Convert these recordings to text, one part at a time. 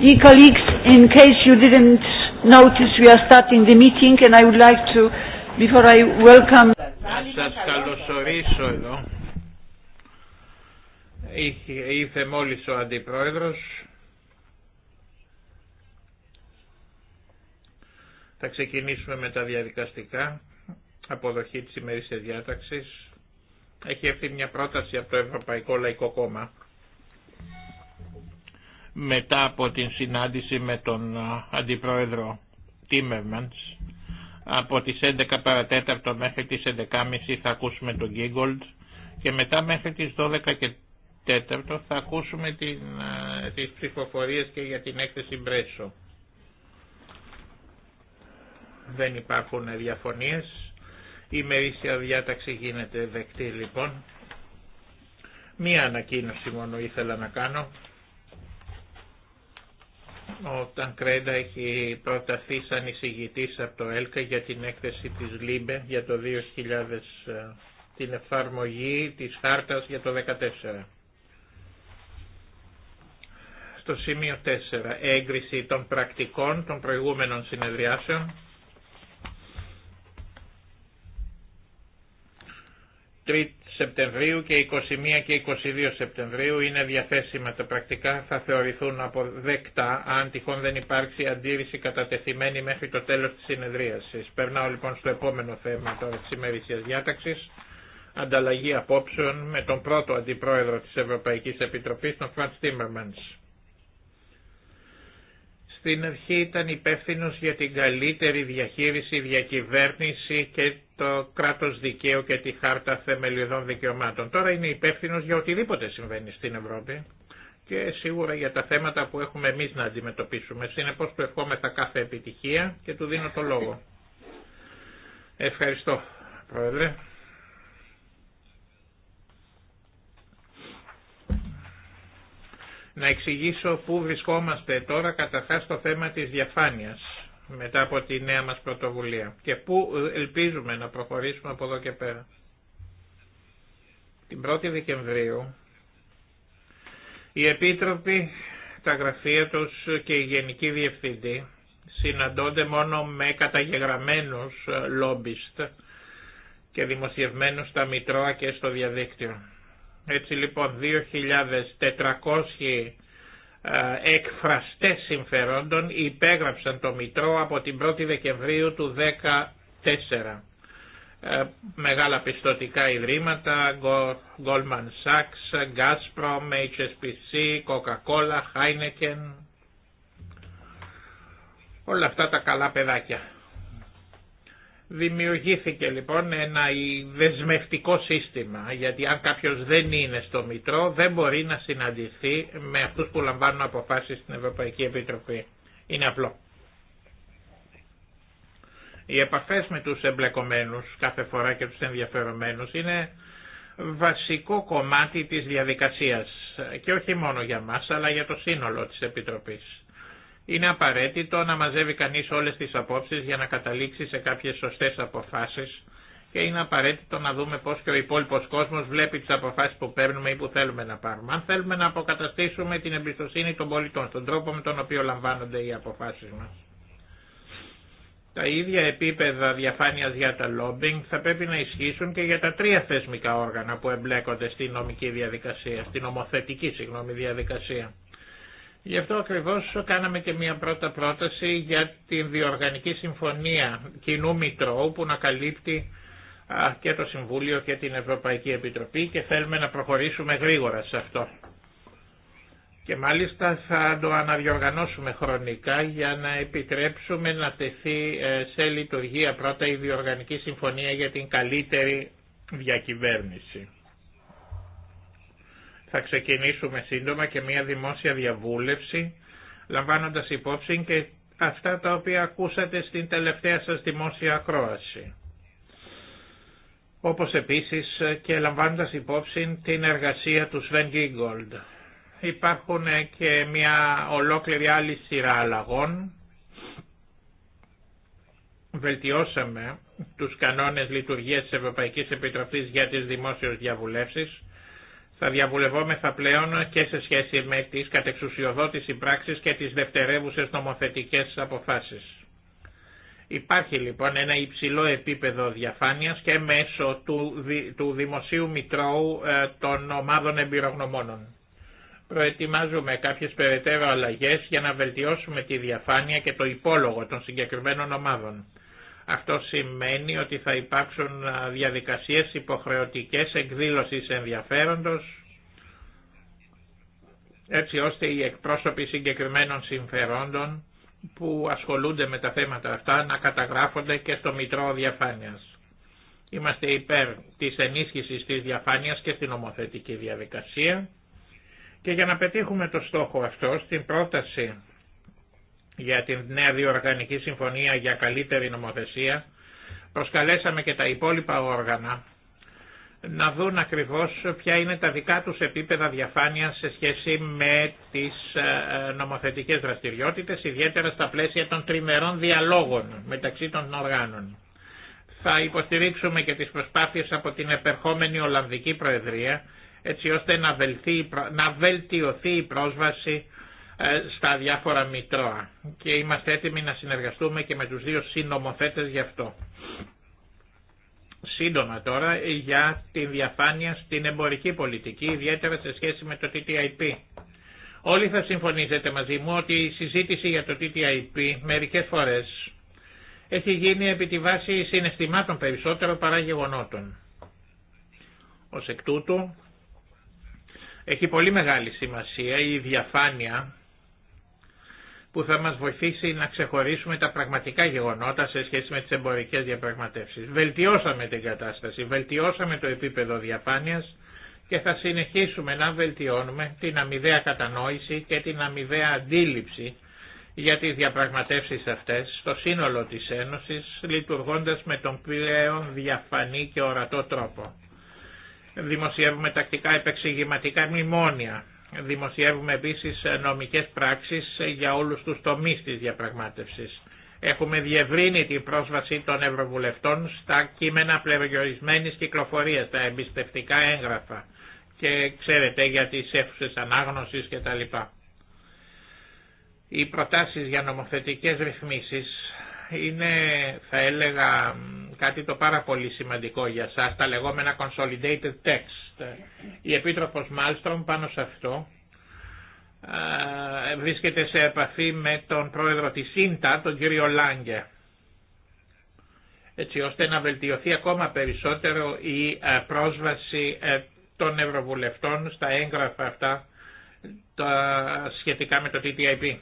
Dear colleagues, in case you didn't notice, we are starting the meeting and I would like to, before I welcome... Σας καλωσορίσω εδώ. Ήρθε μόλις ο Αντιπρόεδρος. Θα ξεκινήσουμε με τα διαδικαστικά. Αποδοχή της ημερήσιας διάταξης. Έχει έρθει μια πρόταση από το Ευρωπαϊκό Λαϊκό Κόμμα μετά από την συνάντηση με τον Αντιπρόεδρο Τίμερμαντς από τις 11 παρατέταρτο μέχρι τις 11.30 θα ακούσουμε τον Γκίγκολτ και μετά μέχρι τις 12 και τέταρτο θα ακούσουμε την, τις ψηφοφορίες και για την έκθεση Μπρέσο. Δεν υπάρχουν διαφωνίες. Η μερίσια διάταξη γίνεται δεκτή λοιπόν. Μία ανακοίνωση μόνο ήθελα να κάνω όταν Κρέντα έχει προταθεί σαν εισηγητής από το ΕΛΚΑ για την έκθεση της ΛΥΜΠΕ για το 2000, ε, την εφαρμογή της χάρτας για το 2014. Στο σημείο 4, έγκριση των πρακτικών των προηγούμενων συνεδριάσεων. Σεπτεμβρίου και 21 και 22 Σεπτεμβρίου είναι διαθέσιμα τα πρακτικά, θα θεωρηθούν αποδεκτά αν τυχόν δεν υπάρξει αντίρρηση κατατεθειμένη μέχρι το τέλος της συνεδρίασης. Περνάω λοιπόν στο επόμενο θέμα τώρα της ημερησίας ανταλλαγή απόψεων με τον πρώτο αντιπρόεδρο της Ευρωπαϊκής Επιτροπής, τον Φραντ Τίμερμαντς. Στην αρχή ήταν υπεύθυνο για την καλύτερη διαχείριση, διακυβέρνηση και το κράτος δικαίου και τη χάρτα θεμελιωδών δικαιωμάτων. Τώρα είναι υπεύθυνο για οτιδήποτε συμβαίνει στην Ευρώπη και σίγουρα για τα θέματα που έχουμε εμείς να αντιμετωπίσουμε. Συνεπώς του ευχόμεθα κάθε επιτυχία και του δίνω το λόγο. Ευχαριστώ, Πρόεδρε. Να εξηγήσω πού βρισκόμαστε τώρα καταρχάς το θέμα της διαφάνειας μετά από τη νέα μας πρωτοβουλία και πού ε, ελπίζουμε να προχωρήσουμε από εδώ και πέρα. Την 1η Δεκεμβρίου οι Επίτροποι, τα γραφεία τους και η Γενική Διευθυντή συναντώνται μόνο με καταγεγραμμένους ε, λόμπιστ και δημοσιευμένους στα Μητρώα και στο διαδίκτυο. Έτσι λοιπόν 2.400 ε, εκφραστές συμφερόντων υπέγραψαν το Μητρό από την 1η Δεκεμβρίου του 2014. Ε, μεγάλα πιστωτικά ιδρύματα, Goldman Sachs, Gazprom, HSBC, Coca-Cola, Heineken, όλα αυτά τα καλά παιδάκια. Δημιουργήθηκε λοιπόν ένα δεσμευτικό σύστημα, γιατί αν κάποιος δεν είναι στο Μητρό δεν μπορεί να συναντηθεί με αυτούς που λαμβάνουν αποφάσεις στην Ευρωπαϊκή Επιτροπή. Είναι απλό. Οι επαφές με τους εμπλεκομένους κάθε φορά και τους ενδιαφερομένους είναι βασικό κομμάτι της διαδικασίας και όχι μόνο για μας αλλά για το σύνολο της Επιτροπής. Είναι απαραίτητο να μαζεύει κανείς όλες τις απόψεις για να καταλήξει σε κάποιες σωστές αποφάσεις και είναι απαραίτητο να δούμε πώς και ο υπόλοιπος κόσμος βλέπει τις αποφάσεις που παίρνουμε ή που θέλουμε να πάρουμε. Αν θέλουμε να αποκαταστήσουμε την εμπιστοσύνη των πολιτών, στον τρόπο με τον οποίο λαμβάνονται οι αποφάσεις μας. Τα ίδια επίπεδα διαφάνειας για τα lobbying θα πρέπει να ισχύσουν και για τα τρία θεσμικά όργανα που εμπλέκονται στη νομική διαδικασία, στην ομοθετική συγγνώμη διαδικασία. Γι' αυτό ακριβώς κάναμε και μια πρώτα πρόταση για την διοργανική συμφωνία κοινού μητρώου που να καλύπτει και το Συμβούλιο και την Ευρωπαϊκή Επιτροπή και θέλουμε να προχωρήσουμε γρήγορα σε αυτό. Και μάλιστα θα το αναδιοργανώσουμε χρονικά για να επιτρέψουμε να τεθεί ε, σε λειτουργία πρώτα η διοργανική συμφωνία για την καλύτερη διακυβέρνηση. Θα ξεκινήσουμε σύντομα και μια δημόσια διαβούλευση, λαμβάνοντας υπόψη και αυτά τα οποία ακούσατε στην τελευταία σας δημόσια ακρόαση. Όπως επίσης και λαμβάνοντας υπόψη την εργασία του Sven Giegold. Υπάρχουν και μια ολόκληρη άλλη σειρά αλλαγών. Βελτιώσαμε τους κανόνες λειτουργίας της Ευρωπαϊκής Επιτροπής για τις δημόσιες διαβουλεύσεις θα διαβουλευόμεθα πλέον και σε σχέση με τις κατεξουσιοδότης συμπράξεις και τις δευτερεύουσες νομοθετικές αποφάσεις. Υπάρχει λοιπόν ένα υψηλό επίπεδο διαφάνειας και μέσω του, του Δημοσίου Μητρώου ε, των Ομάδων Εμπειρογνωμόνων. Προετοιμάζουμε κάποιες περαιτέρω αλλαγές για να βελτιώσουμε τη διαφάνεια και το υπόλογο των συγκεκριμένων ομάδων. Αυτό σημαίνει ότι θα υπάρξουν διαδικασίες υποχρεωτικές εκδήλωσης ενδιαφέροντος, έτσι ώστε οι εκπρόσωποι συγκεκριμένων συμφερόντων που ασχολούνται με τα θέματα αυτά να καταγράφονται και στο Μητρό Διαφάνειας. Είμαστε υπέρ της ενίσχυσης της διαφάνειας και στην ομοθετική διαδικασία και για να πετύχουμε το στόχο αυτό στην πρόταση για την νέα διοργανική συμφωνία για καλύτερη νομοθεσία, προσκαλέσαμε και τα υπόλοιπα όργανα να δουν ακριβώς ποια είναι τα δικά τους επίπεδα διαφάνειας σε σχέση με τις ε, ε, νομοθετικές δραστηριότητες, ιδιαίτερα στα πλαίσια των τριμερών διαλόγων μεταξύ των οργάνων. Θα υποστηρίξουμε και τις προσπάθειες από την επερχόμενη Ολλανδική Προεδρία, έτσι ώστε να βελτιωθεί η πρόσβαση ε, στα διάφορα μητρώα και είμαστε έτοιμοι να συνεργαστούμε και με τους δύο συνομοθέτες γι' αυτό. Σύντομα τώρα για τη διαφάνεια στην εμπορική πολιτική, ιδιαίτερα σε σχέση με το TTIP. Όλοι θα συμφωνήσετε μαζί μου ότι η συζήτηση για το TTIP μερικές φορές έχει γίνει επί τη βάση συναισθημάτων περισσότερο παρά γεγονότων. Ως εκ τούτου, έχει πολύ μεγάλη σημασία η διαφάνεια που θα μας βοηθήσει να ξεχωρίσουμε τα πραγματικά γεγονότα σε σχέση με τις εμπορικές διαπραγματεύσεις. Βελτιώσαμε την κατάσταση, βελτιώσαμε το επίπεδο διαφάνειας και θα συνεχίσουμε να βελτιώνουμε την αμοιβαία κατανόηση και την αμοιβαία αντίληψη για τις διαπραγματεύσεις αυτές στο σύνολο της Ένωσης, λειτουργώντας με τον πλέον διαφανή και ορατό τρόπο. Δημοσιεύουμε τακτικά επεξηγηματικά μνημόνια Δημοσιεύουμε επίσης ε, νομικές πράξεις ε, για όλους τους τομείς της διαπραγμάτευσης. Έχουμε διευρύνει την πρόσβαση των Ευρωβουλευτών στα κείμενα πλευριορισμένης κυκλοφορίας, τα εμπιστευτικά έγγραφα και ξέρετε για τις αίθουσες ανάγνωσης κτλ. Οι προτάσεις για νομοθετικές ρυθμίσεις είναι θα έλεγα κάτι το πάρα πολύ σημαντικό για σας, τα λεγόμενα consolidated text. Η Επίτροπος Μάλστρομ πάνω σε αυτό βρίσκεται σε επαφή με τον πρόεδρο της ΣΥΝΤΑ, τον κύριο Λάγκε, έτσι ώστε να βελτιωθεί ακόμα περισσότερο η πρόσβαση ε, των Ευρωβουλευτών στα έγγραφα αυτά τα σχετικά με το TTIP.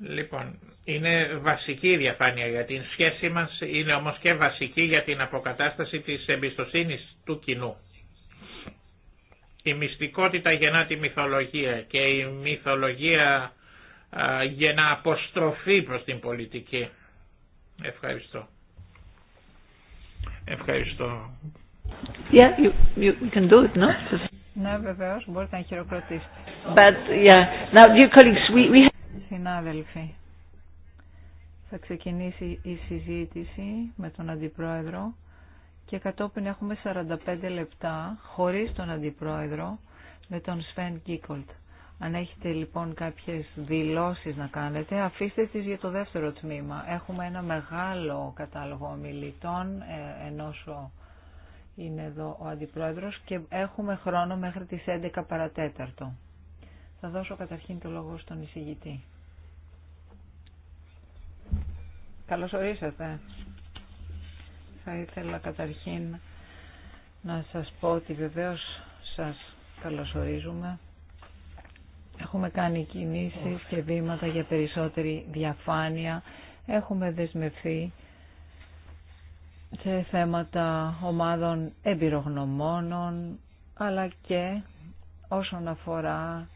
Λοιπόν, είναι βασική η διαφάνεια για την σχέση μας, είναι όμως και βασική για την αποκατάσταση της εμπιστοσύνης του κοινού. Η μυστικότητα γεννά τη μυθολογία και η μυθολογία γεννά αποστροφή προς την πολιτική. Ευχαριστώ. Ευχαριστώ. Yeah, you, can do it, no? Ναι, βεβαίως, μπορείτε να χειροκροτήσετε. But, yeah, now, dear colleagues, we, we συνάδελφοι. Θα ξεκινήσει η συζήτηση με τον Αντιπρόεδρο και κατόπιν έχουμε 45 λεπτά χωρίς τον Αντιπρόεδρο με τον Σφεν Κίκολτ. Αν έχετε λοιπόν κάποιες δηλώσεις να κάνετε, αφήστε τις για το δεύτερο τμήμα. Έχουμε ένα μεγάλο κατάλογο ομιλητών, ε, ενός είναι εδώ ο Αντιπρόεδρος και έχουμε χρόνο μέχρι τις 11 παρατέταρτο. Θα δώσω καταρχήν το λόγο στον εισηγητή. Καλώς ορίσατε. Θα ήθελα καταρχήν να σας πω ότι βεβαίως σας καλωσορίζουμε. Έχουμε κάνει κινήσεις και βήματα για περισσότερη διαφάνεια. Έχουμε δεσμευθεί σε θέματα ομάδων εμπειρογνωμόνων, αλλά και όσον αφορά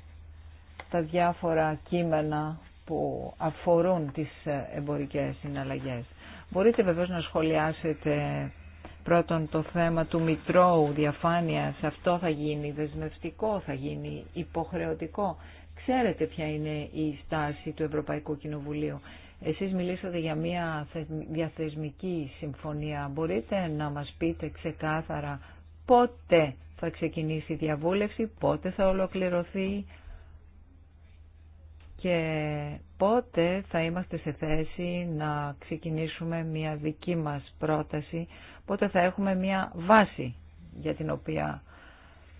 τα διάφορα κείμενα που αφορούν τις ε, εμπορικές συναλλαγές. Μπορείτε βεβαίως να σχολιάσετε πρώτον το θέμα του μητρώου διαφάνειας. Αυτό θα γίνει δεσμευτικό, θα γίνει υποχρεωτικό. Ξέρετε ποια είναι η στάση του Ευρωπαϊκού Κοινοβουλίου. Εσείς μιλήσατε για μια διαθεσμική συμφωνία. Μπορείτε να μας πείτε ξεκάθαρα πότε θα ξεκινήσει η διαβούλευση, πότε θα ολοκληρωθεί και πότε θα είμαστε σε θέση να ξεκινήσουμε μια δική μας πρόταση, πότε θα έχουμε μια βάση για την οποία,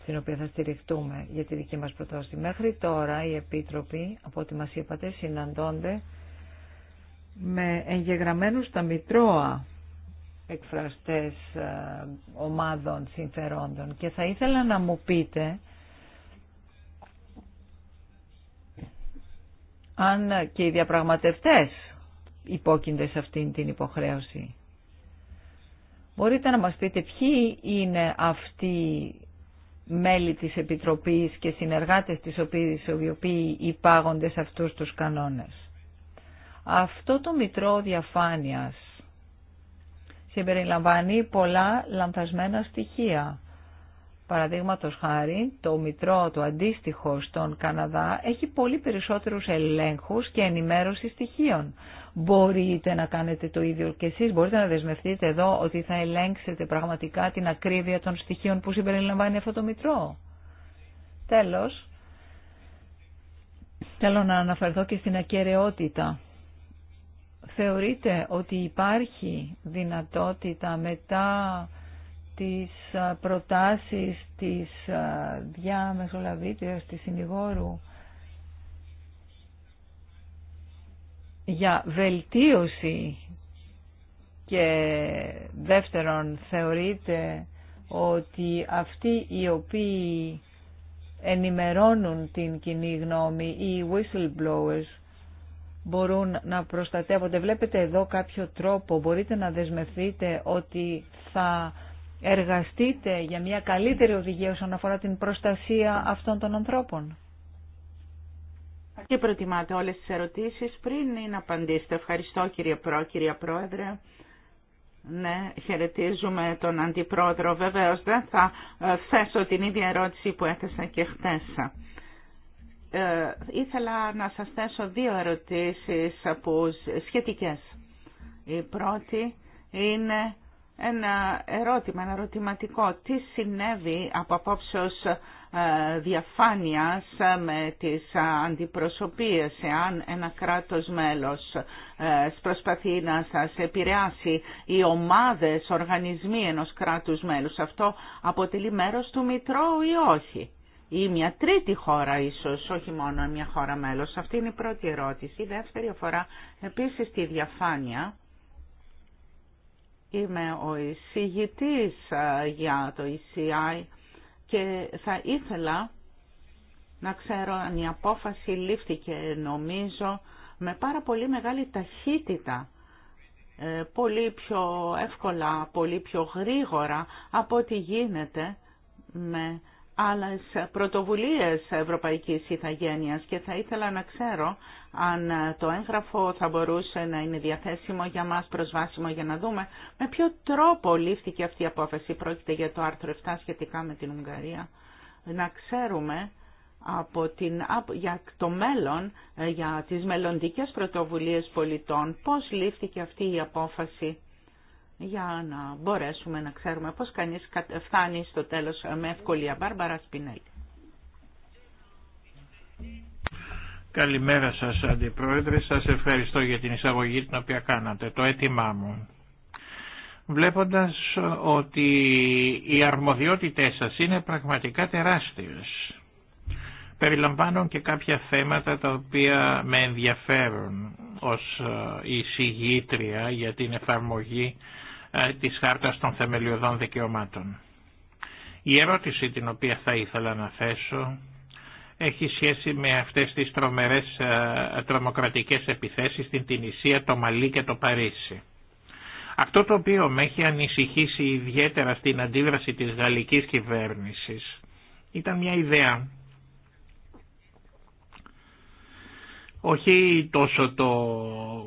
την οποία θα στηριχτούμε για τη δική μας πρόταση. Μέχρι τώρα οι επίτροποι, από ό,τι μας είπατε, συναντώνται με εγγεγραμμένους στα Μητρώα εκφραστές ε, ομάδων συμφερόντων και θα ήθελα να μου πείτε αν και οι διαπραγματευτές υπόκεινται σε αυτήν την υποχρέωση. Μπορείτε να μας πείτε ποιοι είναι αυτοί μέλη της Επιτροπής και συνεργάτες της οποίας οι οποίοι υπάγονται σε αυτούς τους κανόνες. Αυτό το μητρό διαφάνειας συμπεριλαμβάνει πολλά λανθασμένα στοιχεία. Παραδείγματος χάρη, το Μητρό, το αντίστοιχο στον Καναδά, έχει πολύ περισσότερους ελέγχους και ενημέρωση στοιχείων. Μπορείτε να κάνετε το ίδιο και εσείς, μπορείτε να δεσμευτείτε εδώ ότι θα ελέγξετε πραγματικά την ακρίβεια των στοιχείων που συμπεριλαμβάνει αυτό το Μητρό. Τέλος, θέλω να αναφερθώ και στην ακαιρεότητα. Θεωρείτε ότι υπάρχει δυνατότητα μετά τις προτάσεις της διαμεσολαβήτριας, της συνηγόρου για βελτίωση και δεύτερον θεωρείται ότι αυτοί οι οποίοι ενημερώνουν την κοινή γνώμη ή οι whistleblowers μπορούν να προστατεύονται. Βλέπετε εδώ κάποιο τρόπο, μπορείτε να δεσμευτείτε ότι θα εργαστείτε για μια καλύτερη οδηγία όσον αφορά την προστασία αυτών των ανθρώπων. Και προτιμάτε όλες τις ερωτήσεις πριν να απαντήσετε. Ευχαριστώ κύριε Πρόεδρε. Ναι, χαιρετίζουμε τον Αντιπρόεδρο. Βεβαίως δεν θα ε, θέσω την ίδια ερώτηση που έθεσα και χτες. Ε, ήθελα να σας θέσω δύο ερωτήσεις σχετικές. Η πρώτη είναι ένα ερώτημα, ένα ερωτηματικό. Τι συνέβη από απόψεως ε, διαφάνειας ε, με τις αντιπροσωπείες εάν ένα κράτος μέλος ε, προσπαθεί να σας επηρεάσει οι ομάδες, οργανισμοί ενός κράτους μέλους. Αυτό αποτελεί μέρος του Μητρώου ή όχι. Ή μια τρίτη χώρα ίσως, όχι μόνο μια χώρα μέλος. Αυτή είναι η πρώτη ερώτηση. Η δεύτερη αφορά επίσης τη διαφάνεια Είμαι ο εισηγητής για το ECI και θα ήθελα να ξέρω αν η απόφαση λήφθηκε νομίζω με πάρα πολύ μεγάλη ταχύτητα, ε, πολύ πιο εύκολα, πολύ πιο γρήγορα από ό,τι γίνεται με άλλες πρωτοβουλίες ευρωπαϊκής ηθαγένειας και θα ήθελα να ξέρω αν το έγγραφο θα μπορούσε να είναι διαθέσιμο για μας, προσβάσιμο για να δούμε με ποιο τρόπο λήφθηκε αυτή η απόφαση. Πρόκειται για το άρθρο 7 σχετικά με την Ουγγαρία. Να ξέρουμε από την, για το μέλλον, ε, για τις μελλοντικές πρωτοβουλίες πολιτών, πώς λήφθηκε αυτή η απόφαση για να μπορέσουμε να ξέρουμε πώς κανείς φτάνει στο τέλος με ευκολία. Μπάρμπαρα Σπινέλη. Καλημέρα σας Αντιπρόεδρε, σας ευχαριστώ για την εισαγωγή την οποία κάνατε, το έτοιμά μου. Βλέποντας ότι οι αρμοδιότητές σας είναι πραγματικά τεράστιες. Περιλαμβάνουν και κάποια θέματα τα οποία με ενδιαφέρουν ως ε, εισηγήτρια για την εφαρμογή ε, της Χάρτας των Θεμελιωδών Δικαιωμάτων. Η ερώτηση την οποία θα ήθελα να θέσω έχει σχέση με αυτές τις τρομερές ε, τρομοκρατικές επιθέσεις στην Τινησία, το Μαλί και το Παρίσι. Αυτό το οποίο με έχει ανησυχήσει ιδιαίτερα στην αντίδραση της γαλλικής κυβέρνησης ήταν μια ιδέα όχι τόσο το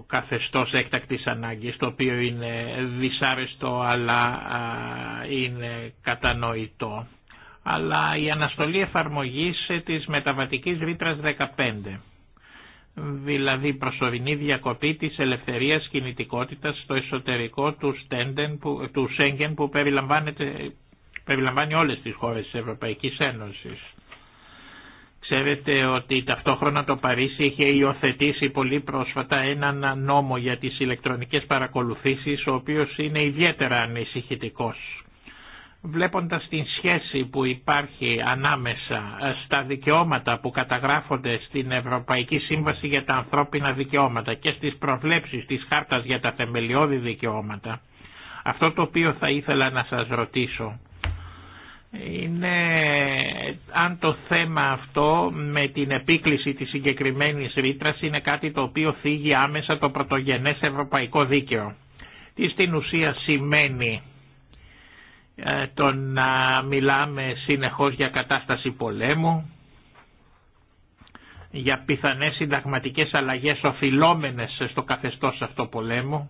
καθεστώς έκτακτης ανάγκης, το οποίο είναι δυσάρεστο αλλά είναι κατανοητό, αλλά η αναστολή εφαρμογής ε, της μεταβατικής ρήτρας 15, δηλαδή προσωρινή διακοπή της ελευθερίας κινητικότητας στο εσωτερικό του, Στέντεν, Σέγγεν που περιλαμβάνει όλες τις χώρες της Ευρωπαϊκής Ένωσης. Ξέρετε ότι ταυτόχρονα το Παρίσι είχε υιοθετήσει πολύ πρόσφατα έναν νόμο για τις ηλεκτρονικές παρακολουθήσεις, ο οποίος είναι ιδιαίτερα ανησυχητικός. Βλέποντας την σχέση που υπάρχει ανάμεσα στα δικαιώματα που καταγράφονται στην Ευρωπαϊκή Σύμβαση για τα Ανθρώπινα Δικαιώματα και στις προβλέψεις της Χάρτας για τα Θεμελιώδη Δικαιώματα, αυτό το οποίο θα ήθελα να σας ρωτήσω είναι αν το θέμα αυτό με την επίκληση της συγκεκριμένης ρήτρα είναι κάτι το οποίο θίγει άμεσα το πρωτογενές ευρωπαϊκό δίκαιο. Τι στην ουσία σημαίνει ε, το να μιλάμε συνεχώς για κατάσταση πολέμου, για πιθανές συνταγματικές αλλαγές οφειλόμενες στο καθεστώς αυτό πολέμου.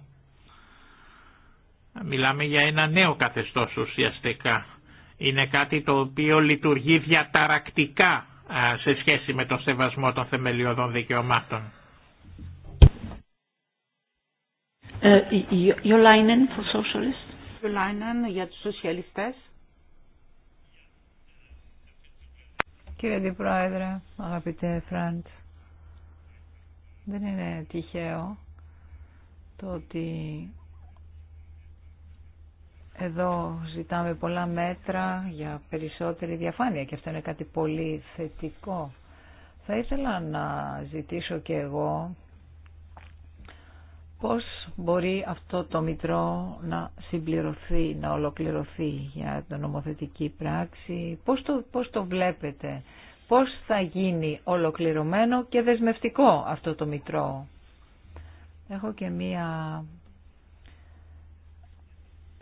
Μιλάμε για ένα νέο καθεστώς ουσιαστικά είναι κάτι το οποίο λειτουργεί διαταρακτικά σε σχέση με τον σεβασμό των θεμελιωδών δικαιωμάτων. Γιολάινεν uh, για τους σοσιαλιστές. Κύριε Αντιπρόεδρε, αγαπητέ Φραντ, δεν είναι τυχαίο το ότι εδώ ζητάμε πολλά μέτρα για περισσότερη διαφάνεια και αυτό είναι κάτι πολύ θετικό. Θα ήθελα να ζητήσω και εγώ πώς μπορεί αυτό το μητρό να συμπληρωθεί, να ολοκληρωθεί για την νομοθετική πράξη, πώς το, πώς το βλέπετε, πώς θα γίνει ολοκληρωμένο και δεσμευτικό αυτό το μητρό. Έχω και μία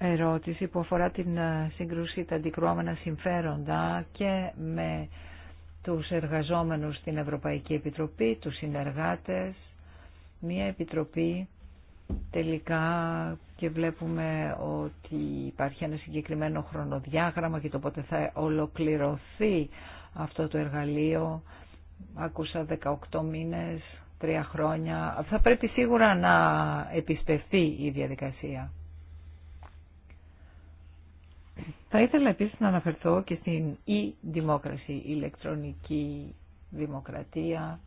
ερώτηση που αφορά την ε, σύγκρουση τα αντικρουόμενα συμφέροντα και με τους εργαζόμενους στην Ευρωπαϊκή Επιτροπή, τους συνεργάτες, μια επιτροπή τελικά και βλέπουμε ότι υπάρχει ένα συγκεκριμένο χρονοδιάγραμμα και το πότε θα ολοκληρωθεί αυτό το εργαλείο. Άκουσα 18 μήνες, 3 χρόνια. Θα πρέπει σίγουρα να επιστευτεί η διαδικασία. Θα ήθελα επίσης να αναφερθώ και στην e-δημόκραση, ηλεκτρονική δημοκρατία,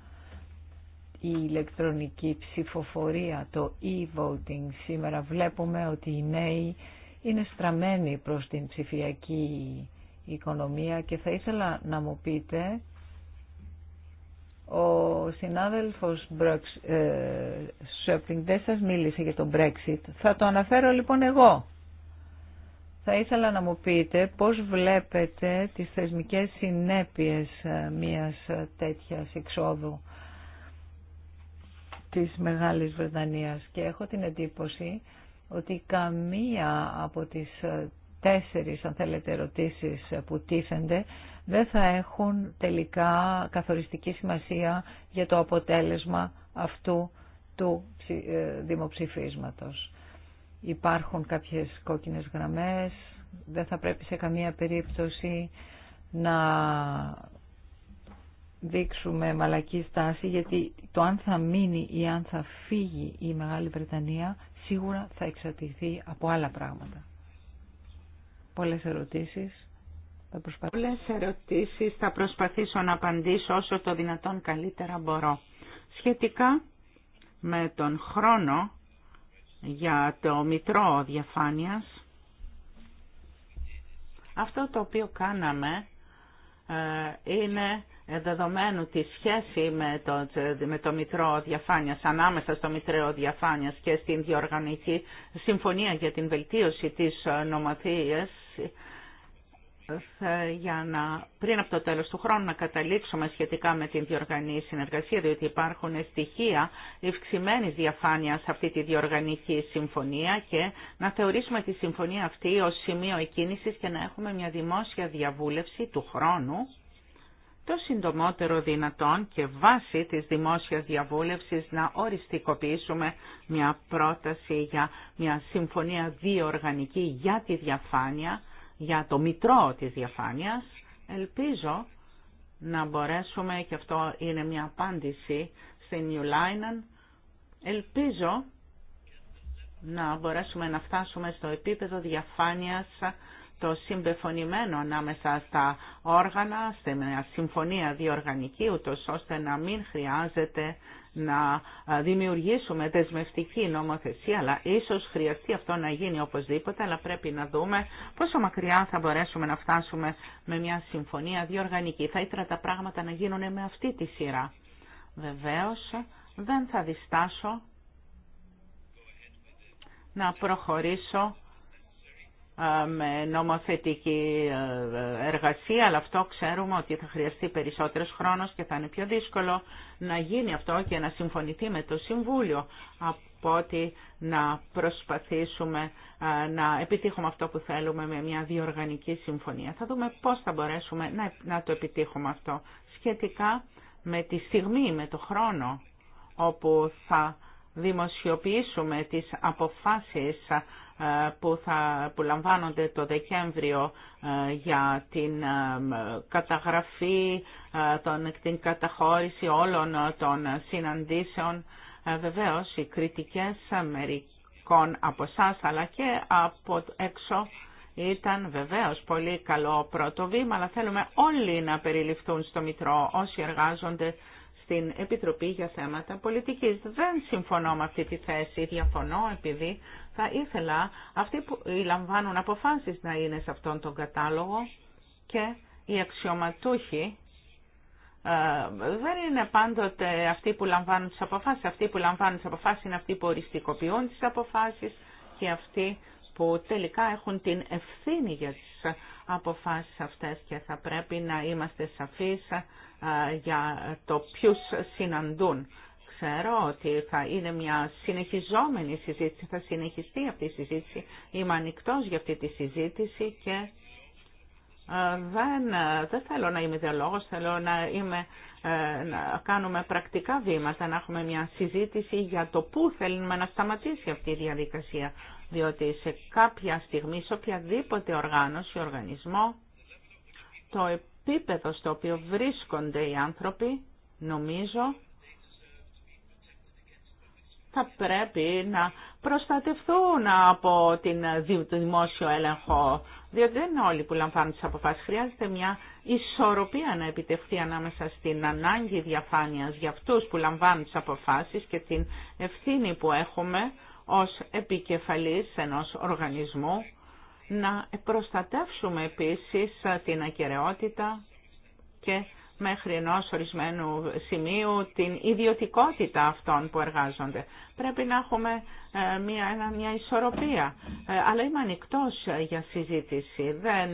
η ηλεκτρονική ψηφοφορία, το e-voting. Σήμερα βλέπουμε ότι οι νέοι είναι στραμμένοι προς την ψηφιακή οικονομία και θα ήθελα να μου πείτε ο συνάδελφος Brooks, ε, δεν σας μίλησε για το Brexit. Θα το αναφέρω λοιπόν εγώ. Θα ήθελα να μου πείτε πώς βλέπετε τις θεσμικές συνέπειες ε, μιας ε, τέτοιας εξόδου της Μεγάλης Βρετανίας και έχω την εντύπωση ότι καμία από τις ε, τέσσερις αν θέλετε ερωτήσεις που τίθενται δεν θα έχουν τελικά καθοριστική σημασία για το αποτέλεσμα αυτού του δημοψηφίσματος υπάρχουν κάποιες κόκκινες γραμμές, δεν θα πρέπει σε καμία περίπτωση να δείξουμε μαλακή στάση, γιατί το αν θα μείνει ή αν θα φύγει η Μεγάλη Βρετανία σίγουρα θα εξαρτηθεί από άλλα πράγματα. Πολλές ερωτήσεις. Θα προσπαθήσω. Πολλές ερωτήσεις θα προσπαθήσω να απαντήσω όσο το δυνατόν καλύτερα μπορώ. Σχετικά με τον χρόνο για το Μητρό Διαφάνειας. Αυτό το οποίο κάναμε ε, είναι δεδομένου τη σχέση με το, με το Μητρό Διαφάνειας, ανάμεσα στο Μητρό Διαφάνειας και στην Διοργανική Συμφωνία για την Βελτίωση της Νομαθίας, θα, ε, για να, πριν από το τέλος του χρόνου να καταλήξουμε σχετικά με την διοργανή συνεργασία, διότι υπάρχουν στοιχεία ευξημένη διαφάνεια σε αυτή τη διοργανική συμφωνία και να θεωρήσουμε τη συμφωνία αυτή ως σημείο εκκίνησης και να έχουμε μια δημόσια διαβούλευση του χρόνου το συντομότερο δυνατόν και βάσει της δημόσιας διαβούλευσης να οριστικοποιήσουμε μια πρόταση για μια συμφωνία διοργανική για τη διαφάνεια για το μητρό της διαφάνειας. Ελπίζω να μπορέσουμε, και αυτό είναι μια απάντηση στην New ελπίζω να μπορέσουμε να φτάσουμε στο επίπεδο διαφάνειας το συμπεφωνημένο ανάμεσα στα όργανα, σε μια συμφωνία διοργανική, ούτως ώστε να μην χρειάζεται να δημιουργήσουμε δεσμευτική νομοθεσία, αλλά ίσως χρειαστεί αυτό να γίνει οπωσδήποτε, αλλά πρέπει να δούμε πόσο μακριά θα μπορέσουμε να φτάσουμε με μια συμφωνία διοργανική. Θα ήθελα τα πράγματα να γίνουν με αυτή τη σειρά. Βεβαίως, δεν θα διστάσω να προχωρήσω με νομοθετική ε, εργασία, αλλά αυτό ξέρουμε ότι θα χρειαστεί περισσότερος χρόνος και θα είναι πιο δύσκολο να γίνει αυτό και να συμφωνηθεί με το Συμβούλιο από ότι να προσπαθήσουμε να επιτύχουμε αυτό που θέλουμε με μια διοργανική συμφωνία. Θα δούμε πώς θα μπορέσουμε να το επιτύχουμε αυτό σχετικά με τη στιγμή, με το χρόνο όπου θα δημοσιοποιήσουμε τις αποφάσεις ε, που, θα, που λαμβάνονται το Δεκέμβριο ε, για την ε, καταγραφή, την καταχώρηση όλων των συναντήσεων. Βεβαίως, οι κριτικές μερικών από εσά αλλά και από έξω ήταν βεβαίως πολύ καλό πρώτο βήμα, αλλά θέλουμε όλοι να περιληφθούν στο Μητρό όσοι εργάζονται στην Επιτροπή για θέματα πολιτικής. Δεν συμφωνώ με αυτή τη θέση, διαφωνώ επειδή θα ήθελα αυτοί που λαμβάνουν αποφάσεις να είναι σε αυτόν τον κατάλογο και οι αξιωματούχοι ε, δεν είναι πάντοτε αυτοί που λαμβάνουν τις αποφάσεις. Αυτοί που λαμβάνουν τις αποφάσεις είναι αυτοί που οριστικοποιούν τις αποφάσεις και αυτοί που τελικά έχουν την ευθύνη για αποφάσεις αυτές και θα πρέπει να είμαστε σαφείς για το ποιους συναντούν. Ξέρω ότι θα είναι μια συνεχιζόμενη συζήτηση, θα συνεχιστεί αυτή η συζήτηση. Είμαι ανοιχτό για αυτή τη συζήτηση και δεν, δεν θέλω να είμαι ιδεολόγος, θέλω να, είμαι, ε, να κάνουμε πρακτικά βήματα, να έχουμε μια συζήτηση για το πού θέλουμε να σταματήσει αυτή η διαδικασία διότι σε κάποια στιγμή, σε οποιαδήποτε οργάνωση, οργανισμό, το επίπεδο στο οποίο βρίσκονται οι άνθρωποι, νομίζω, θα πρέπει να προστατευτούν από την δημόσιο έλεγχο, διότι δεν είναι όλοι που λαμβάνουν τις αποφάσεις. Χρειάζεται μια ισορροπία να επιτευχθεί ανάμεσα στην ανάγκη διαφάνειας για αυτούς που λαμβάνουν τις αποφάσεις και την ευθύνη που έχουμε ως επικεφαλής ενός οργανισμού, να προστατεύσουμε επίσης την ακαιρεότητα και μέχρι ενός ορισμένου σημείου την ιδιωτικότητα αυτών που εργάζονται. Πρέπει να έχουμε ε, μια, μια ισορροπία. Ε, αλλά είμαι ανοιχτό ε, για συζήτηση. Δεν,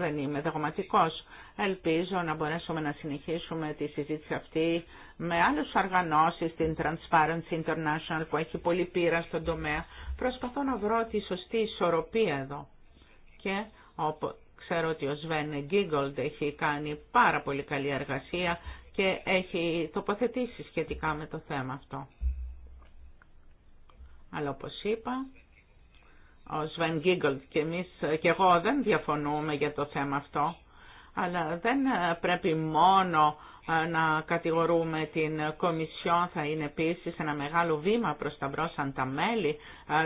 δεν είμαι δεγματικός. Ελπίζω να μπορέσουμε να συνεχίσουμε τη συζήτηση αυτή με άλλους οργανώσεις, την Transparency International που έχει πολύ πείρα στον τομέα. Προσπαθώ να βρω τη σωστή ισορροπία εδώ. Και Ξέρω ότι ο Σβέν Γκίγκολντ έχει κάνει πάρα πολύ καλή εργασία και έχει τοποθετήσει σχετικά με το θέμα αυτό. Αλλά όπως είπα, ο Σβέν Γκίγκολτ και εμείς και εγώ δεν διαφωνούμε για το θέμα αυτό, αλλά δεν πρέπει μόνο να κατηγορούμε την Κομισιόν θα είναι επίση ένα μεγάλο βήμα προ τα μπρο αν τα μέλη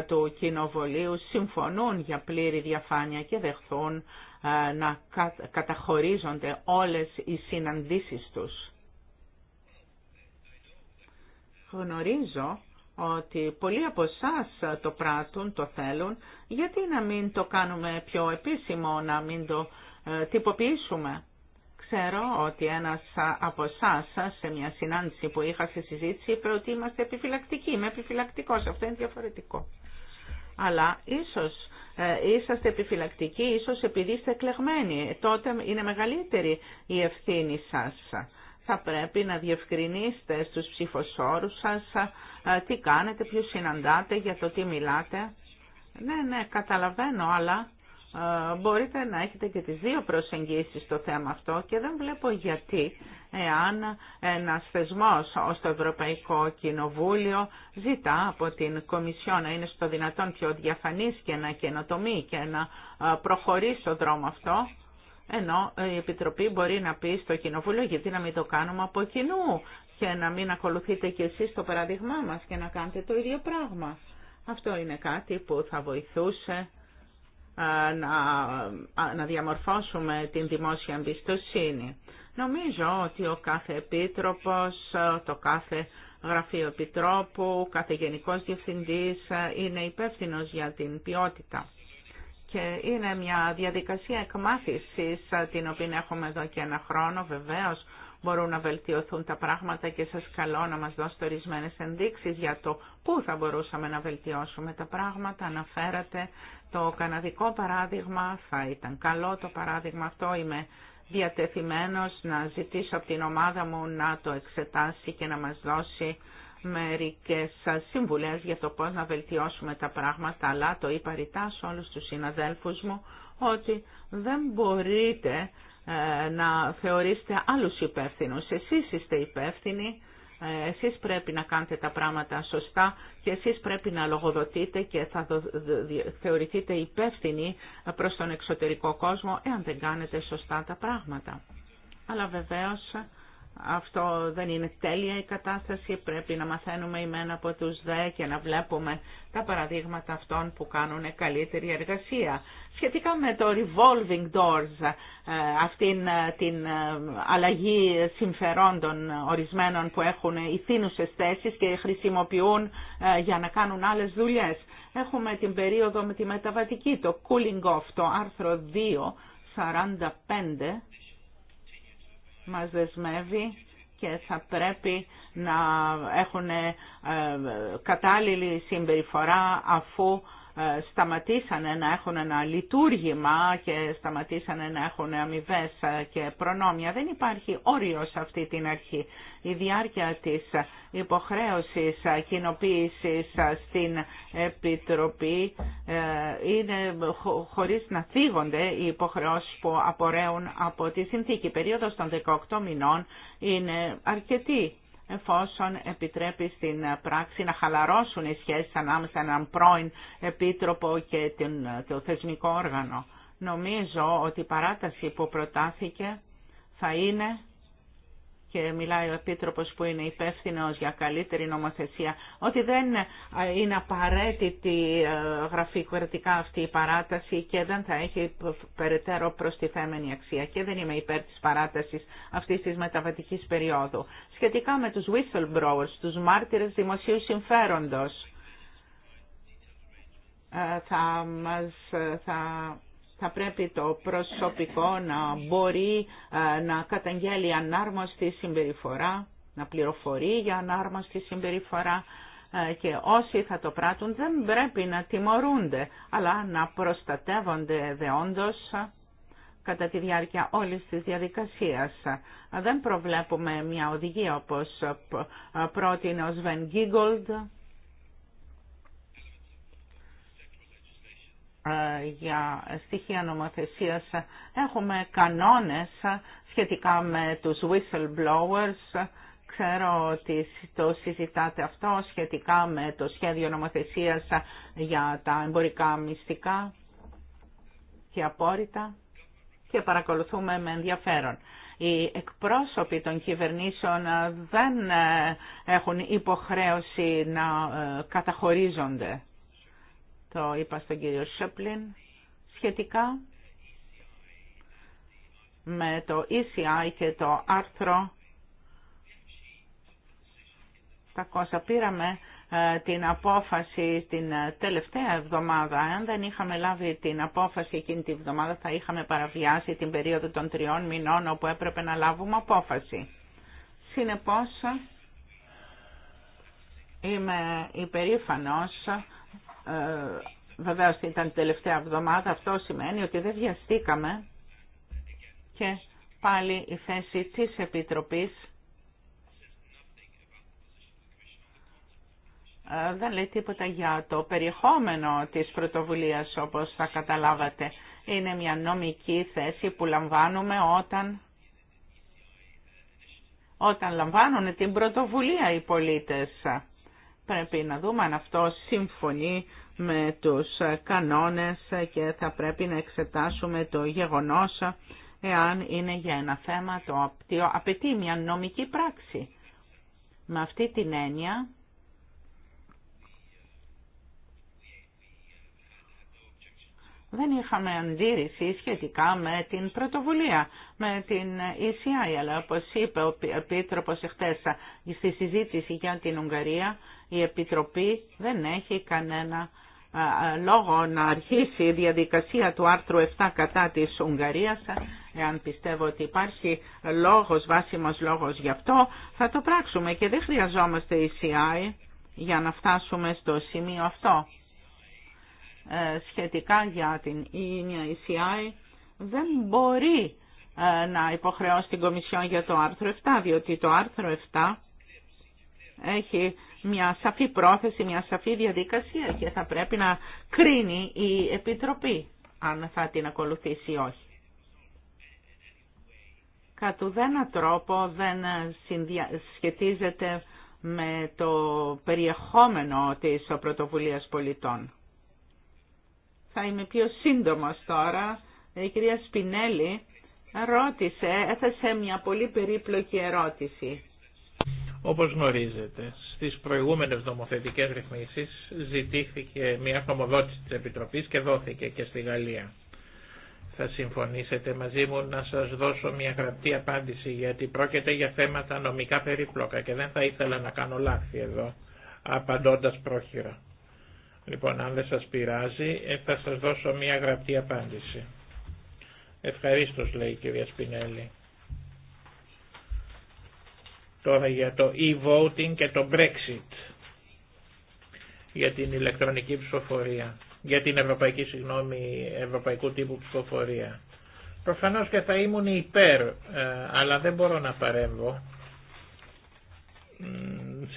του Κοινοβολίου συμφωνούν για πλήρη διαφάνεια και δεχθούν να καταχωρίζονται όλες οι συναντήσεις τους. Γνωρίζω ότι πολλοί από εσά το πράττουν, το θέλουν, γιατί να μην το κάνουμε πιο επίσημο, να μην το ε, τυποποιήσουμε Ξέρω ότι ένας από εσά σε μια συνάντηση που είχα στη συζήτηση είπε ότι είμαστε επιφυλακτικοί. Είμαι επιφυλακτικός. Αυτό είναι διαφορετικό. Αλλά ίσως ε, είσαστε επιφυλακτικοί, ίσως επειδή είστε εκλεγμένοι. Τότε είναι μεγαλύτερη η ευθύνη σας. Θα πρέπει να διευκρινίσετε στους ψηφοσόρους σας ε, τι κάνετε, ποιους συναντάτε, για το τι μιλάτε. Ναι, ναι, καταλαβαίνω, αλλά μπορείτε να έχετε και τις δύο προσεγγίσεις στο θέμα αυτό και δεν βλέπω γιατί εάν ένα θεσμό ως το Ευρωπαϊκό Κοινοβούλιο ζητά από την Κομισιό να είναι στο δυνατόν πιο διαφανής και να καινοτομεί και να προχωρήσει ο δρόμο αυτό ενώ η Επιτροπή μπορεί να πει στο Κοινοβούλιο γιατί να μην το κάνουμε από κοινού και να μην ακολουθείτε κι εσείς το παραδειγμά μας και να κάνετε το ίδιο πράγμα. Αυτό είναι κάτι που θα βοηθούσε ε, να, διαμορφώσουμε την δημόσια εμπιστοσύνη. Νομίζω ότι ο κάθε επίτροπος, ε, το κάθε γραφείο επιτρόπου, ο κάθε γενικός διευθυντής ε, είναι υπεύθυνος για την ποιότητα. Και είναι μια διαδικασία εκμάθησης την οποία έχουμε εδώ και ένα χρόνο βεβαίως. Μπορούν να βελτιωθούν τα πράγματα και σας καλώ να μας δώσετε ορισμένε ενδείξεις για το πού θα μπορούσαμε να βελτιώσουμε τα πράγματα. Αναφέρατε το καναδικό παράδειγμα θα ήταν καλό το παράδειγμα αυτό. Είμαι διατεθειμένος να ζητήσω από την ομάδα μου να το εξετάσει και να μας δώσει μερικές συμβουλές για το πώς να βελτιώσουμε τα πράγματα, αλλά το είπα ρητά σε όλους τους συναδέλφους μου ότι δεν μπορείτε ε, να θεωρήσετε άλλους υπεύθυνους. Εσείς είστε υπεύθυνοι ε, εσείς πρέπει να κάνετε τα πράγματα σωστά και εσείς πρέπει να λογοδοτείτε και θα θεωρηθείτε υπεύθυνοι προς τον εξωτερικό κόσμο εάν δεν κάνετε σωστά τα πράγματα. Αλλά βεβαίως αυτό δεν είναι τέλεια η κατάσταση, πρέπει να μαθαίνουμε ημένα από τους ΔΕ και να βλέπουμε τα παραδείγματα αυτών που κάνουν καλύτερη εργασία. Σχετικά με το revolving doors, ε, αυτήν ε, την ε, αλλαγή συμφερόντων ορισμένων που έχουν ηθήνουσες θέσεις και χρησιμοποιούν για να κάνουν άλλες δουλειές. Έχουμε την περίοδο με τη μεταβατική, το cooling off, το άρθρο 2, 45, μας δεσμεύει και θα πρέπει να έχουν ε, κατάλληλη συμπεριφορά αφού ε, σταματήσανε να έχουν ένα λειτουργήμα και σταματήσανε να έχουν αμοιβέ ε, και προνόμια. Δεν υπάρχει όριο σε αυτή την αρχή. Η διάρκεια της υποχρέωσης κοινοποίηση στην Επιτροπή ε, είναι χωρίς να θίγονται οι υποχρεώσεις που απορρέουν από τη συνθήκη. Η περίοδος των 18 μηνών είναι αρκετή εφόσον επιτρέπει στην πράξη να χαλαρώσουν οι σχέσεις ανάμεσα έναν πρώην επίτροπο και το θεσμικό όργανο. Νομίζω ότι η παράταση που προτάθηκε θα είναι και μιλάει ο Επίτροπος που είναι υπεύθυνο για καλύτερη νομοθεσία, ότι δεν είναι απαραίτητη ε, κουρατικά αυτή η παράταση και δεν θα έχει περαιτέρω προστιθέμενη αξία και δεν είμαι υπέρ της παράτασης αυτής της μεταβατικής περίοδου. Σχετικά με τους whistleblowers, τους μάρτυρες δημοσίου συμφέροντος, ε, θα μας... Ε, θα θα πρέπει το προσωπικό να μπορεί ε, να καταγγέλει ανάρμοστη συμπεριφορά, να πληροφορεί για ανάρμοστη συμπεριφορά ε, και όσοι θα το πράττουν δεν πρέπει να τιμωρούνται, αλλά να προστατεύονται δεόντως κατά τη διάρκεια όλης της διαδικασίας. Δεν προβλέπουμε μια οδηγία όπως ε, πρότεινε ο Σβεν Ε, για στοιχεία νομοθεσίας έχουμε κανόνες σχετικά με τους whistleblowers. Ξέρω ότι το συζητάτε αυτό σχετικά με το σχέδιο νομοθεσίας για τα εμπορικά μυστικά και απόρριτα και παρακολουθούμε με ενδιαφέρον. Οι εκπρόσωποι των κυβερνήσεων δεν έχουν υποχρέωση να ε, καταχωρίζονται το είπα στον κύριο Σέπλιν, σχετικά με το ECI και το άρθρο τα κόσα πήραμε ε, την απόφαση την ε, τελευταία εβδομάδα. Αν δεν είχαμε λάβει την απόφαση εκείνη τη εβδομάδα θα είχαμε παραβιάσει την περίοδο των τριών μηνών όπου έπρεπε να λάβουμε απόφαση. Συνεπώς είμαι υπερήφανος ε, βεβαίως ήταν την τελευταία εβδομάδα, αυτό σημαίνει ότι δεν βιαστήκαμε και πάλι η θέση της Επιτροπής ε, δεν λέει τίποτα για το περιεχόμενο της πρωτοβουλίας όπως θα καταλάβατε. Είναι μια νομική θέση που λαμβάνουμε όταν, όταν λαμβάνουν την πρωτοβουλία οι πολίτες. Πρέπει να δούμε αν αυτό συμφωνεί με τους κανόνες και θα πρέπει να εξετάσουμε το γεγονός εάν είναι για ένα θέμα το οποίο απαιτεί μια νομική πράξη. Με αυτή την έννοια δεν είχαμε αντίρρηση σχετικά με την πρωτοβουλία, με την ECI, αλλά όπως είπε ο Επίτροπος εχθές στη συζήτηση για την Ουγγαρία, η Επιτροπή δεν έχει κανένα λόγο να αρχίσει η διαδικασία του άρθρου 7 κατά της Ουγγαρίας, εάν πιστεύω ότι υπάρχει λόγος, βάσιμος λόγος γι' αυτό, θα το πράξουμε και δεν χρειαζόμαστε ECI για να φτάσουμε στο σημείο αυτό. Ε, σχετικά για την ECI δεν μπορεί ε, να υποχρεώσει την Κομισιόν για το άρθρο 7, διότι το άρθρο 7 έχει μια σαφή πρόθεση, μια σαφή διαδικασία και θα πρέπει να κρίνει η Επιτροπή αν θα την ακολουθήσει ή όχι. Κατ' ουδένα τρόπο δεν σχετίζεται με το περιεχόμενο της πρωτοβουλίας πολιτών. Θα είμαι πιο σύντομος τώρα. Η κυρία Σπινέλη ρώτησε, έθεσε μια πολύ περίπλοκη ερώτηση. Όπως γνωρίζετε, στις προηγούμενες νομοθετικές ρυθμίσεις ζητήθηκε μια νομοδότηση της Επιτροπής και δόθηκε και στη Γαλλία. Θα συμφωνήσετε μαζί μου να σας δώσω μια γραπτή απάντηση γιατί πρόκειται για θέματα νομικά περίπλοκα και δεν θα ήθελα να κάνω λάθη εδώ απαντώντας πρόχειρα. Λοιπόν, αν δεν σας πειράζει, ε, θα σας δώσω μια γραπτή απάντηση. Ευχαρίστως, λέει η κυρία Σπινέλη. Τώρα για το e-voting και το Brexit για την ηλεκτρονική ψηφοφορία, για την ευρωπαϊκή, συγγνώμη, ευρωπαϊκού τύπου ψηφοφορία. Προφανώς και θα ήμουν υπέρ, ε, αλλά δεν μπορώ να παρέμβω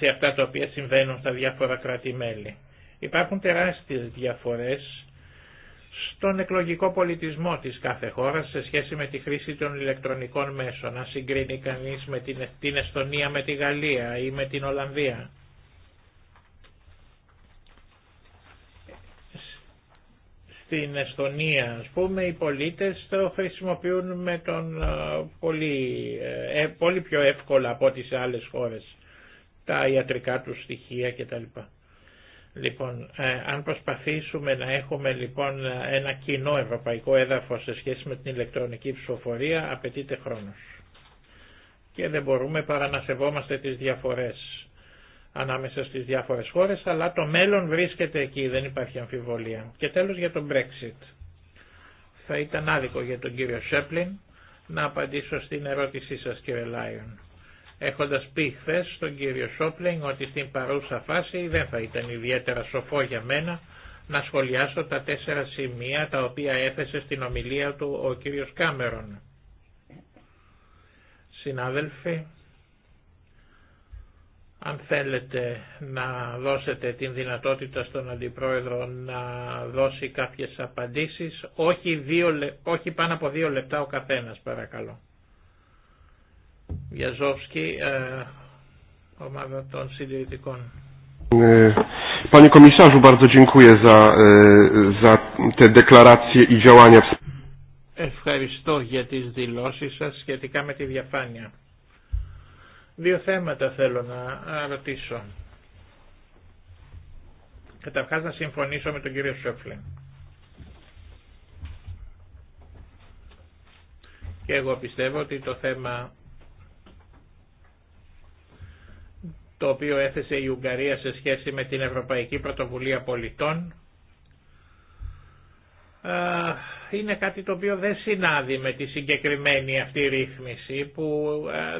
σε αυτά τα οποία συμβαίνουν στα διάφορα κράτη-μέλη. Υπάρχουν τεράστιες διαφορές στον εκλογικό πολιτισμό της κάθε χώρας σε σχέση με τη χρήση των ηλεκτρονικών μέσων, να συγκρίνει κανείς με την, την Εστονία με τη Γαλλία ή με την Ολλανδία. Στην Εστονία, ας πούμε, οι πολίτες το χρησιμοποιούν με τον πολύ, ε, ε, πολύ πιο εύκολα από ό,τι σε άλλες χώρες τα ιατρικά τους στοιχεία κτλ. Λοιπόν, ε, αν προσπαθήσουμε να έχουμε λοιπόν ένα κοινό ευρωπαϊκό έδαφος σε σχέση με την ηλεκτρονική ψηφοφορία, απαιτείται χρόνος. Και δεν μπορούμε παρά να σεβόμαστε τις διαφορές ανάμεσα στις διάφορες χώρες, αλλά το μέλλον βρίσκεται εκεί, δεν υπάρχει αμφιβολία. Και τέλος για τον Brexit. Θα ήταν άδικο για τον κύριο Σέπλιν να απαντήσω στην ερώτησή σας κύριε Λάιον έχοντας πει χθε στον κύριο Σόπλινγκ ότι στην παρούσα φάση δεν θα ήταν ιδιαίτερα σοφό για μένα να σχολιάσω τα τέσσερα σημεία τα οποία έθεσε στην ομιλία του ο κύριος Κάμερον. Συνάδελφοι, αν θέλετε να δώσετε την δυνατότητα στον Αντιπρόεδρο να δώσει κάποιες απαντήσεις, όχι, δύο, όχι πάνω από δύο λεπτά ο καθένας παρακαλώ. Γιαζόφσκι, ε, ομάδα των συντηρητικών. Ε, Panie Komisarzu, bardzo dziękuję za, e, za te deklaracje i działania. Ευχαριστώ για τις δηλώσεις σας σχετικά με τη διαφάνεια. Δύο θέματα θέλω να ρωτήσω. Καταρχάς να συμφωνήσω με τον κύριο Σόφλε. Και εγώ πιστεύω ότι το θέμα το οποίο έθεσε η Ουγγαρία σε σχέση με την Ευρωπαϊκή Πρωτοβουλία Πολιτών είναι κάτι το οποίο δεν συνάδει με τη συγκεκριμένη αυτή ρύθμιση που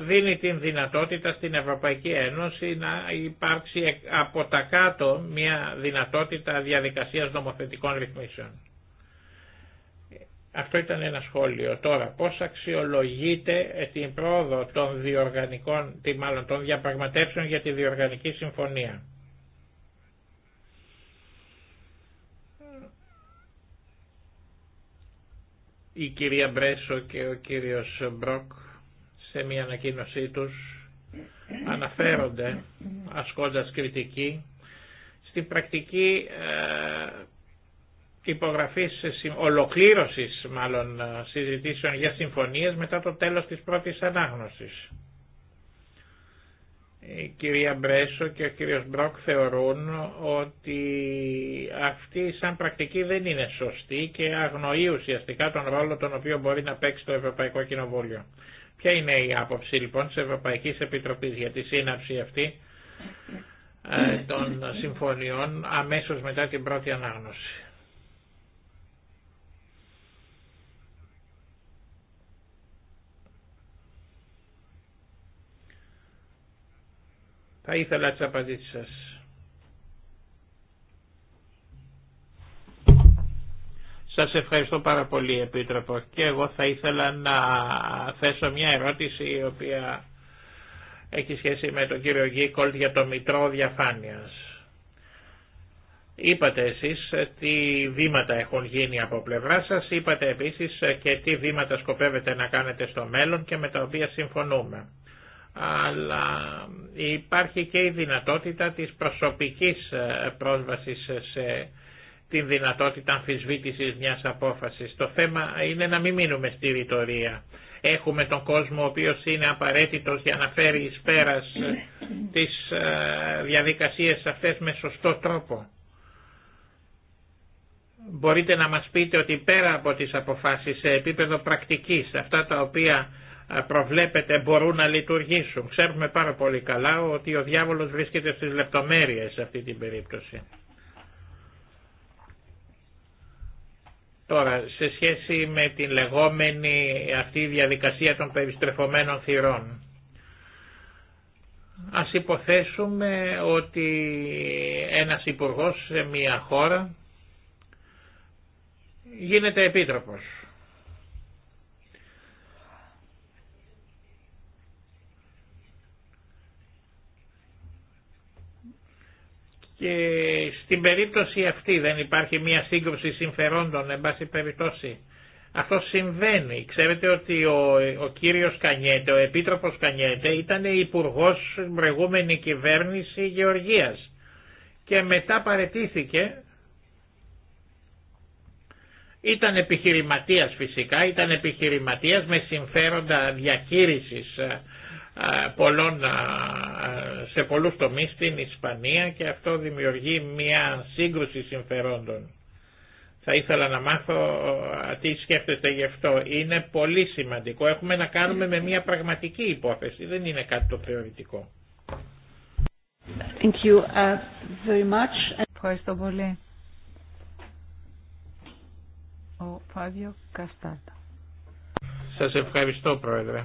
δίνει την δυνατότητα στην Ευρωπαϊκή Ένωση να υπάρξει από τα κάτω μια δυνατότητα διαδικασίας νομοθετικών ρυθμίσεων. Αυτό ήταν ένα σχόλιο. Τώρα, πώς αξιολογείται ε, την πρόοδο των διοργανικών, τι μάλλον των διαπραγματεύσεων για τη διοργανική συμφωνία. Η κυρία Μπρέσο και ο κύριος Μπροκ σε μια ανακοίνωσή τους αναφέρονται ασκώντας κριτική στην πρακτική ε, υπογραφής, ε, ολοκλήρωσης μάλλον ε, συζητήσεων για συμφωνίες μετά το τέλος της πρώτης ανάγνωσης. Η κυρία Μπρέσο και ο κύριος Μπρόκ θεωρούν ότι αυτή σαν πρακτική δεν είναι σωστή και αγνοεί ουσιαστικά τον ρόλο τον οποίο μπορεί να παίξει το Ευρωπαϊκό Κοινοβούλιο. Ποια είναι η άποψη λοιπόν της Ευρωπαϊκή Επιτροπή για τη σύναψη αυτή ε, των συμφωνιών αμέσως μετά την πρώτη ανάγνωση. Θα ήθελα τι απαντήσει σας. Σα ευχαριστώ πάρα πολύ Επίτροπο και εγώ θα ήθελα να θέσω μια ερώτηση η οποία έχει σχέση με τον κύριο Γκίκολτ για το Μητρό Διαφάνειας. Είπατε εσείς τι βήματα έχουν γίνει από πλευρά σας, είπατε επίσης και τι βήματα σκοπεύετε να κάνετε στο μέλλον και με τα οποία συμφωνούμε αλλά υπάρχει και η δυνατότητα της προσωπικής ε, πρόσβασης σε την δυνατότητα αμφισβήτησης μιας απόφασης. Το θέμα είναι να μην μείνουμε στη ρητορία. Έχουμε τον κόσμο ο οποίος είναι απαραίτητος για να φέρει εις πέρας ε, τις ε, διαδικασίες αυτές με σωστό τρόπο. Μπορείτε να μας πείτε ότι πέρα από τις αποφάσεις σε επίπεδο πρακτικής, αυτά τα οποία ε, προβλέπεται μπορούν να λειτουργήσουν. Ξέρουμε πάρα πολύ καλά ότι ο διάβολος βρίσκεται στις λεπτομέρειες σε αυτή την περίπτωση. Τώρα, σε σχέση με την λεγόμενη αυτή διαδικασία των περιστρεφωμένων θυρών. Ας υποθέσουμε ότι ένας υπουργός σε μια χώρα γίνεται επίτροπος Και στην περίπτωση αυτή δεν υπάρχει μια σύγκρουση συμφερόντων, εν πάση περιπτώσει. Αυτό συμβαίνει. Ξέρετε ότι ο, ο κύριος Κανιέτε, ο επίτροπος Κανιέτε ήταν υπουργό προηγούμενη κυβέρνηση Γεωργίας και μετά παρετήθηκε ήταν επιχειρηματίας φυσικά, ήταν επιχειρηματίας με συμφέροντα διακήρυσης ε, ε, πολλών, ε, σε πολλούς τομείς στην Ισπανία και αυτό δημιουργεί μια σύγκρουση συμφερόντων. Θα ήθελα να μάθω ε, τι σκέφτεστε γι' αυτό. Είναι πολύ σημαντικό. Έχουμε να κάνουμε με μια πραγματική υπόθεση. Δεν είναι κάτι το θεωρητικό. Thank you uh, very much. Ευχαριστώ πολύ. Ο Φάβιο Καστάτα. Σας ευχαριστώ Πρόεδρε.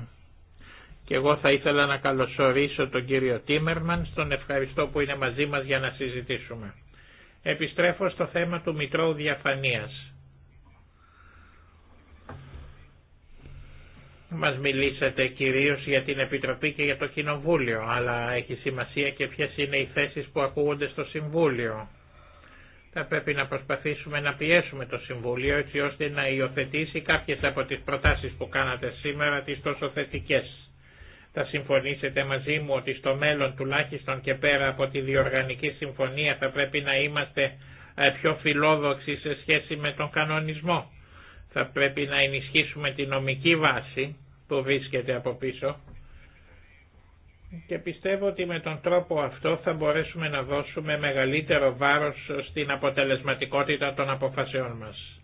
Και εγώ θα ήθελα να καλωσορίσω τον κύριο Τίμερμαν, στον ευχαριστώ που είναι μαζί μας για να συζητήσουμε. Επιστρέφω στο θέμα του Μητρώου Διαφανείας. Μας μιλήσατε κυρίως για την Επιτροπή και για το Κοινοβούλιο, αλλά έχει σημασία και ποιες είναι οι θέσεις που ακούγονται στο Συμβούλιο. Θα πρέπει να προσπαθήσουμε να πιέσουμε το Συμβούλιο έτσι ώστε να υιοθετήσει κάποιες από τις προτάσεις που κάνατε σήμερα, τις τόσο θετικές θα συμφωνήσετε μαζί μου ότι στο μέλλον τουλάχιστον και πέρα από τη διοργανική συμφωνία θα πρέπει να είμαστε ε, πιο φιλόδοξοι σε σχέση με τον κανονισμό. Θα πρέπει να ενισχύσουμε τη νομική βάση που βρίσκεται από πίσω και πιστεύω ότι με τον τρόπο αυτό θα μπορέσουμε να δώσουμε μεγαλύτερο βάρος στην αποτελεσματικότητα των αποφασεών μας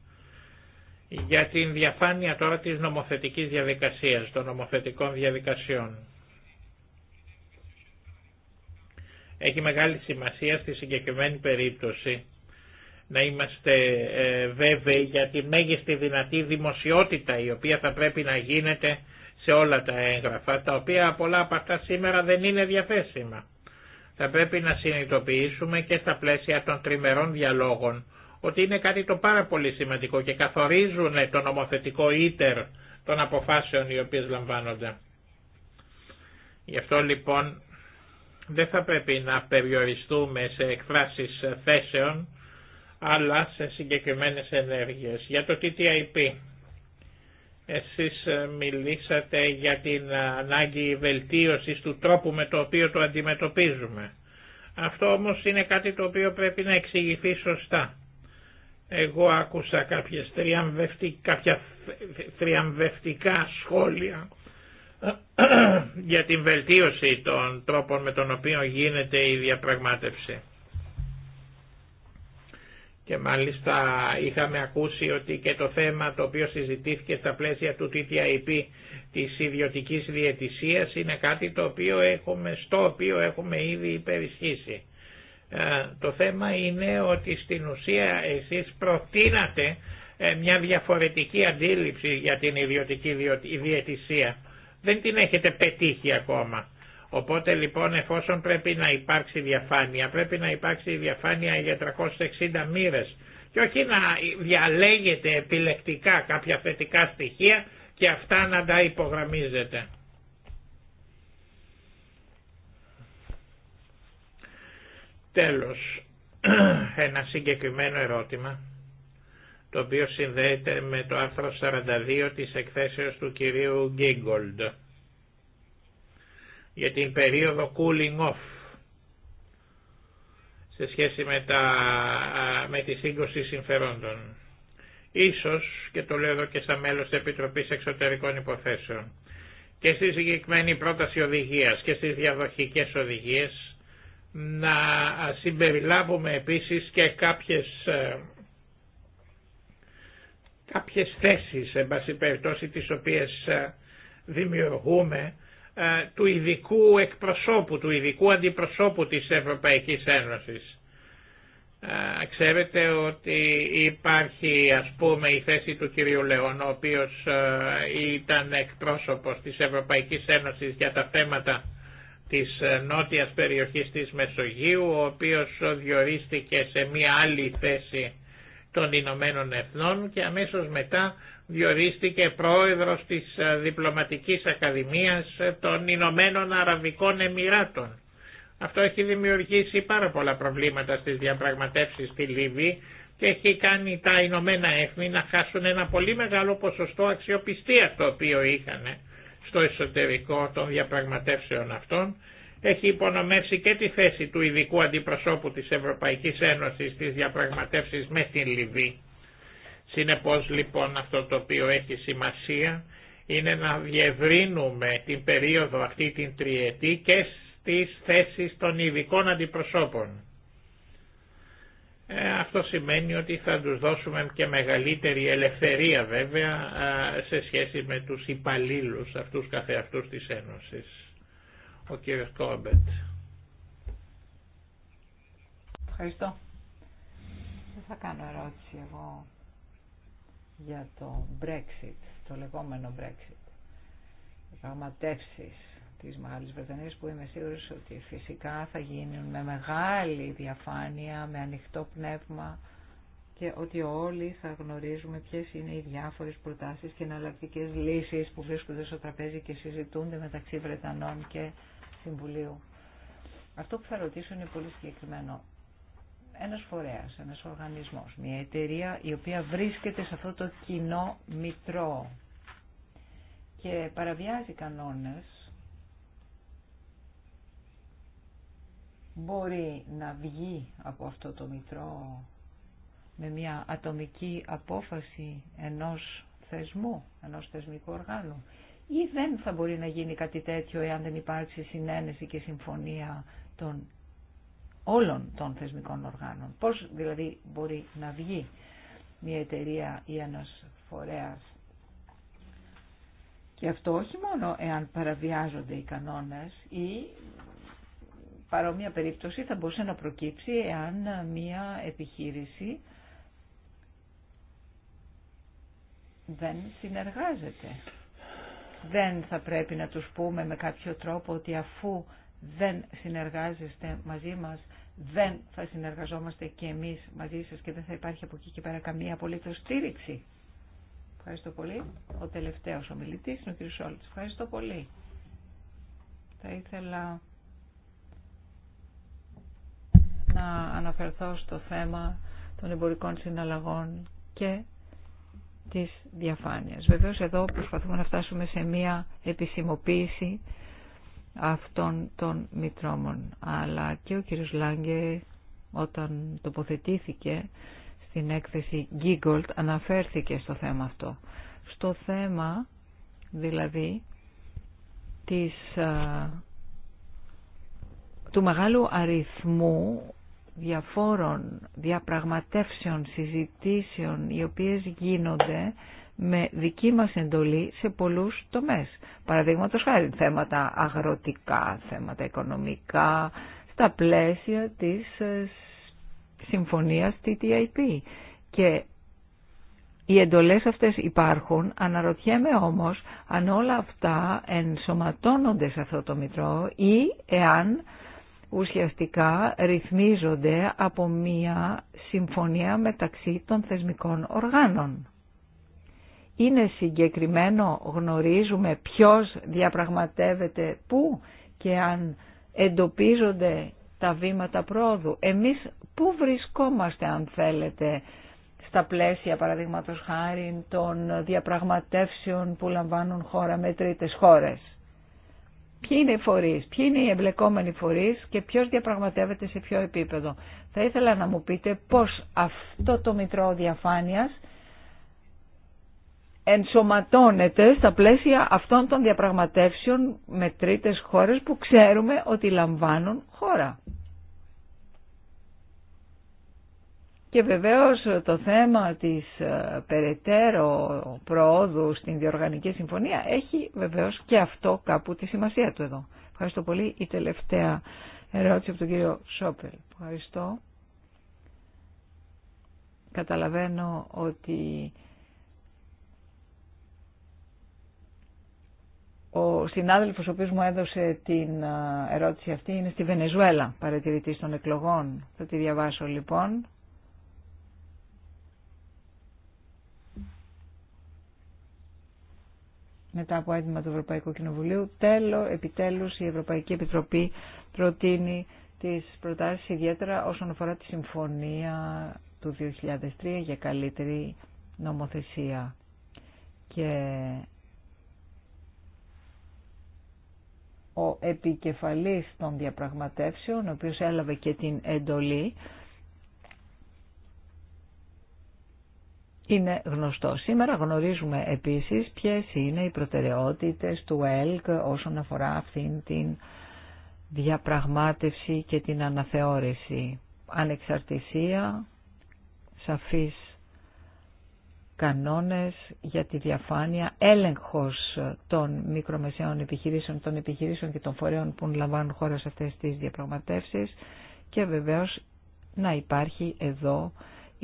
για την διαφάνεια τώρα της νομοθετικής διαδικασίας, των νομοθετικών διαδικασιών. Έχει μεγάλη σημασία στη συγκεκριμένη περίπτωση να είμαστε ε, βέβαιοι για τη μέγιστη δυνατή δημοσιότητα η οποία θα πρέπει να γίνεται σε όλα τα έγγραφα, τα οποία πολλά από αυτά σήμερα δεν είναι διαθέσιμα. Θα πρέπει να συνειδητοποιήσουμε και στα πλαίσια των τριμερών διαλόγων ότι είναι κάτι το πάρα πολύ σημαντικό και καθορίζουν το νομοθετικό ήτερ των αποφάσεων οι οποίες λαμβάνονται. Γι' αυτό λοιπόν δεν θα πρέπει να περιοριστούμε σε εκφράσεις θέσεων, αλλά σε συγκεκριμένες ενέργειες. Για το TTIP, εσείς ε, μιλήσατε για την ε, ανάγκη βελτίωσης του τρόπου με το οποίο το αντιμετωπίζουμε. Αυτό όμως είναι κάτι το οποίο πρέπει να εξηγηθεί σωστά. Εγώ άκουσα κάποιες κάποια τριαμβευτικά σχόλια για την βελτίωση των τρόπων με τον οποίο γίνεται η διαπραγμάτευση. Και μάλιστα είχαμε ακούσει ότι και το θέμα το οποίο συζητήθηκε στα πλαίσια του TTIP της ιδιωτικής διαιτησίας είναι κάτι το οποίο έχουμε, στο οποίο έχουμε ήδη υπερισχύσει. Ε, το θέμα είναι ότι στην ουσία εσείς προτείνατε ε, μια διαφορετική αντίληψη για την ιδιωτική διαιτησία. Δεν την έχετε πετύχει ακόμα. Οπότε λοιπόν εφόσον πρέπει να υπάρξει διαφάνεια, πρέπει να υπάρξει διαφάνεια για 360 μοίρες και όχι να διαλέγετε επιλεκτικά κάποια θετικά στοιχεία και αυτά να τα υπογραμμίζετε. Τέλος, ένα συγκεκριμένο ερώτημα, το οποίο συνδέεται με το άρθρο 42 της εκθέσεως του κυρίου Γκίγκολντ για την περίοδο cooling off σε σχέση με, τα, με τη σύγκρουση συμφερόντων. Ίσως, και το λέω εδώ και σαν μέλος της Επιτροπής Εξωτερικών Υποθέσεων, και στη συγκεκριμένη πρόταση οδηγίας και στις διαδοχικές οδηγίες να συμπεριλάβουμε επίσης και κάποιες, ε, κάποιες θέσεις, εν πάση περιπτώσει, τις οποίες ε, δημιουργούμε, ε, του ειδικού εκπροσώπου, του ειδικού αντιπροσώπου της Ευρωπαϊκής Ένωσης. Ξέρετε ότι υπάρχει ας πούμε η θέση του κυρίου Λεόν, ο οποίος ήταν εκπρόσωπος της Ευρωπαϊκής Ένωσης για τα θέματα της ε, νότιας περιοχής της Μεσογείου, ο οποίος διορίστηκε σε μία άλλη θέση των Ηνωμένων Εθνών και αμέσως μετά διορίστηκε πρόεδρος της ε, Διπλωματικής Ακαδημίας ε, των Ηνωμένων Αραβικών Εμμυράτων. Αυτό έχει δημιουργήσει πάρα πολλά προβλήματα στις διαπραγματεύσεις στη Λίβη και έχει κάνει τα Ηνωμένα Έθνη να χάσουν ένα πολύ μεγάλο ποσοστό αξιοπιστίας το οποίο είχαν το εσωτερικό των διαπραγματεύσεων αυτών έχει υπονομεύσει και τη θέση του ειδικού αντιπροσώπου της Ευρωπαϊκής Ένωσης στις διαπραγματεύσεις με την Λιβύη. Συνεπώς λοιπόν αυτό το οποίο έχει σημασία είναι να διευρύνουμε την περίοδο αυτή την τριετή και στις θέσεις των ειδικών αντιπροσώπων. Ε, αυτό σημαίνει ότι θα τους δώσουμε και μεγαλύτερη ελευθερία βέβαια σε σχέση με τους υπαλλήλους αυτούς καθεαυτούς της Ένωσης. Ο κύριος Κόμπετ. Ευχαριστώ. Δεν θα κάνω ερώτηση εγώ για το Brexit, το λεγόμενο Brexit. Πραγματεύσεις της Μεγάλης Βρετανίας που είμαι σίγουρη ότι φυσικά θα γίνουν με μεγάλη διαφάνεια, με ανοιχτό πνεύμα και ότι όλοι θα γνωρίζουμε ποιες είναι οι διάφορες προτάσεις και εναλλακτικές λύσεις που βρίσκονται στο τραπέζι και συζητούνται μεταξύ Βρετανών και Συμβουλίου. Αυτό που θα ρωτήσω είναι πολύ συγκεκριμένο. Ένας φορέας, ένας οργανισμός, μια εταιρεία η οποία βρίσκεται σε αυτό το κοινό μητρό και παραβιάζει κανόνες μπορεί να βγει από αυτό το μητρό με μια ατομική απόφαση ενός θεσμού, ενός θεσμικού οργάνου ή δεν θα μπορεί να γίνει κάτι τέτοιο εάν δεν υπάρξει συνένεση και συμφωνία των όλων των θεσμικών οργάνων. Πώς δηλαδή μπορεί να βγει μια εταιρεία ή ένας φορέας. Και αυτό όχι μόνο εάν παραβιάζονται οι κανόνες ή παρόμοια περίπτωση θα μπορούσε να προκύψει εάν μία επιχείρηση δεν συνεργάζεται. Δεν θα πρέπει να τους πούμε με κάποιο τρόπο ότι αφού δεν συνεργάζεστε μαζί μας, δεν θα συνεργαζόμαστε και εμείς μαζί σας και δεν θα υπάρχει από εκεί και πέρα καμία απολύτως στήριξη. Ευχαριστώ πολύ. Ο τελευταίος ομιλητής είναι ο κ. Σόλτς. Ευχαριστώ πολύ. Θα ήθελα να αναφερθώ στο θέμα των εμπορικών συναλλαγών και της διαφάνειας. Βεβαίως εδώ προσπαθούμε να φτάσουμε σε μία επισημοποίηση αυτών των μητρώμων. Αλλά και ο κύριος Λάγκε όταν τοποθετήθηκε στην έκθεση Giggold αναφέρθηκε στο θέμα αυτό. Στο θέμα δηλαδή της, του μεγάλου αριθμού διαφόρων διαπραγματεύσεων, συζητήσεων οι οποίες γίνονται με δική μας εντολή σε πολλούς τομές. Παραδείγματο χάρη θέματα αγροτικά, θέματα οικονομικά, στα πλαίσια της ε, συμφωνίας TTIP. Και οι εντολές αυτές υπάρχουν, αναρωτιέμαι όμως αν όλα αυτά ενσωματώνονται σε αυτό το Μητρό ή εάν ουσιαστικά ρυθμίζονται από μία συμφωνία μεταξύ των θεσμικών οργάνων. Είναι συγκεκριμένο, γνωρίζουμε ποιος διαπραγματεύεται πού και αν εντοπίζονται τα βήματα πρόοδου. Εμείς πού βρισκόμαστε αν θέλετε στα πλαίσια παραδείγματος χάρη των διαπραγματεύσεων που λαμβάνουν χώρα με τρίτες χώρες ποιοι είναι οι φορείς, ποιοι είναι οι εμπλεκόμενοι φορείς και ποιος διαπραγματεύεται σε ποιο επίπεδο. Θα ήθελα να μου πείτε πώς αυτό το Μητρό Διαφάνειας ενσωματώνεται στα πλαίσια αυτών των διαπραγματεύσεων με τρίτες χώρες που ξέρουμε ότι λαμβάνουν χώρα. Και βεβαίως το θέμα της ε, περαιτέρω προόδου στην διοργανική συμφωνία έχει βεβαίως και αυτό κάπου τη σημασία του εδώ. Ευχαριστώ πολύ. Η τελευταία ερώτηση από τον κύριο Σόπελ. Ευχαριστώ. Καταλαβαίνω ότι ο συνάδελφος ο οποίος μου έδωσε την ε, ερώτηση αυτή είναι στη Βενεζουέλα, παρατηρητής των εκλογών. Θα τη διαβάσω λοιπόν. μετά από έτοιμα του Ευρωπαϊκού Κοινοβουλίου. Τέλο, επιτέλους, η Ευρωπαϊκή Επιτροπή προτείνει τις προτάσεις ιδιαίτερα όσον αφορά τη συμφωνία του 2003 για καλύτερη νομοθεσία. Και ο επικεφαλής των διαπραγματεύσεων, ο οποίος έλαβε και την εντολή, είναι γνωστό. Σήμερα γνωρίζουμε επίσης ποιες είναι οι προτεραιότητες του ΕΛΚ όσον αφορά αυτήν την διαπραγμάτευση και την αναθεώρηση. Ανεξαρτησία, σαφής κανόνες για τη διαφάνεια, έλεγχος των μικρομεσαίων επιχειρήσεων, των επιχειρήσεων και των φορέων που λαμβάνουν χώρα σε αυτές τις διαπραγματεύσεις και βεβαίως να υπάρχει εδώ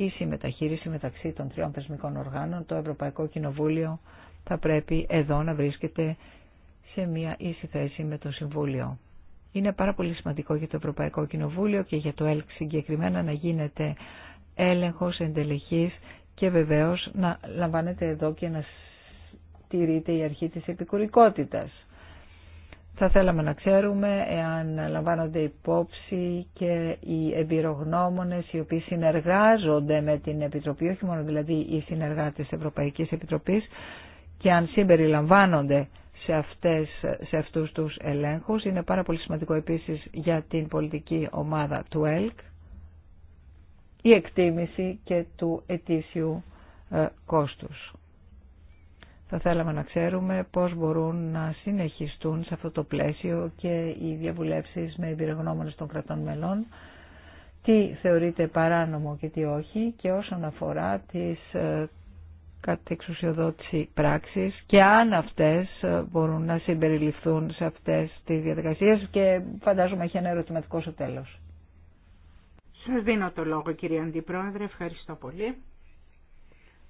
ίση μεταχείριση μεταξύ των τριών θεσμικών οργάνων, το Ευρωπαϊκό Κοινοβούλιο θα πρέπει εδώ να βρίσκεται σε μια ίση θέση με το Συμβούλιο. Είναι πάρα πολύ σημαντικό για το Ευρωπαϊκό Κοινοβούλιο και για το ΕΛΚ συγκεκριμένα να γίνεται έλεγχος εντελεχής και βεβαίως να λαμβάνεται εδώ και να στηρείται η αρχή της επικουρικότητας. Θα θέλαμε να ξέρουμε εάν λαμβάνονται υπόψη και οι εμπειρογνώμονες οι οποίοι συνεργάζονται με την Επιτροπή, όχι μόνο δηλαδή οι συνεργάτες της Ευρωπαϊκής Επιτροπής και αν συμπεριλαμβάνονται σε, αυτές, σε αυτούς τους ελέγχους. Είναι πάρα πολύ σημαντικό επίσης για την πολιτική ομάδα του ΕΛΚ η εκτίμηση και του ετήσιου ε, κόστους. Θα θέλαμε να ξέρουμε πώς μπορούν να συνεχιστούν σε αυτό το πλαίσιο και οι διαβουλεύσεις με εμπειρογνώμονες των κρατών μελών, τι θεωρείται παράνομο και τι όχι και όσον αφορά τις ε, κατεξουσιοδότηση πράξης και αν αυτές ε, μπορούν να συμπεριληφθούν σε αυτές τις διαδικασίες και φαντάζομαι έχει ένα ερωτηματικό στο τέλος. Σας δίνω το λόγο κύριε Αντιπρόεδρε, ευχαριστώ πολύ.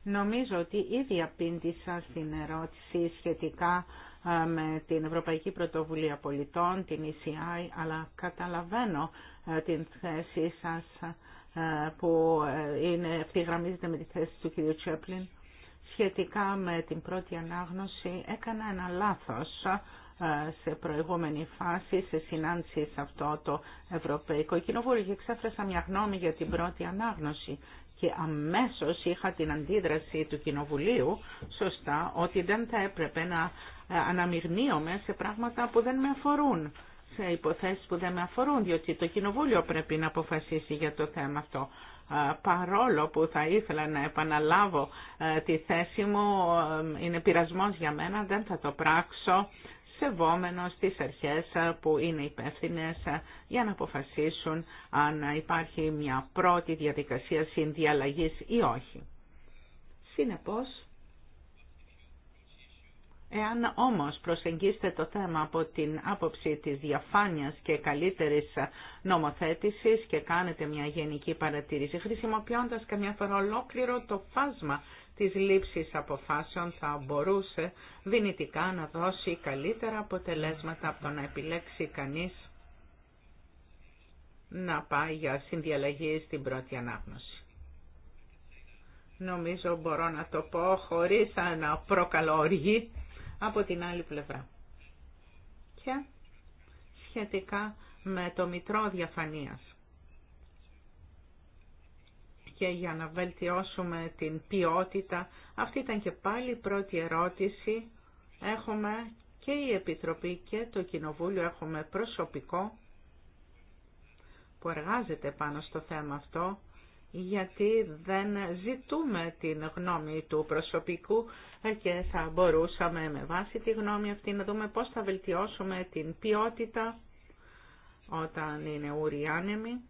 Νομίζω ότι ήδη απήντησα στην ερώτηση σχετικά ε, με την Ευρωπαϊκή Πρωτοβουλία Πολιτών, την ECI, αλλά καταλαβαίνω ε, την θέση σας ε, που είναι, ευθυγραμμίζεται με τη θέση του κ. Τσέπλιν. Σχετικά με την πρώτη ανάγνωση έκανα ένα λάθος σε προηγούμενη φάση, σε συνάντηση σε αυτό το Ευρωπαϊκό Κοινοβούλιο και εξέφρασα μια γνώμη για την πρώτη ανάγνωση και αμέσως είχα την αντίδραση του Κοινοβουλίου, σωστά, ότι δεν θα έπρεπε να ε, αναμειγνύομαι σε πράγματα που δεν με αφορούν, σε υποθέσεις που δεν με αφορούν, διότι το Κοινοβούλιο πρέπει να αποφασίσει για το θέμα αυτό. Ε, παρόλο που θα ήθελα να επαναλάβω ε, τη θέση μου, είναι πειρασμός για μένα, δεν θα το πράξω σεβόμενος τις αρχές που είναι υπεύθυνε για να αποφασίσουν αν υπάρχει μια πρώτη διαδικασία συνδιαλλαγής ή όχι. Συνεπώς, Εάν όμως προσεγγίσετε το θέμα από την άποψη της διαφάνειας και καλύτερης νομοθέτησης και κάνετε μια γενική παρατήρηση χρησιμοποιώντας καμιά φορά ολόκληρο το φάσμα της λήψης αποφάσεων θα μπορούσε δυνητικά να δώσει καλύτερα αποτελέσματα από το να επιλέξει κανείς να πάει για συνδιαλλαγή στην πρώτη ανάγνωση. Νομίζω μπορώ να το πω χωρίς να προκαλώ οργή από την άλλη πλευρά. Και σχετικά με το μητρό διαφανείας και για να βελτιώσουμε την ποιότητα. Αυτή ήταν και πάλι η πρώτη ερώτηση. Έχουμε και η Επιτροπή και το Κοινοβούλιο, έχουμε προσωπικό που εργάζεται πάνω στο θέμα αυτό, γιατί δεν ζητούμε την γνώμη του προσωπικού και θα μπορούσαμε με βάση τη γνώμη αυτή να δούμε πώς θα βελτιώσουμε την ποιότητα όταν είναι ουριάνεμη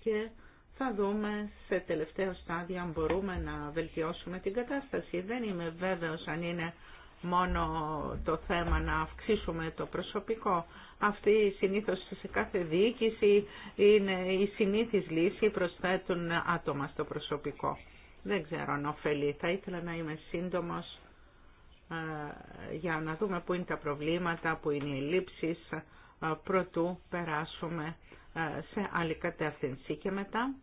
και θα δούμε σε τελευταίο στάδιο αν μπορούμε να βελτιώσουμε την κατάσταση. Δεν είμαι βέβαιος αν είναι μόνο το θέμα να αυξήσουμε το προσωπικό. Αυτή συνήθως σε κάθε διοίκηση είναι η συνήθις λύση, προσθέτουν άτομα στο προσωπικό. Δεν ξέρω αν ωφελεί. Θα ήθελα να είμαι σύντομος ε, για να δούμε πού είναι τα προβλήματα, πού είναι οι λήψεις, ε, προτού περάσουμε ε, σε άλλη κατεύθυνση. Και μετά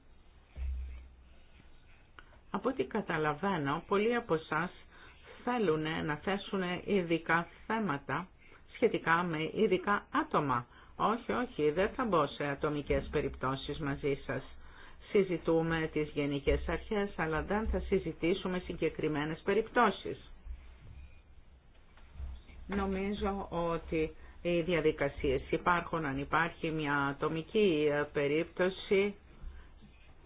από ό,τι καταλαβαίνω, πολλοί από εσά θέλουν να θέσουν ειδικά θέματα σχετικά με ειδικά άτομα. Όχι, όχι, δεν θα μπω σε ατομικές περιπτώσεις μαζί σας. Συζητούμε τις γενικές αρχές, αλλά δεν θα συζητήσουμε συγκεκριμένες περιπτώσεις. Νομίζω ότι οι διαδικασίες υπάρχουν, αν υπάρχει μια ατομική περίπτωση,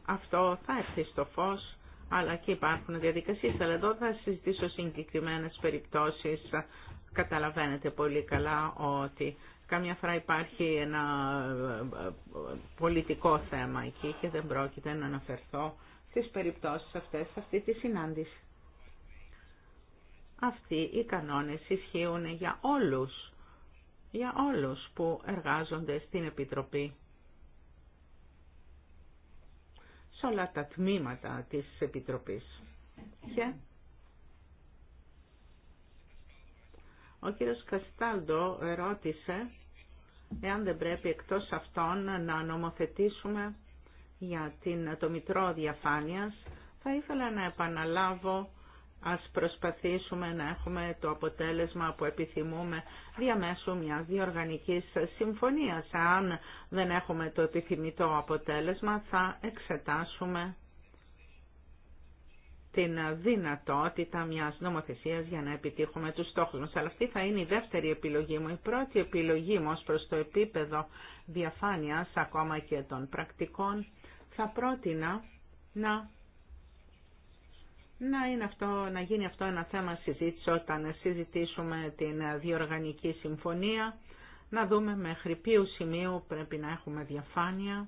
αυτό θα έρθει στο φως αλλά και υπάρχουν διαδικασίες, αλλά εδώ θα συζητήσω συγκεκριμένες περιπτώσεις. Καταλαβαίνετε πολύ καλά ότι καμιά φορά υπάρχει ένα πολιτικό θέμα εκεί και δεν πρόκειται να αναφερθώ στις περιπτώσεις αυτές σε αυτή τη συνάντηση. Αυτοί οι κανόνες ισχύουν για όλους, για όλους που εργάζονται στην Επιτροπή όλα τα τμήματα της Επιτροπής. Ο κύριος Καστάλντο ρώτησε εάν δεν πρέπει εκτός αυτών να νομοθετήσουμε για την, το Μητρό Διαφάνειας. Θα ήθελα να επαναλάβω Ας προσπαθήσουμε να έχουμε το αποτέλεσμα που επιθυμούμε διαμέσου μιας διοργανικής συμφωνίας. Αν δεν έχουμε το επιθυμητό αποτέλεσμα θα εξετάσουμε την δυνατότητα μιας νομοθεσίας για να επιτύχουμε τους στόχους μας. Αλλά αυτή θα είναι η δεύτερη επιλογή μου. Η πρώτη επιλογή μου ως προς το επίπεδο διαφάνειας, ακόμα και των πρακτικών, θα πρότεινα να να, είναι αυτό, να γίνει αυτό ένα θέμα συζήτηση όταν συζητήσουμε την διοργανική συμφωνία, να δούμε μέχρι ποιου σημείου πρέπει να έχουμε διαφάνεια.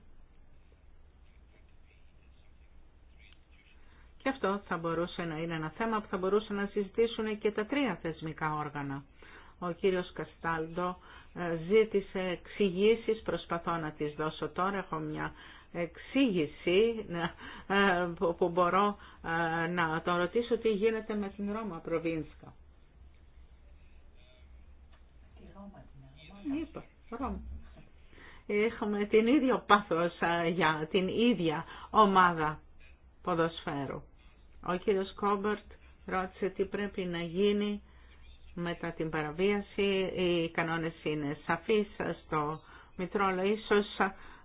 Και αυτό θα μπορούσε να είναι ένα θέμα που θα μπορούσε να συζητήσουν και τα τρία θεσμικά όργανα. Ο κύριος Καστάλντο ε, ζήτησε εξηγήσει, προσπαθώ να τις δώσω τώρα, μια εξήγηση ε, που μπορώ ε, να τον ρωτήσω τι γίνεται με την Ρώμα Προβίνσκα. Είπα, Ρώμα. Είχαμε την ίδια πάθος ε, για την ίδια ομάδα ποδοσφαίρου. Ο κύριος Κόμπερτ ρώτησε τι πρέπει να γίνει μετά την παραβίαση. Οι κανόνες είναι σαφείς στο Μητρόλο. Ίσως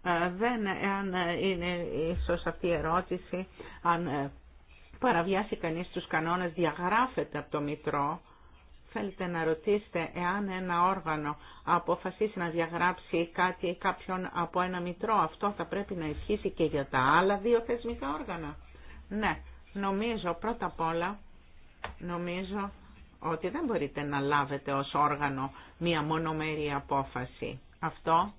ε, δεν εάν ε, είναι ίσως αυτή η ερώτηση, αν ε, παραβιάσει κανείς τους κανόνες, διαγράφεται από το Μητρό, θέλετε να ρωτήσετε εάν ένα όργανο αποφασίσει να διαγράψει κάτι ή κάποιον από ένα μητρό, αυτό θα πρέπει να ισχύσει και για τα άλλα δύο θεσμικά όργανα. Ναι, νομίζω πρώτα απ' όλα, νομίζω ότι δεν μπορείτε να λάβετε ως όργανο μία μονομερή απόφαση. Αυτό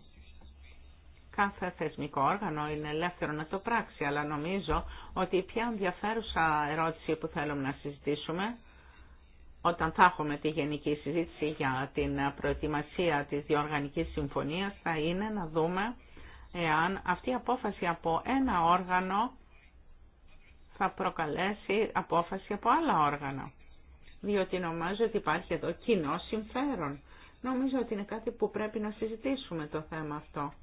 κάθε θεσμικό όργανο είναι ελεύθερο να το πράξει, αλλά νομίζω ότι η πιο ενδιαφέρουσα ερώτηση που θέλουμε να συζητήσουμε όταν θα έχουμε τη γενική συζήτηση για την προετοιμασία της διοργανικής συμφωνίας θα είναι να δούμε εάν αυτή η απόφαση από ένα όργανο θα προκαλέσει απόφαση από άλλα όργανα. Διότι νομίζω ότι υπάρχει εδώ κοινό συμφέρον. Νομίζω ότι είναι κάτι που πρέπει να συζητήσουμε το θέμα αυτό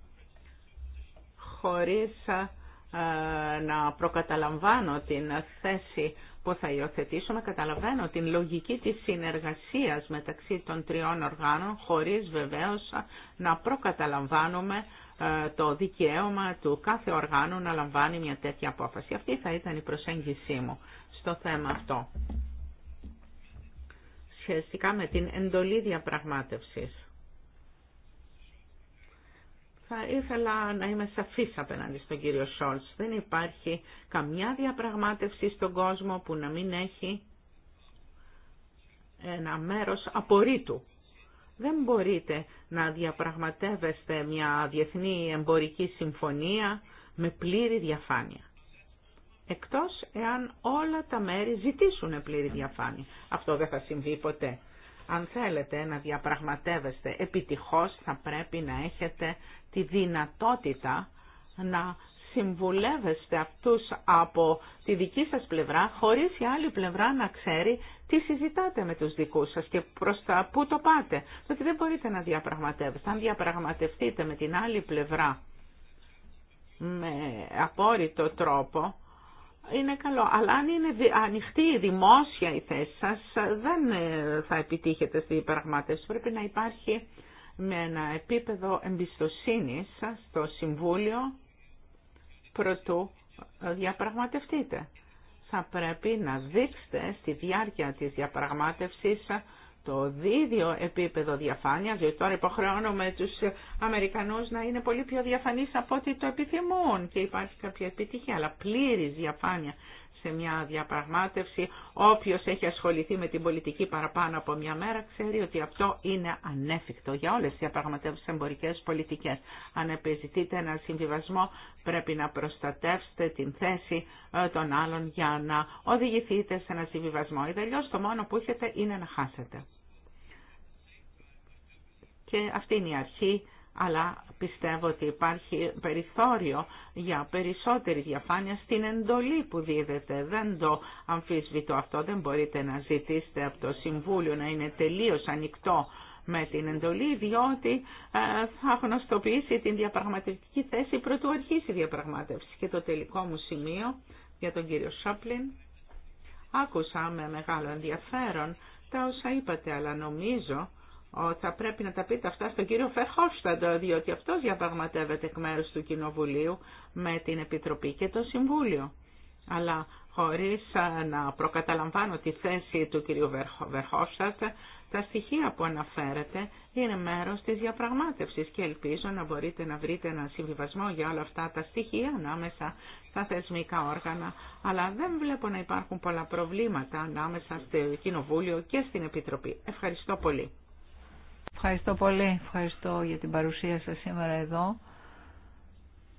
χωρίς να προκαταλαμβάνω την θέση που θα υιοθετήσω, καταλαβαίνω την λογική της συνεργασίας μεταξύ των τριών οργάνων, χωρίς βεβαίως να προκαταλαμβάνουμε το δικαίωμα του κάθε οργάνου να λαμβάνει μια τέτοια απόφαση. Αυτή θα ήταν η προσέγγιση μου στο θέμα αυτό. Σχετικά με την εντολή διαπραγμάτευσης. Θα ήθελα να είμαι σαφής απέναντι στον κύριο Σόλτς. Δεν υπάρχει καμιά διαπραγμάτευση στον κόσμο που να μην έχει ένα μέρος απορρίτου. Δεν μπορείτε να διαπραγματεύεστε μια διεθνή εμπορική συμφωνία με πλήρη διαφάνεια. Εκτός εάν όλα τα μέρη ζητήσουν πλήρη διαφάνεια. Αυτό δεν θα συμβεί ποτέ. Αν θέλετε να διαπραγματεύεστε επιτυχώς θα πρέπει να έχετε τη δυνατότητα να συμβουλεύεστε αυτούς από τη δική σας πλευρά χωρίς η άλλη πλευρά να ξέρει τι συζητάτε με τους δικούς σας και προς τα πού το πάτε. Διότι δεν μπορείτε να διαπραγματεύεστε. Αν διαπραγματευτείτε με την άλλη πλευρά με απόρριτο τρόπο είναι καλό. Αλλά αν είναι ανοιχτή η δημόσια η θέση σας, δεν ε, θα επιτύχετε στη διαπραγμάτευση. Πρέπει να υπάρχει με ένα επίπεδο εμπιστοσύνης στο Συμβούλιο προτού ε, διαπραγματευτείτε. Θα πρέπει να δείξετε στη διάρκεια της διαπραγμάτευσης το δίδιο επίπεδο διαφάνεια διότι τώρα υποχρεώνουμε τους Αμερικανούς να είναι πολύ πιο διαφανείς από ό,τι το επιθυμούν και υπάρχει κάποια επιτυχία, αλλά πλήρης διαφάνεια σε μια διαπραγμάτευση. Όποιος έχει ασχοληθεί με την πολιτική παραπάνω από μια μέρα ξέρει ότι αυτό είναι ανέφικτο για όλες τις διαπραγματεύσεις εμπορικές πολιτικές. Αν επιζητείτε ένα συμβιβασμό πρέπει να προστατεύσετε την θέση ε, των άλλων για να οδηγηθείτε σε ένα συμβιβασμό. Ή το μόνο που έχετε είναι να χάσετε και αυτή είναι η αρχή, αλλά πιστεύω ότι υπάρχει περιθώριο για περισσότερη διαφάνεια στην εντολή που δίδεται. Δεν το αμφισβητώ αυτό, δεν μπορείτε να ζητήσετε από το Συμβούλιο να είναι τελείως ανοιχτό με την εντολή, διότι ε, θα γνωστοποιήσει την διαπραγματευτική θέση πρωτού αρχίσει η διαπραγμάτευση. Και το τελικό μου σημείο για τον κύριο Σάπλιν. Άκουσα με μεγάλο ενδιαφέρον τα όσα είπατε, αλλά νομίζω θα πρέπει να τα πείτε αυτά στον κύριο Φερχόφσταντ, διότι αυτός διαπραγματεύεται εκ μέρους του Κοινοβουλίου με την Επιτροπή και το Συμβούλιο. Αλλά χωρίς ε, να προκαταλαμβάνω τη θέση του κυρίου Βερχόφστατ, τα στοιχεία που αναφέρετε είναι μέρος της διαπραγμάτευσης και ελπίζω να μπορείτε να βρείτε ένα συμβιβασμό για όλα αυτά τα στοιχεία ανάμεσα στα θεσμικά όργανα, αλλά δεν βλέπω να υπάρχουν πολλά προβλήματα ανάμεσα στο Κοινοβούλιο και στην Επιτροπή. Ευχαριστώ πολύ. Ευχαριστώ πολύ. Ευχαριστώ για την παρουσία σας σήμερα εδώ.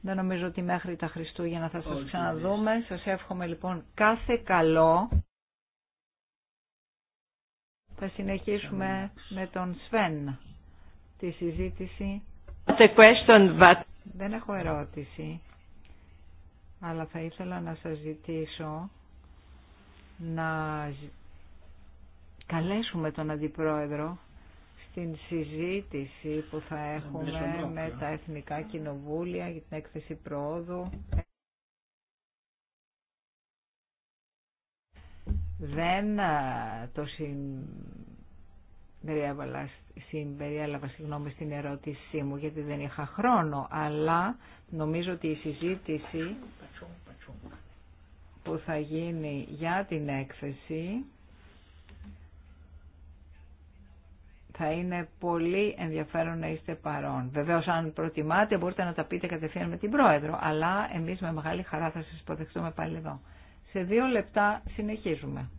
Δεν νομίζω ότι μέχρι τα Χριστούγεννα θα σας ξαναδούμε. Σας εύχομαι λοιπόν κάθε καλό. Θα συνεχίσουμε με τον Σφεν τη συζήτηση. question, Δεν έχω ερώτηση, αλλά θα ήθελα να σας ζητήσω να καλέσουμε τον Αντιπρόεδρο στην συζήτηση που θα έχουμε με ναι. τα Εθνικά Κοινοβούλια για την έκθεση προόδου. Δεν το συμπεριέλαβα, συμπεριέλαβα συγγνώμη, στην ερώτησή μου γιατί δεν είχα χρόνο, αλλά νομίζω ότι η συζήτηση που θα γίνει για την έκθεση Θα είναι πολύ ενδιαφέρον να είστε παρόν. Βεβαίως αν προτιμάτε μπορείτε να τα πείτε κατευθείαν με την Πρόεδρο, αλλά εμείς με μεγάλη χαρά θα σας υποδεχτούμε πάλι εδώ. Σε δύο λεπτά συνεχίζουμε.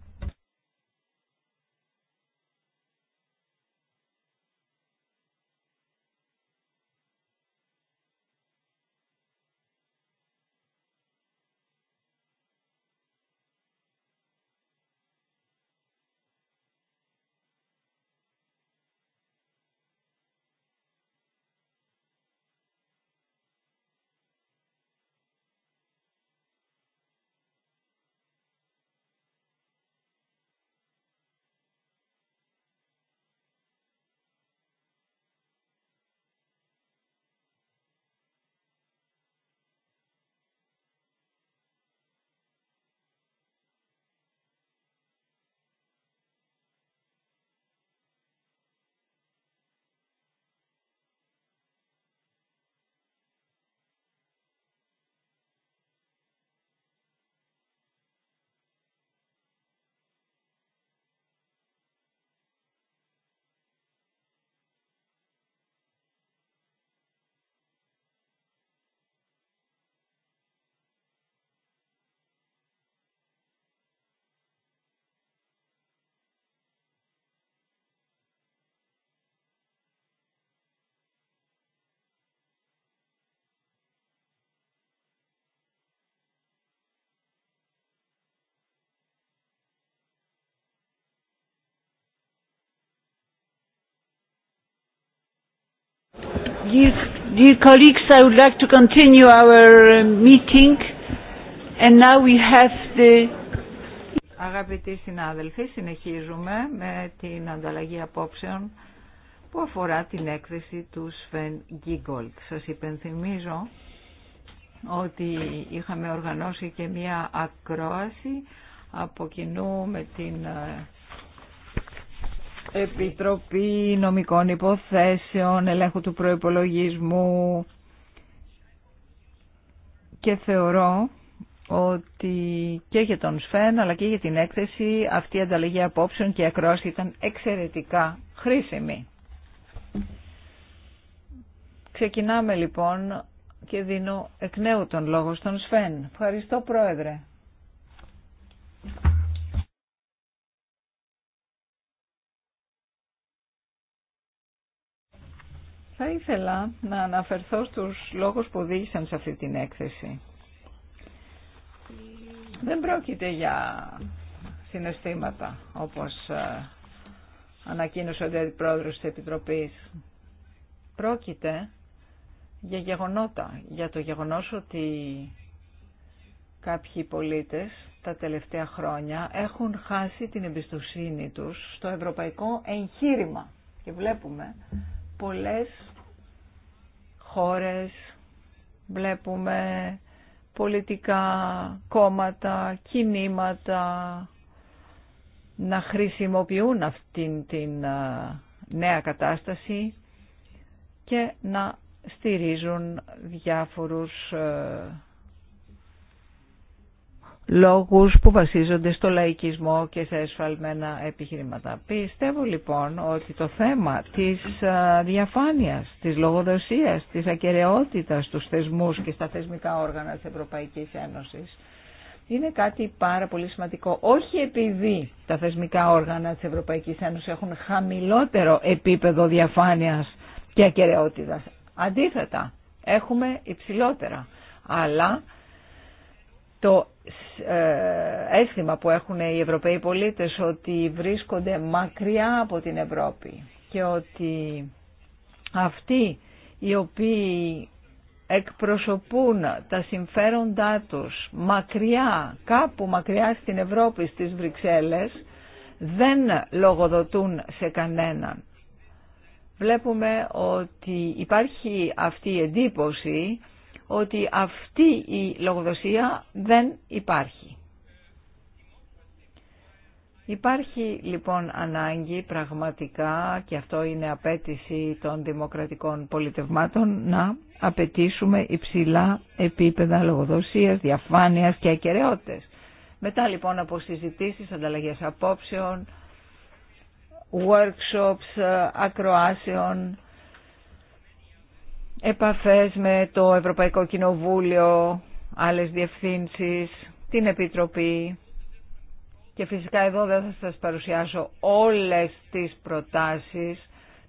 Dear, to Αγαπητοί συνάδελφοι, συνεχίζουμε με την ανταλλαγή απόψεων που αφορά την έκθεση του Σφεν Γκίγκολτ. Σας υπενθυμίζω ότι είχαμε οργανώσει και μία ακρόαση από κοινού με την ε, Επιτροπή Νομικών Υποθέσεων, Ελέγχου του Προϋπολογισμού και θεωρώ ότι και για τον ΣΦΕΝ αλλά και για την έκθεση αυτή η ανταλλαγή απόψεων και ακρόση ήταν εξαιρετικά χρήσιμη. Ξεκινάμε λοιπόν και δίνω εκ νέου τον λόγο στον ΣΦΕΝ. Ευχαριστώ Πρόεδρε. Θα ήθελα να αναφερθώ στους λόγους που οδήγησαν σε αυτή την έκθεση. Δεν πρόκειται για συναισθήματα, όπως ε, ανακοίνωσε ο Αντιπρόεδρος της Επιτροπής. Πρόκειται για γεγονότα, για το γεγονός ότι κάποιοι πολίτες τα τελευταία χρόνια έχουν χάσει την εμπιστοσύνη τους στο ευρωπαϊκό εγχείρημα. Και βλέπουμε πολλές χώρες, βλέπουμε πολιτικά κόμματα, κινήματα να χρησιμοποιούν αυτήν την νέα κατάσταση και να στηρίζουν διάφορους λόγους που βασίζονται στο λαϊκισμό και σε εσφαλμένα επιχειρήματα. Πιστεύω λοιπόν ότι το θέμα της διαφάνειας, της λογοδοσίας, της ακαιρεότητας στους θεσμούς και στα θεσμικά όργανα της Ευρωπαϊκής Ένωσης είναι κάτι πάρα πολύ σημαντικό. Όχι επειδή τα θεσμικά όργανα της Ευρωπαϊκής Ένωσης έχουν χαμηλότερο επίπεδο διαφάνειας και ακαιρεότητας. Αντίθετα, έχουμε υψηλότερα. Αλλά το ε, αίσθημα που έχουν οι Ευρωπαίοι πολίτες ότι βρίσκονται μακριά από την Ευρώπη και ότι αυτοί οι οποίοι εκπροσωπούν τα συμφέροντά τους μακριά, κάπου μακριά στην Ευρώπη, στις Βρυξέλλες, δεν λογοδοτούν σε κανέναν. Βλέπουμε ότι υπάρχει αυτή η εντύπωση ότι αυτή η λογοδοσία δεν υπάρχει. Υπάρχει λοιπόν ανάγκη πραγματικά, και αυτό είναι απέτηση των δημοκρατικών πολιτευμάτων, να απαιτήσουμε υψηλά επίπεδα λογοδοσίας, διαφάνειας και ακεραιότητες. Μετά λοιπόν από συζητήσεις, ανταλλαγές απόψεων, workshops, ακροάσεων, επαφές με το Ευρωπαϊκό Κοινοβούλιο, άλλες διευθύνσεις, την Επιτροπή. Και φυσικά εδώ δεν θα σας παρουσιάσω όλες τις προτάσεις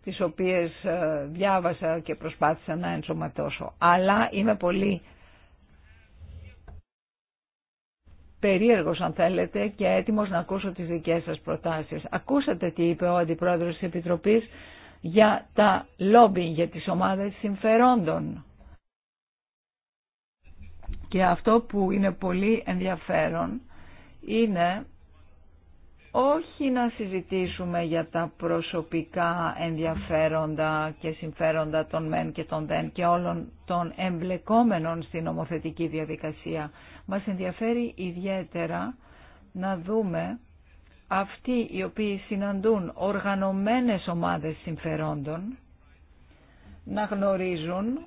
τις οποίες ε, διάβασα και προσπάθησα να ενσωματώσω. Αλλά είμαι πολύ περίεργος αν θέλετε και έτοιμος να ακούσω τις δικές σας προτάσεις. Ακούσατε τι είπε ο Αντιπρόεδρος της Επιτροπής για τα λόμπι, για τις ομάδες συμφερόντων. Και αυτό που είναι πολύ ενδιαφέρον είναι όχι να συζητήσουμε για τα προσωπικά ενδιαφέροντα και συμφέροντα των μεν και των δεν και όλων των εμπλεκόμενων στην ομοθετική διαδικασία. Μας ενδιαφέρει ιδιαίτερα να δούμε αυτοί οι οποίοι συναντούν οργανωμένες ομάδες συμφερόντων να γνωρίζουν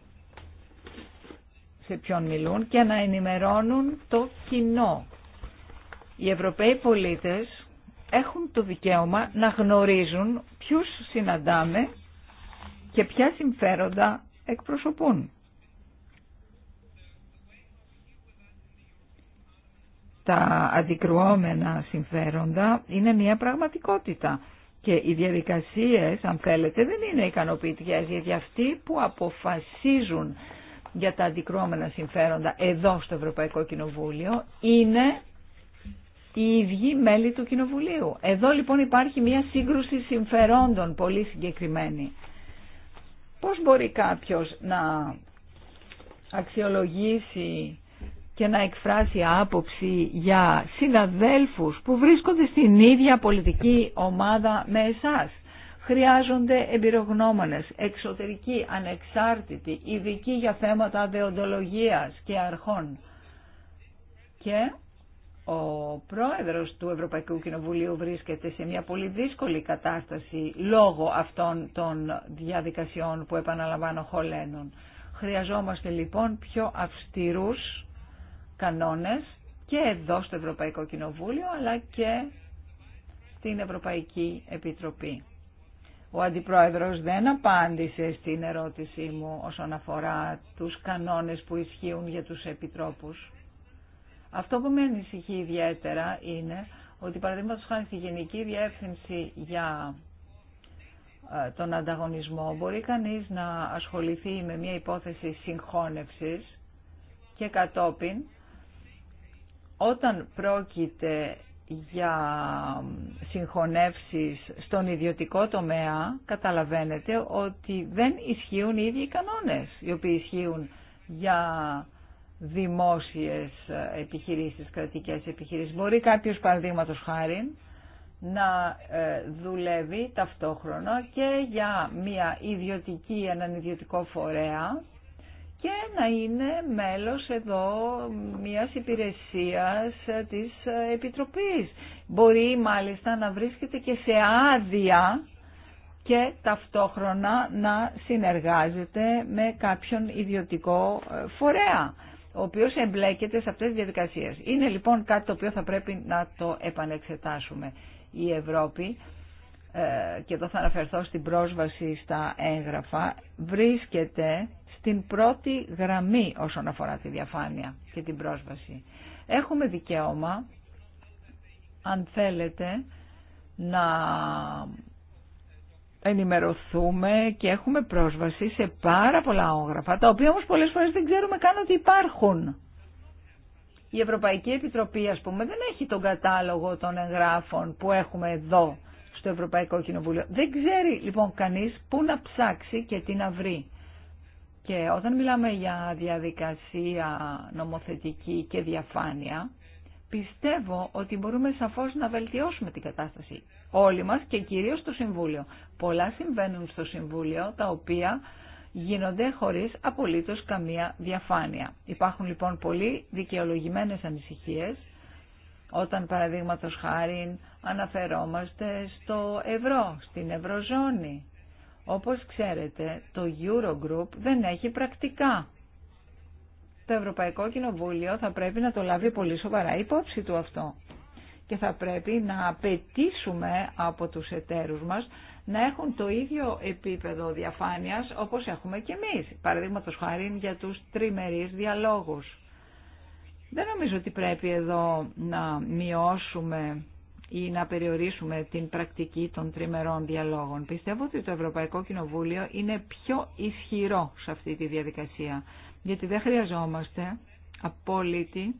σε ποιον μιλούν και να ενημερώνουν το κοινό. Οι Ευρωπαίοι πολίτες έχουν το δικαίωμα να γνωρίζουν ποιους συναντάμε και ποια συμφέροντα εκπροσωπούν. τα αντικρουόμενα συμφέροντα είναι μια πραγματικότητα. Και οι διαδικασίες, αν θέλετε, δεν είναι ικανοποιητικές, γιατί αυτοί που αποφασίζουν για τα αντικρουόμενα συμφέροντα εδώ στο Ευρωπαϊκό Κοινοβούλιο είναι οι ίδιοι μέλη του Κοινοβουλίου. Εδώ λοιπόν υπάρχει μια σύγκρουση συμφερόντων πολύ συγκεκριμένη. Πώς μπορεί κάποιος να αξιολογήσει και να εκφράσει άποψη για συναδέλφους που βρίσκονται στην ίδια πολιτική ομάδα με εσάς. Χρειάζονται εμπειρογνώμονες, εξωτερικοί, ανεξάρτητοι, ειδικοί για θέματα δεοντολογίας και αρχών. Και ο πρόεδρος του Ευρωπαϊκού Κοινοβουλίου βρίσκεται σε μια πολύ δύσκολη κατάσταση λόγω αυτών των διαδικασιών που επαναλαμβάνω χωλένων. Χρειαζόμαστε λοιπόν πιο αυστηρούς κανόνες και εδώ στο Ευρωπαϊκό Κοινοβούλιο αλλά και στην Ευρωπαϊκή Επιτροπή. Ο Αντιπρόεδρος δεν απάντησε στην ερώτησή μου όσον αφορά τους κανόνες που ισχύουν για τους επιτρόπους. Αυτό που με ανησυχεί ιδιαίτερα είναι ότι παραδείγματο χάρη στη Γενική Διεύθυνση για ε, τον ανταγωνισμό μπορεί κανείς να ασχοληθεί με μια υπόθεση συγχώνευσης και κατόπιν όταν πρόκειται για συγχωνεύσεις στον ιδιωτικό τομέα, καταλαβαίνετε ότι δεν ισχύουν οι ίδιοι κανόνες, οι οποίοι ισχύουν για δημόσιες επιχειρήσεις, κρατικές επιχειρήσεις. Μπορεί κάποιος παραδείγματο χάρη να ε, δουλεύει ταυτόχρονα και για μια ιδιωτική, έναν ιδιωτικό φορέα και να είναι μέλος εδώ μιας υπηρεσίας της Επιτροπής. Μπορεί μάλιστα να βρίσκεται και σε άδεια και ταυτόχρονα να συνεργάζεται με κάποιον ιδιωτικό ε, φορέα, ο οποίος εμπλέκεται σε αυτές τις διαδικασίες. Είναι λοιπόν κάτι το οποίο θα πρέπει να το επανεξετάσουμε. Η Ευρώπη ε, και εδώ θα αναφερθώ στην πρόσβαση στα έγγραφα, βρίσκεται την πρώτη γραμμή όσον αφορά τη διαφάνεια και την πρόσβαση. Έχουμε δικαίωμα, αν θέλετε, να ενημερωθούμε και έχουμε πρόσβαση σε πάρα πολλά όγραφα, τα οποία όμως πολλές φορές δεν ξέρουμε καν ότι υπάρχουν. Η Ευρωπαϊκή Επιτροπή, ας πούμε, δεν έχει τον κατάλογο των εγγράφων που έχουμε εδώ στο Ευρωπαϊκό Κοινοβούλιο. Δεν ξέρει, λοιπόν, κανείς πού να ψάξει και τι να βρει. Και όταν μιλάμε για διαδικασία νομοθετική και διαφάνεια, πιστεύω ότι μπορούμε σαφώς να βελτιώσουμε την κατάσταση. Όλοι μας και κυρίως το Συμβούλιο. Πολλά συμβαίνουν στο Συμβούλιο τα οποία γίνονται χωρίς απολύτως καμία διαφάνεια. Υπάρχουν λοιπόν πολλοί δικαιολογημένες ανησυχίες όταν παραδείγματος χάρη αναφερόμαστε στο ευρώ, στην ευρωζώνη. Όπως ξέρετε, το Eurogroup δεν έχει πρακτικά. Το Ευρωπαϊκό Κοινοβούλιο θα πρέπει να το λάβει πολύ σοβαρά υπόψη του αυτό. Και θα πρέπει να απαιτήσουμε από τους εταίρους μας να έχουν το ίδιο επίπεδο διαφάνειας όπως έχουμε και εμείς. Παραδείγματο χάρη για τους τριμερείς διαλόγους. Δεν νομίζω ότι πρέπει εδώ να μειώσουμε ή να περιορίσουμε την πρακτική των τριμερών διαλόγων. Πιστεύω ότι το Ευρωπαϊκό Κοινοβούλιο είναι πιο ισχυρό σε αυτή τη διαδικασία, γιατί δεν χρειαζόμαστε απόλυτη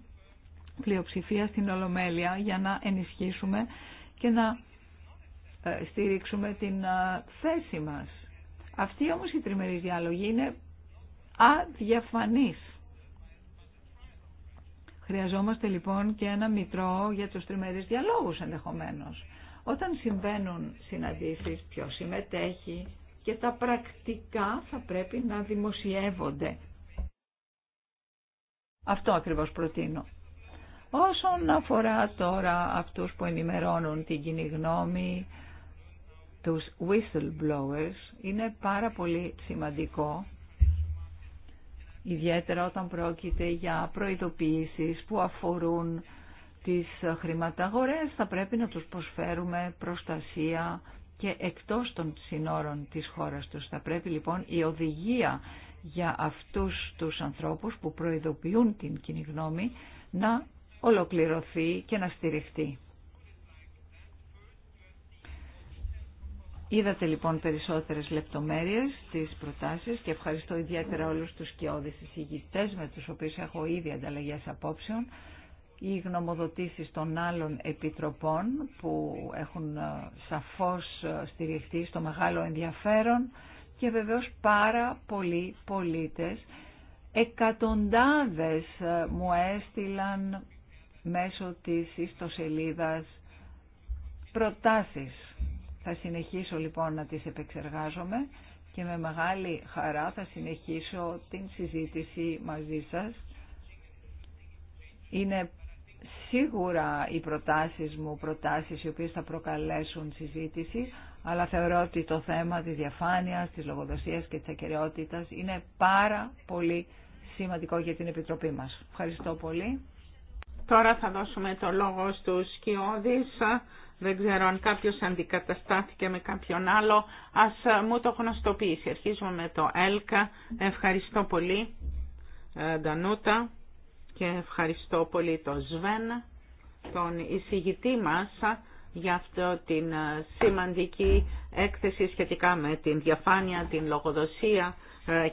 πλειοψηφία στην Ολομέλεια για να ενισχύσουμε και να ε, στηρίξουμε την ε, θέση μας. Αυτή όμως η τριμερή διάλογη είναι αδιαφανής. Χρειαζόμαστε λοιπόν και ένα μητρό για τους τριμερείς διαλόγους ενδεχομένως. Όταν συμβαίνουν συναντήσεις, ποιο συμμετέχει και τα πρακτικά θα πρέπει να δημοσιεύονται. Αυτό ακριβώς προτείνω. Όσον αφορά τώρα αυτούς που ενημερώνουν την κοινή γνώμη, τους whistleblowers, είναι πάρα πολύ σημαντικό ιδιαίτερα όταν πρόκειται για προειδοποιήσεις που αφορούν τις χρηματαγορές θα πρέπει να τους προσφέρουμε προστασία και εκτός των συνόρων της χώρας τους. Θα πρέπει λοιπόν η οδηγία για αυτούς τους ανθρώπους που προειδοποιούν την κοινή γνώμη να ολοκληρωθεί και να στηριχτεί. Είδατε λοιπόν περισσότερες λεπτομέρειες στις προτάσεις και ευχαριστώ ιδιαίτερα όλους τους σκιώδεις εισηγητές με τους οποίους έχω ήδη ανταλλαγές απόψεων οι γνωμοδοτήσεις των άλλων επιτροπών που έχουν ε, σαφώς ε, στηριχτεί στο μεγάλο ενδιαφέρον και βεβαίως πάρα πολλοί πολίτες. Εκατοντάδες ε, μου έστειλαν μέσω της ιστοσελίδας προτάσεις θα συνεχίσω λοιπόν να τις επεξεργάζομαι και με μεγάλη χαρά θα συνεχίσω την συζήτηση μαζί σας. Είναι σίγουρα οι προτάσεις μου, προτάσεις οι οποίες θα προκαλέσουν συζήτηση, αλλά θεωρώ ότι το θέμα της διαφάνειας, της λογοδοσίας και της ακαιρεότητας είναι πάρα πολύ σημαντικό για την Επιτροπή μας. Ευχαριστώ πολύ. Τώρα θα δώσουμε το λόγο στους δεν ξέρω αν κάποιος αντικαταστάθηκε με κάποιον άλλο. Ας ε, μου το γνωστοποιήσει. Αρχίζουμε με το ΕΛΚΑ. Ευχαριστώ πολύ, ε, Ντανούτα. Και ευχαριστώ πολύ το Σβέν, τον εισηγητή μας, για αυτό την ε, σημαντική έκθεση σχετικά με την διαφάνεια, την λογοδοσία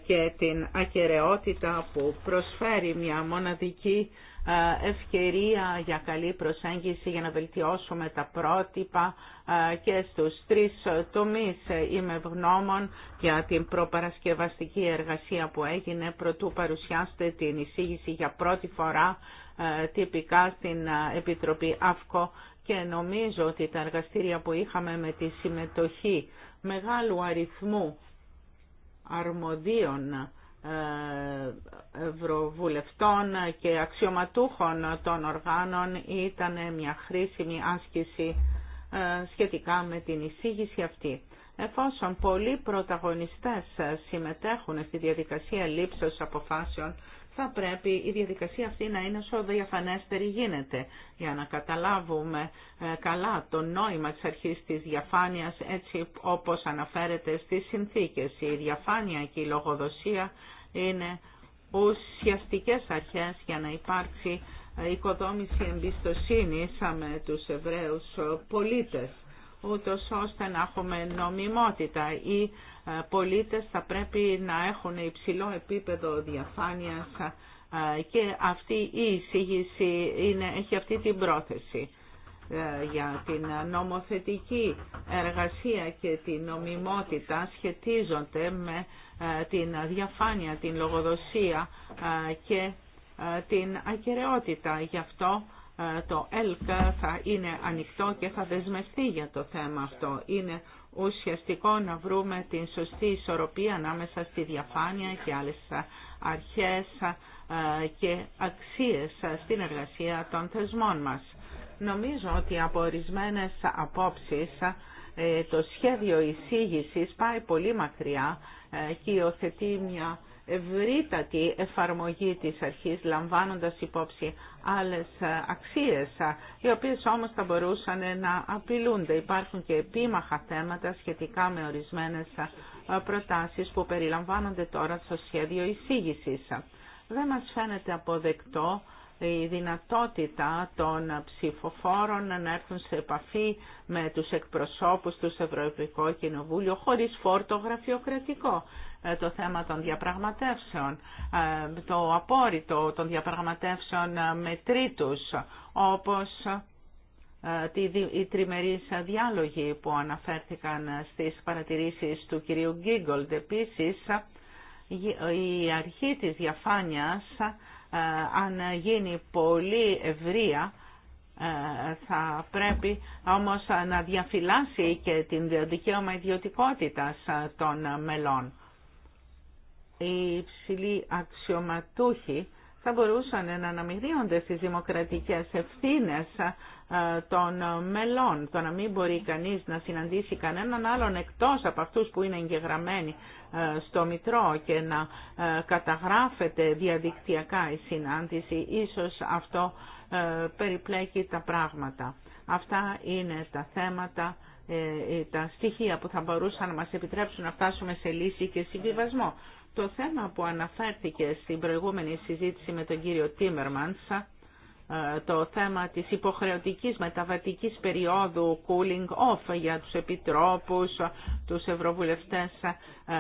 και την ακαιρεότητα που προσφέρει μια μοναδική ε, ευκαιρία για καλή προσέγγιση για να βελτιώσουμε τα πρότυπα ε, και στους τρεις ε, τομείς είμαι ευγνώμων για την προπαρασκευαστική εργασία που έγινε προτού παρουσιάστε την εισήγηση για πρώτη φορά τυπικά στην Επιτροπή ΑΦΚΟ και νομίζω ότι τα εργαστήρια που είχαμε με τη συμμετοχή μεγάλου αριθμού αρμοδίων ευρωβουλευτών και αξιωματούχων των οργάνων ήταν μια χρήσιμη άσκηση ε, σχετικά με την εισήγηση αυτή. Εφόσον πολλοί πρωταγωνιστές συμμετέχουν στη διαδικασία λήψεως αποφάσεων θα πρέπει η διαδικασία αυτή να είναι όσο διαφανέστερη γίνεται για να καταλάβουμε ε, καλά το νόημα της αρχής της διαφάνειας έτσι όπως αναφέρεται στις συνθήκες. Η διαφάνεια και η λογοδοσία είναι ουσιαστικές αρχές για να υπάρξει ε, οικοδόμηση εμπιστοσύνης με τους Εβραίους ε, πολίτες ούτως ώστε να έχουμε νομιμότητα. Οι ε, πολίτες θα πρέπει να έχουν υψηλό επίπεδο διαφάνειας ε, και αυτή η εισήγηση είναι, έχει αυτή την πρόθεση ε, για την νομοθετική εργασία και την νομιμότητα σχετίζονται με την διαφάνεια, την λογοδοσία και την ακαιρεότητα. Γι' αυτό ε, το ΕΛΚ θα είναι ανοιχτό και θα δεσμευτεί για το θέμα αυτό. Είναι ουσιαστικό να βρούμε την σωστή ισορροπία ανάμεσα στη διαφάνεια και άλλες ε, αρχές ε, και αξίες στην εργασία των θεσμών μας. Νομίζω ότι από ορισμένε απόψεις το σχέδιο εισήγησης πάει πολύ μακριά και υιοθετεί μια ευρύτατη εφαρμογή της αρχής λαμβάνοντας υπόψη άλλες ε, αξίες, ε, οι οποίες όμως θα μπορούσαν ε, να απειλούνται. Υπάρχουν και επίμαχα θέματα σχετικά με ορισμένες προτάσεις που περιλαμβάνονται τώρα στο σχέδιο εισήγησης. Δεν μας φαίνεται αποδεκτό η δυνατότητα των ψηφοφόρων να έρθουν σε επαφή με τους εκπροσώπους του Ευρωπαϊκού Κοινοβούλιο χωρίς φόρτο γραφειοκρατικό. Ε, το θέμα των διαπραγματεύσεων, ε, το απόρριτο των διαπραγματεύσεων ε, με τρίτους, όπως οι τριμερείς διάλογοι που αναφέρθηκαν στις παρατηρήσεις του κυρίου Γκίγκολτ. Επίσης, η αρχή της διαφάνειας, αν γίνει πολύ ευρεία, θα πρέπει όμως να διαφυλάσει και την δικαίωμα ιδιωτικότητας των μελών οι υψηλοί αξιωματούχοι θα μπορούσαν να αναμειγνύονται στις δημοκρατικές ευθύνες των μελών. Το να μην μπορεί κανείς να συναντήσει κανέναν άλλον εκτός από αυτούς που είναι εγγεγραμμένοι στο Μητρό και να καταγράφεται διαδικτυακά η συνάντηση, ίσως αυτό περιπλέκει τα πράγματα. Αυτά είναι τα θέματα, ε, τα στοιχεία που θα μπορούσαν να μας επιτρέψουν να φτάσουμε σε λύση και συμβιβασμό. Το θέμα που αναφέρθηκε στην προηγούμενη συζήτηση με τον κύριο Τίμερμαντς, ε, το θέμα της υποχρεωτικής μεταβατικής περίοδου cooling off για τους επιτρόπους, τους ευρωβουλευτές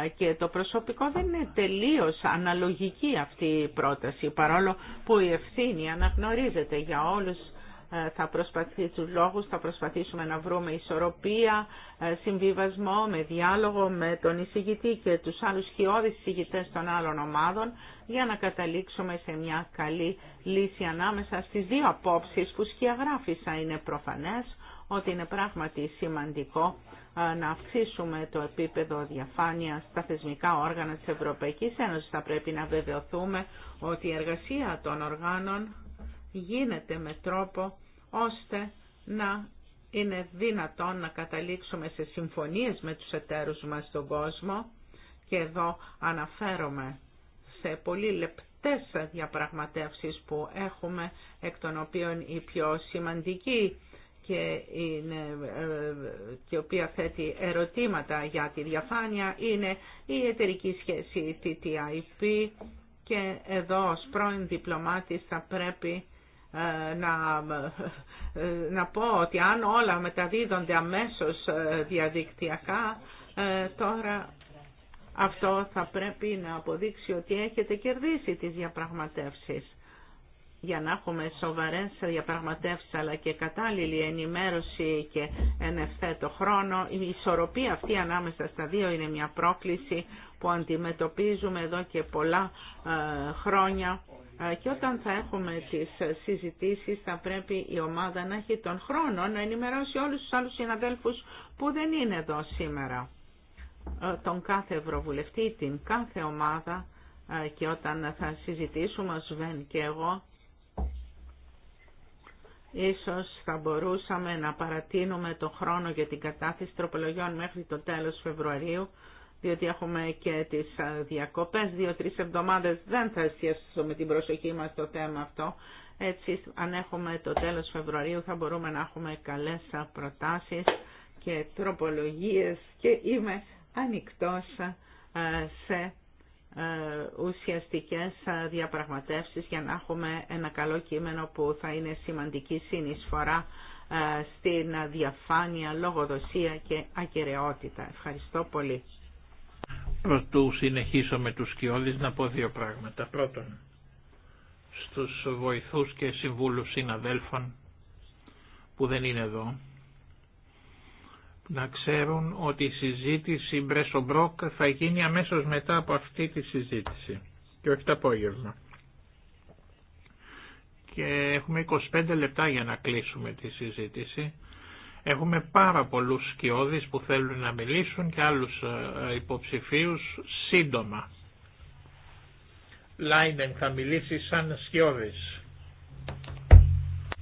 ε, και το προσωπικό δεν είναι τελείως αναλογική αυτή η πρόταση παρόλο που η ευθύνη αναγνωρίζεται για όλους ε, θα προσπαθήσουμε λόγους, θα προσπαθήσουμε να βρούμε ισορροπία, ε, συμβιβασμό με διάλογο με τον εισηγητή και τους άλλους χειώδεις εισηγητές των άλλων ομάδων για να καταλήξουμε σε μια καλή λύση ανάμεσα στις δύο απόψεις που σκιαγράφησα είναι προφανές ότι είναι πράγματι σημαντικό ε, να αυξήσουμε το επίπεδο διαφάνεια στα θεσμικά όργανα της Ευρωπαϊκής Ένωσης. Θα πρέπει να βεβαιωθούμε ότι η εργασία των οργάνων γίνεται με τρόπο ώστε να είναι δυνατόν να καταλήξουμε σε συμφωνίες με τους εταίρους μας στον κόσμο και εδώ αναφέρομαι σε πολύ λεπτές διαπραγματεύσεις που έχουμε, εκ των οποίων η πιο σημαντική και, είναι, ε, η οποία θέτει ερωτήματα για τη διαφάνεια είναι η εταιρική σχέση TTIP και εδώ ως πρώην διπλωμάτης θα πρέπει να, να πω ότι αν όλα μεταδίδονται αμέσως ε, διαδικτυακά, ε, τώρα αυτό θα πρέπει να αποδείξει ότι έχετε κερδίσει τις διαπραγματεύσεις. Για να έχουμε σοβαρές διαπραγματεύσεις αλλά και κατάλληλη ενημέρωση και εν ευθέτω χρόνο, η ισορροπία αυτή ανάμεσα στα δύο είναι μια πρόκληση που αντιμετωπίζουμε εδώ και πολλά ε, χρόνια και όταν θα έχουμε τις ε, συζητήσεις θα πρέπει η ομάδα να έχει τον χρόνο να ενημερώσει όλους τους άλλους συναδέλφους που δεν είναι εδώ σήμερα. Ε, τον κάθε ευρωβουλευτή, την κάθε ομάδα ε, και όταν θα συζητήσουμε ο Σβέν και εγώ Ίσως θα μπορούσαμε να παρατείνουμε το χρόνο για την κατάθεση τροπολογιών μέχρι το τέλος Φεβρουαρίου διότι έχουμε και τις διακοπές, δύο-τρεις εβδομάδες δεν θα με την προσοχή μας στο θέμα αυτό. Έτσι, αν έχουμε το τέλος Φεβρουαρίου θα μπορούμε να έχουμε καλές προτάσεις και τροπολογίες και είμαι ανοιχτός σε ουσιαστικές διαπραγματεύσεις για να έχουμε ένα καλό κείμενο που θα είναι σημαντική συνεισφορά στην διαφάνεια, λογοδοσία και ακεραιότητα. Ευχαριστώ πολύ. Πρωτού συνεχίσω με τους σκιώδεις να πω δύο πράγματα. Πρώτον, στους βοηθούς και συμβούλους συναδέλφων που δεν είναι εδώ, να ξέρουν ότι η συζήτηση Μπρέσομπρόκ θα γίνει αμέσως μετά από αυτή τη συζήτηση και όχι το απόγευμα. Και έχουμε 25 λεπτά για να κλείσουμε τη συζήτηση Έχουμε πάρα πολλούς σκιώδεις που θέλουν να μιλήσουν και άλλους ε, υποψηφίους σύντομα. Λάινεν θα μιλήσει σαν σκιώδης.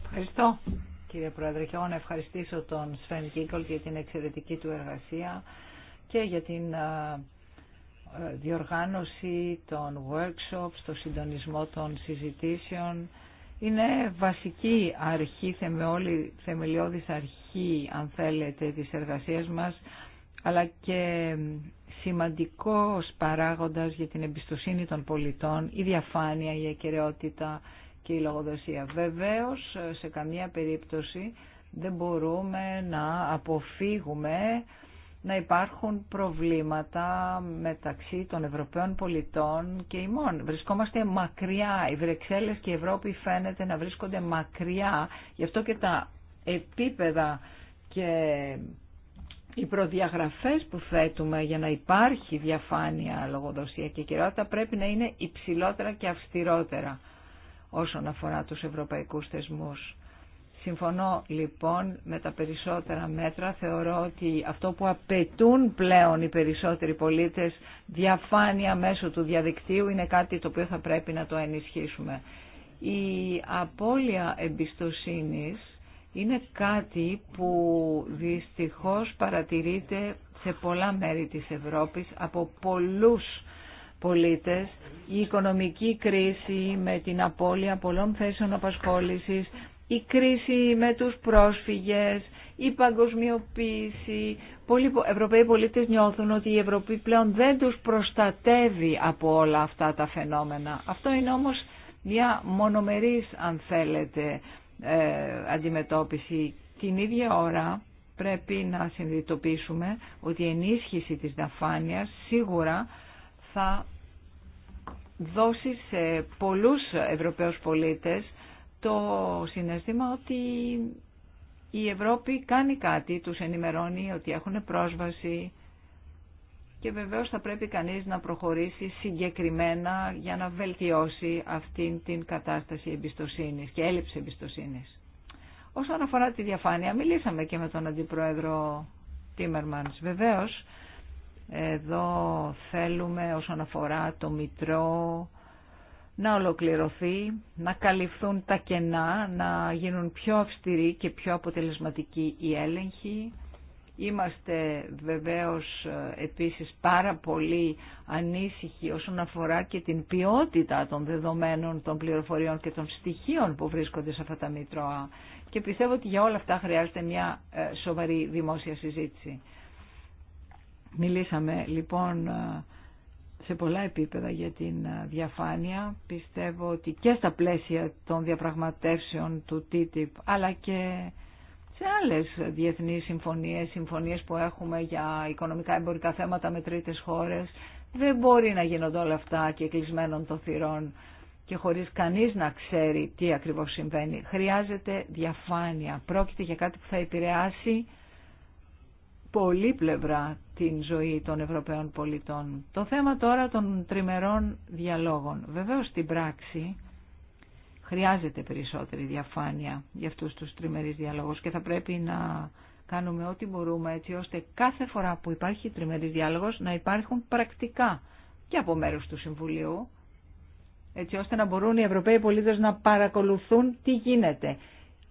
Ευχαριστώ κύριε Πρόεδρε και εγώ να ευχαριστήσω τον Σφεν για την εξαιρετική του εργασία και για την ε, ε, διοργάνωση των workshops, το συντονισμό των συζητήσεων είναι βασική αρχή, θεμελιώδη, θεμελιώδης αρχή, αν θέλετε, της εργασίας μας, αλλά και σημαντικός παράγοντας για την εμπιστοσύνη των πολιτών, η διαφάνεια, η ακαιρεότητα και η λογοδοσία. Βεβαίως, σε καμία περίπτωση δεν μπορούμε να αποφύγουμε να υπάρχουν προβλήματα μεταξύ των Ευρωπαίων πολιτών και ημών. Βρισκόμαστε μακριά, οι Βρεξέλλες και η Ευρώπη φαίνεται να βρίσκονται μακριά, γι' αυτό και τα επίπεδα και οι προδιαγραφές που θέτουμε για να υπάρχει διαφάνεια, λογοδοσία και κυριότητα πρέπει να είναι υψηλότερα και αυστηρότερα όσον αφορά τους ευρωπαϊκούς θεσμούς. Συμφωνώ λοιπόν με τα περισσότερα μέτρα. Θεωρώ ότι αυτό που απαιτούν πλέον οι περισσότεροι πολίτες διαφάνεια μέσω του διαδικτύου είναι κάτι το οποίο θα πρέπει να το ενισχύσουμε. Η απώλεια εμπιστοσύνης είναι κάτι που δυστυχώς παρατηρείται σε πολλά μέρη της Ευρώπης από πολλούς πολίτες. Η οικονομική κρίση με την απώλεια πολλών θέσεων απασχόλησης, η κρίση με τους πρόσφυγες, η παγκοσμιοποίηση. Πολλοί Ευρωπαίοι πολίτες νιώθουν ότι η Ευρωπή πλέον δεν τους προστατεύει από όλα αυτά τα φαινόμενα. Αυτό είναι όμως μια μονομερής, αν θέλετε, ε, αντιμετώπιση. Την ίδια ώρα πρέπει να συνειδητοποιήσουμε ότι η ενίσχυση της δαφάνειας σίγουρα θα δώσει σε πολλούς Ευρωπαίους πολίτες το συνέστημα ότι η Ευρώπη κάνει κάτι, τους ενημερώνει ότι έχουν πρόσβαση και βεβαίως θα πρέπει κανείς να προχωρήσει συγκεκριμένα για να βελτιώσει αυτήν την κατάσταση εμπιστοσύνης και έλλειψη εμπιστοσύνης. Όσον αφορά τη διαφάνεια, μιλήσαμε και με τον Αντιπρόεδρο Τίμερμανς. Βεβαίως, εδώ θέλουμε όσον αφορά το Μητρό, να ολοκληρωθεί, να καλυφθούν τα κενά, να γίνουν πιο αυστηροί και πιο αποτελεσματικοί οι έλεγχοι. Είμαστε βεβαίως ε, επίσης πάρα πολύ ανήσυχοι όσον αφορά και την ποιότητα των δεδομένων, των πληροφοριών και των στοιχείων που βρίσκονται σε αυτά τα Μητρώα. Και πιστεύω ότι για όλα αυτά χρειάζεται μια ε, σοβαρή δημόσια συζήτηση. Μιλήσαμε λοιπόν ε, σε πολλά επίπεδα για την ε, διαφάνεια. Πιστεύω ότι και στα πλαίσια των διαπραγματεύσεων του TTIP, αλλά και σε άλλες διεθνείς συμφωνίες, συμφωνίες που έχουμε για οικονομικά εμπορικά θέματα με τρίτες χώρες, δεν μπορεί να γίνονται όλα αυτά και κλεισμένων των θυρών και χωρίς κανείς να ξέρει τι ακριβώς συμβαίνει. Χρειάζεται διαφάνεια. Πρόκειται για κάτι που θα επηρεάσει πλευρά την ζωή των Ευρωπαίων πολιτών. Το θέμα τώρα των τριμερών διαλόγων. Βεβαίως στην πράξη χρειάζεται περισσότερη διαφάνεια για αυτούς τους τριμερείς διαλόγους και θα πρέπει να κάνουμε ό,τι μπορούμε έτσι ώστε κάθε φορά που υπάρχει τριμερής διάλογος να υπάρχουν πρακτικά και από μέρους του Συμβουλίου έτσι ώστε να μπορούν οι Ευρωπαίοι πολίτες να παρακολουθούν τι γίνεται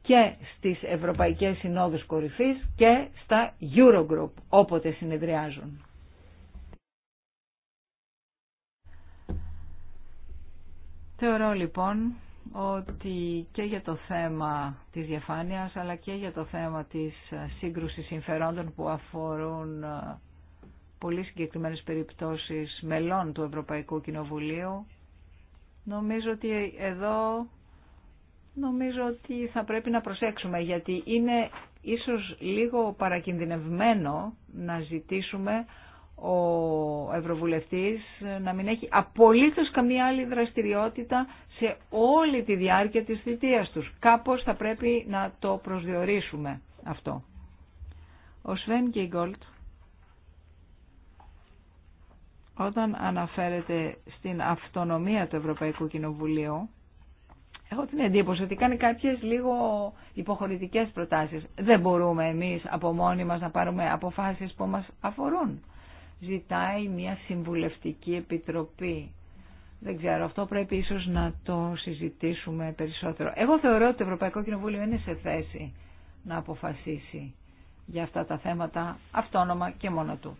και στις Ευρωπαϊκές Συνόδους Κορυφής και στα Eurogroup όποτε συνεδριάζουν. Θεωρώ λοιπόν ότι και για το θέμα της διαφάνειας αλλά και για το θέμα της σύγκρουσης συμφερόντων που αφορούν ε, πολύ συγκεκριμένες περιπτώσεις μελών του Ευρωπαϊκού Κοινοβουλίου νομίζω ότι εδώ Νομίζω ότι θα πρέπει να προσέξουμε γιατί είναι ίσως λίγο παρακινδυνευμένο να ζητήσουμε ο Ευρωβουλευτής να μην έχει απολύτως καμία άλλη δραστηριότητα σε όλη τη διάρκεια της θητείας τους. Κάπως θα πρέπει να το προσδιορίσουμε αυτό. Ο Σβέν Γκίγκολτ όταν αναφέρεται στην αυτονομία του Ευρωπαϊκού Κοινοβουλίου Έχω την εντύπωση ότι κάνει κάποιες λίγο υποχωρητικές προτάσεις. Δεν μπορούμε εμείς από μόνοι μας να πάρουμε αποφάσεις που μας αφορούν. Ζητάει μια συμβουλευτική επιτροπή. Δεν ξέρω, αυτό πρέπει ίσως να το συζητήσουμε περισσότερο. Εγώ θεωρώ ότι το Ευρωπαϊκό Κοινοβούλιο είναι σε θέση να αποφασίσει για αυτά τα θέματα αυτόνομα και μόνο του.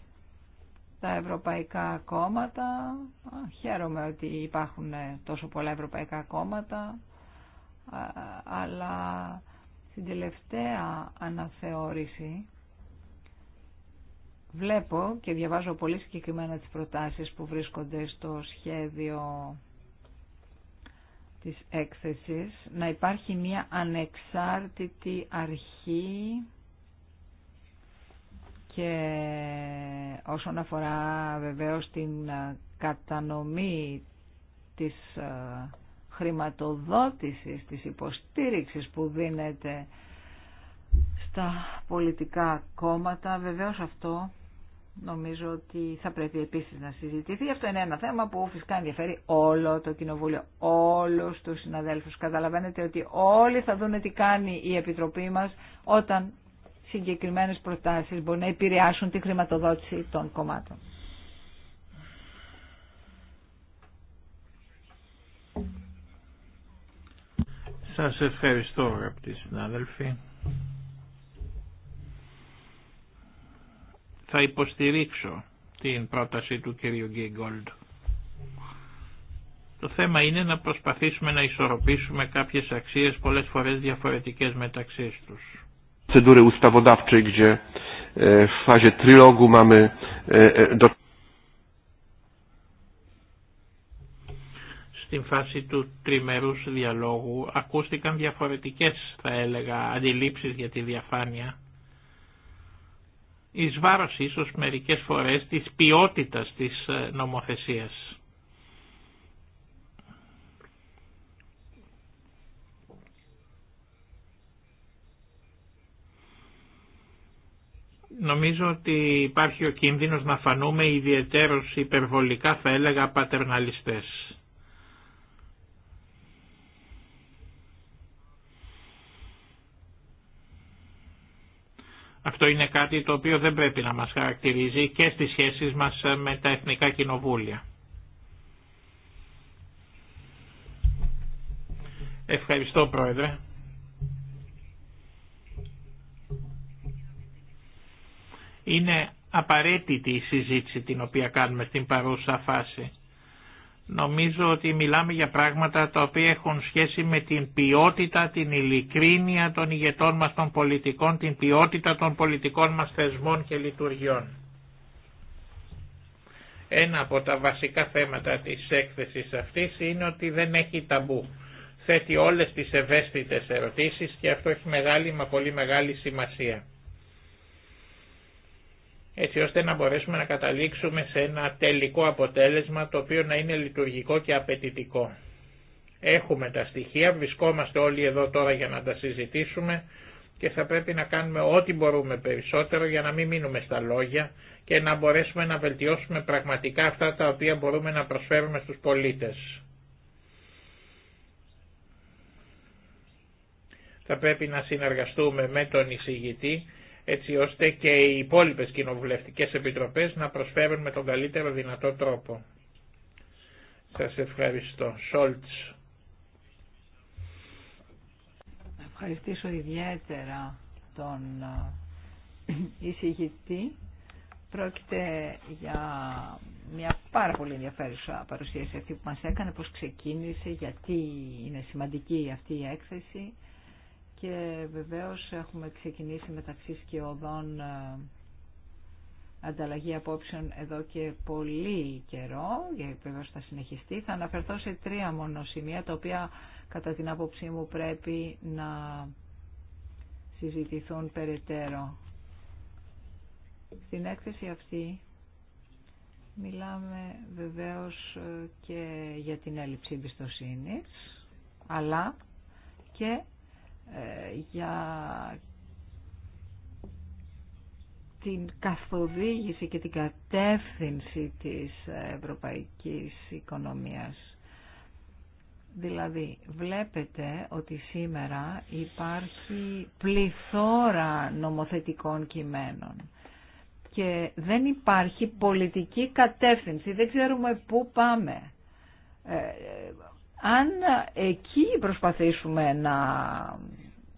Τα ευρωπαϊκά κόμματα, χαίρομαι ότι υπάρχουν τόσο πολλά ευρωπαϊκά κόμματα, αλλά στην τελευταία αναθεώρηση βλέπω και διαβάζω πολύ συγκεκριμένα τις προτάσεις που βρίσκονται στο σχέδιο της έκθεσης να υπάρχει μια ανεξάρτητη αρχή και όσον αφορά βεβαίως την κατανομή της ε, χρηματοδότησης, της υποστήριξης που δίνεται στα πολιτικά κόμματα. Βεβαίως αυτό νομίζω ότι θα πρέπει επίσης να συζητηθεί. Αυτό είναι ένα θέμα που φυσικά ενδιαφέρει όλο το Κοινοβούλιο, όλους τους συναδέλφους. Καταλαβαίνετε ότι όλοι θα δουν τι κάνει η Επιτροπή μας όταν συγκεκριμένες προτάσεις μπορεί να επηρεάσουν τη χρηματοδότηση των κομμάτων. Σας ευχαριστώ αγαπητοί συνάδελφοι. Θα υποστηρίξω την πρόταση του κυρίου Γκίγκολντ. Το θέμα είναι να προσπαθήσουμε να ισορροπήσουμε κάποιες αξίες πολλές φορές διαφορετικές μεταξύ τους. Στην στην φάση του τριμερούς διαλόγου ακούστηκαν διαφορετικές θα έλεγα αντιλήψεις για τη διαφάνεια εις βάρος ίσως μερικές φορές της ποιότητας της ε, νομοθεσίας. Νομίζω ότι υπάρχει ο κίνδυνος να φανούμε ιδιαίτερως υπερβολικά θα έλεγα πατερναλιστές. Αυτό είναι κάτι το οποίο δεν πρέπει να μας χαρακτηρίζει και στις σχέσεις μας με τα εθνικά κοινοβούλια. Ευχαριστώ Πρόεδρε. Είναι απαραίτητη η συζήτηση την οποία κάνουμε στην παρούσα φάση. Νομίζω ότι μιλάμε για πράγματα τα οποία έχουν σχέση με την ποιότητα, την ειλικρίνεια των ηγετών μας των πολιτικών, την ποιότητα των πολιτικών μας θεσμών και λειτουργιών. Ένα από τα βασικά θέματα της έκθεσης αυτής είναι ότι δεν έχει ταμπού. Θέτει όλες τις ευαίσθητες ερωτήσεις και αυτό έχει μεγάλη μα πολύ μεγάλη σημασία έτσι ώστε να μπορέσουμε να καταλήξουμε σε ένα τελικό αποτέλεσμα το οποίο να είναι λειτουργικό και απαιτητικό. Έχουμε τα στοιχεία, βρισκόμαστε όλοι εδώ τώρα για να τα συζητήσουμε και θα πρέπει να κάνουμε ό,τι μπορούμε περισσότερο για να μην μείνουμε στα λόγια και να μπορέσουμε να βελτιώσουμε πραγματικά αυτά τα οποία μπορούμε να προσφέρουμε στους πολίτες. Θα πρέπει να συνεργαστούμε με τον εισηγητή έτσι ώστε και οι υπόλοιπε κοινοβουλευτικές επιτροπές να προσφέρουν με τον καλύτερο δυνατό τρόπο. Σας ευχαριστώ. Σόλτς. Να ευχαριστήσω ιδιαίτερα τον εισηγητή. Πρόκειται για μια πάρα πολύ ενδιαφέρουσα παρουσίαση αυτή που μας έκανε, πώς ξεκίνησε, γιατί είναι σημαντική αυτή η έκθεση και βεβαίως έχουμε ξεκινήσει μεταξύ σκιωδών ε, ανταλλαγή απόψεων εδώ και πολύ καιρό, γιατί βεβαίως θα συνεχιστεί. Θα αναφερθώ σε τρία μονοσημεία, τα οποία κατά την άποψή μου πρέπει να συζητηθούν περαιτέρω. Στην έκθεση αυτή μιλάμε βεβαίως ε, και για την έλλειψη εμπιστοσύνη, αλλά και για την καθοδήγηση και την κατεύθυνση της ευρωπαϊκής οικονομίας. Δηλαδή, βλέπετε ότι σήμερα υπάρχει πληθώρα νομοθετικών κειμένων και δεν υπάρχει πολιτική κατεύθυνση, δεν ξέρουμε πού πάμε. Ε, αν εκεί προσπαθήσουμε να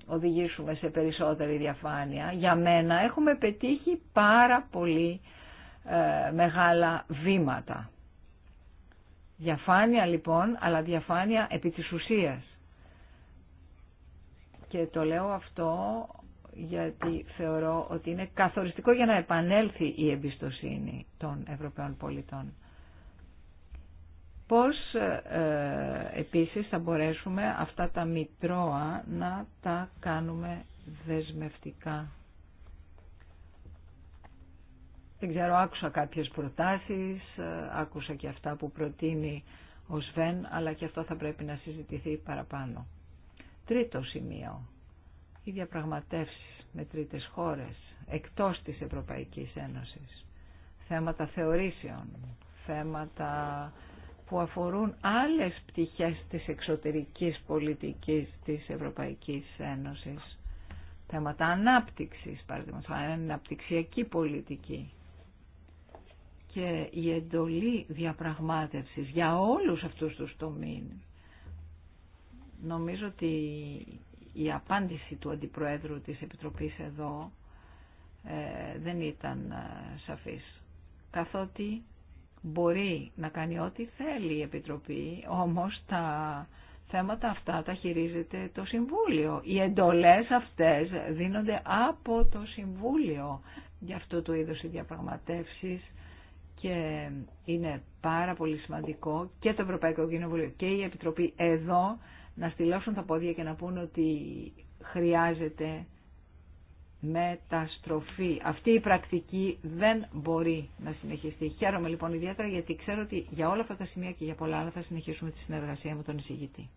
οδηγήσουμε σε περισσότερη διαφάνεια, για μένα έχουμε πετύχει πάρα πολύ ε, μεγάλα βήματα. Διαφάνεια λοιπόν, αλλά διαφάνεια επί της ουσίας. Και το λέω αυτό γιατί θεωρώ ότι είναι καθοριστικό για να επανέλθει η εμπιστοσύνη των Ευρωπαίων πολιτών. Πώς ε, ε, επίσης θα μπορέσουμε αυτά τα μητρώα να τα κάνουμε δεσμευτικά. Δεν ξέρω, άκουσα κάποιες προτάσεις, ε, άκουσα και αυτά που προτείνει ο Σβέν, αλλά και αυτό θα πρέπει να συζητηθεί παραπάνω. Τρίτο σημείο, οι διαπραγματεύσεις με τρίτες χώρες, εκτός της Ευρωπαϊκής Ένωσης, θέματα θεωρήσεων, θέματα που αφορούν άλλες πτυχές της εξωτερικής πολιτικής της Ευρωπαϊκής Ένωσης. Θέματα ανάπτυξης, παραδείγματος, αναπτυξιακή πολιτική. Και η εντολή διαπραγμάτευσης για όλους αυτούς τους τομείς. Νομίζω ότι η απάντηση του Αντιπροέδρου της Επιτροπής εδώ ε, δεν ήταν ε, σαφής. Καθότι Μπορεί να κάνει ό,τι θέλει η Επιτροπή, όμως τα θέματα αυτά τα χειρίζεται το Συμβούλιο. Οι εντολές αυτές δίνονται από το Συμβούλιο για αυτό το είδος οι διαπραγματεύσεις και είναι πάρα πολύ σημαντικό και το Ευρωπαϊκό Κοινοβούλιο και η Επιτροπή εδώ να στυλώσουν τα πόδια και να πούν ότι χρειάζεται μεταστροφή. Αυτή η πρακτική δεν μπορεί να συνεχιστεί. Χαίρομαι λοιπόν ιδιαίτερα γιατί ξέρω ότι για όλα αυτά τα σημεία και για πολλά άλλα θα συνεχίσουμε τη συνεργασία με τον εισηγητή.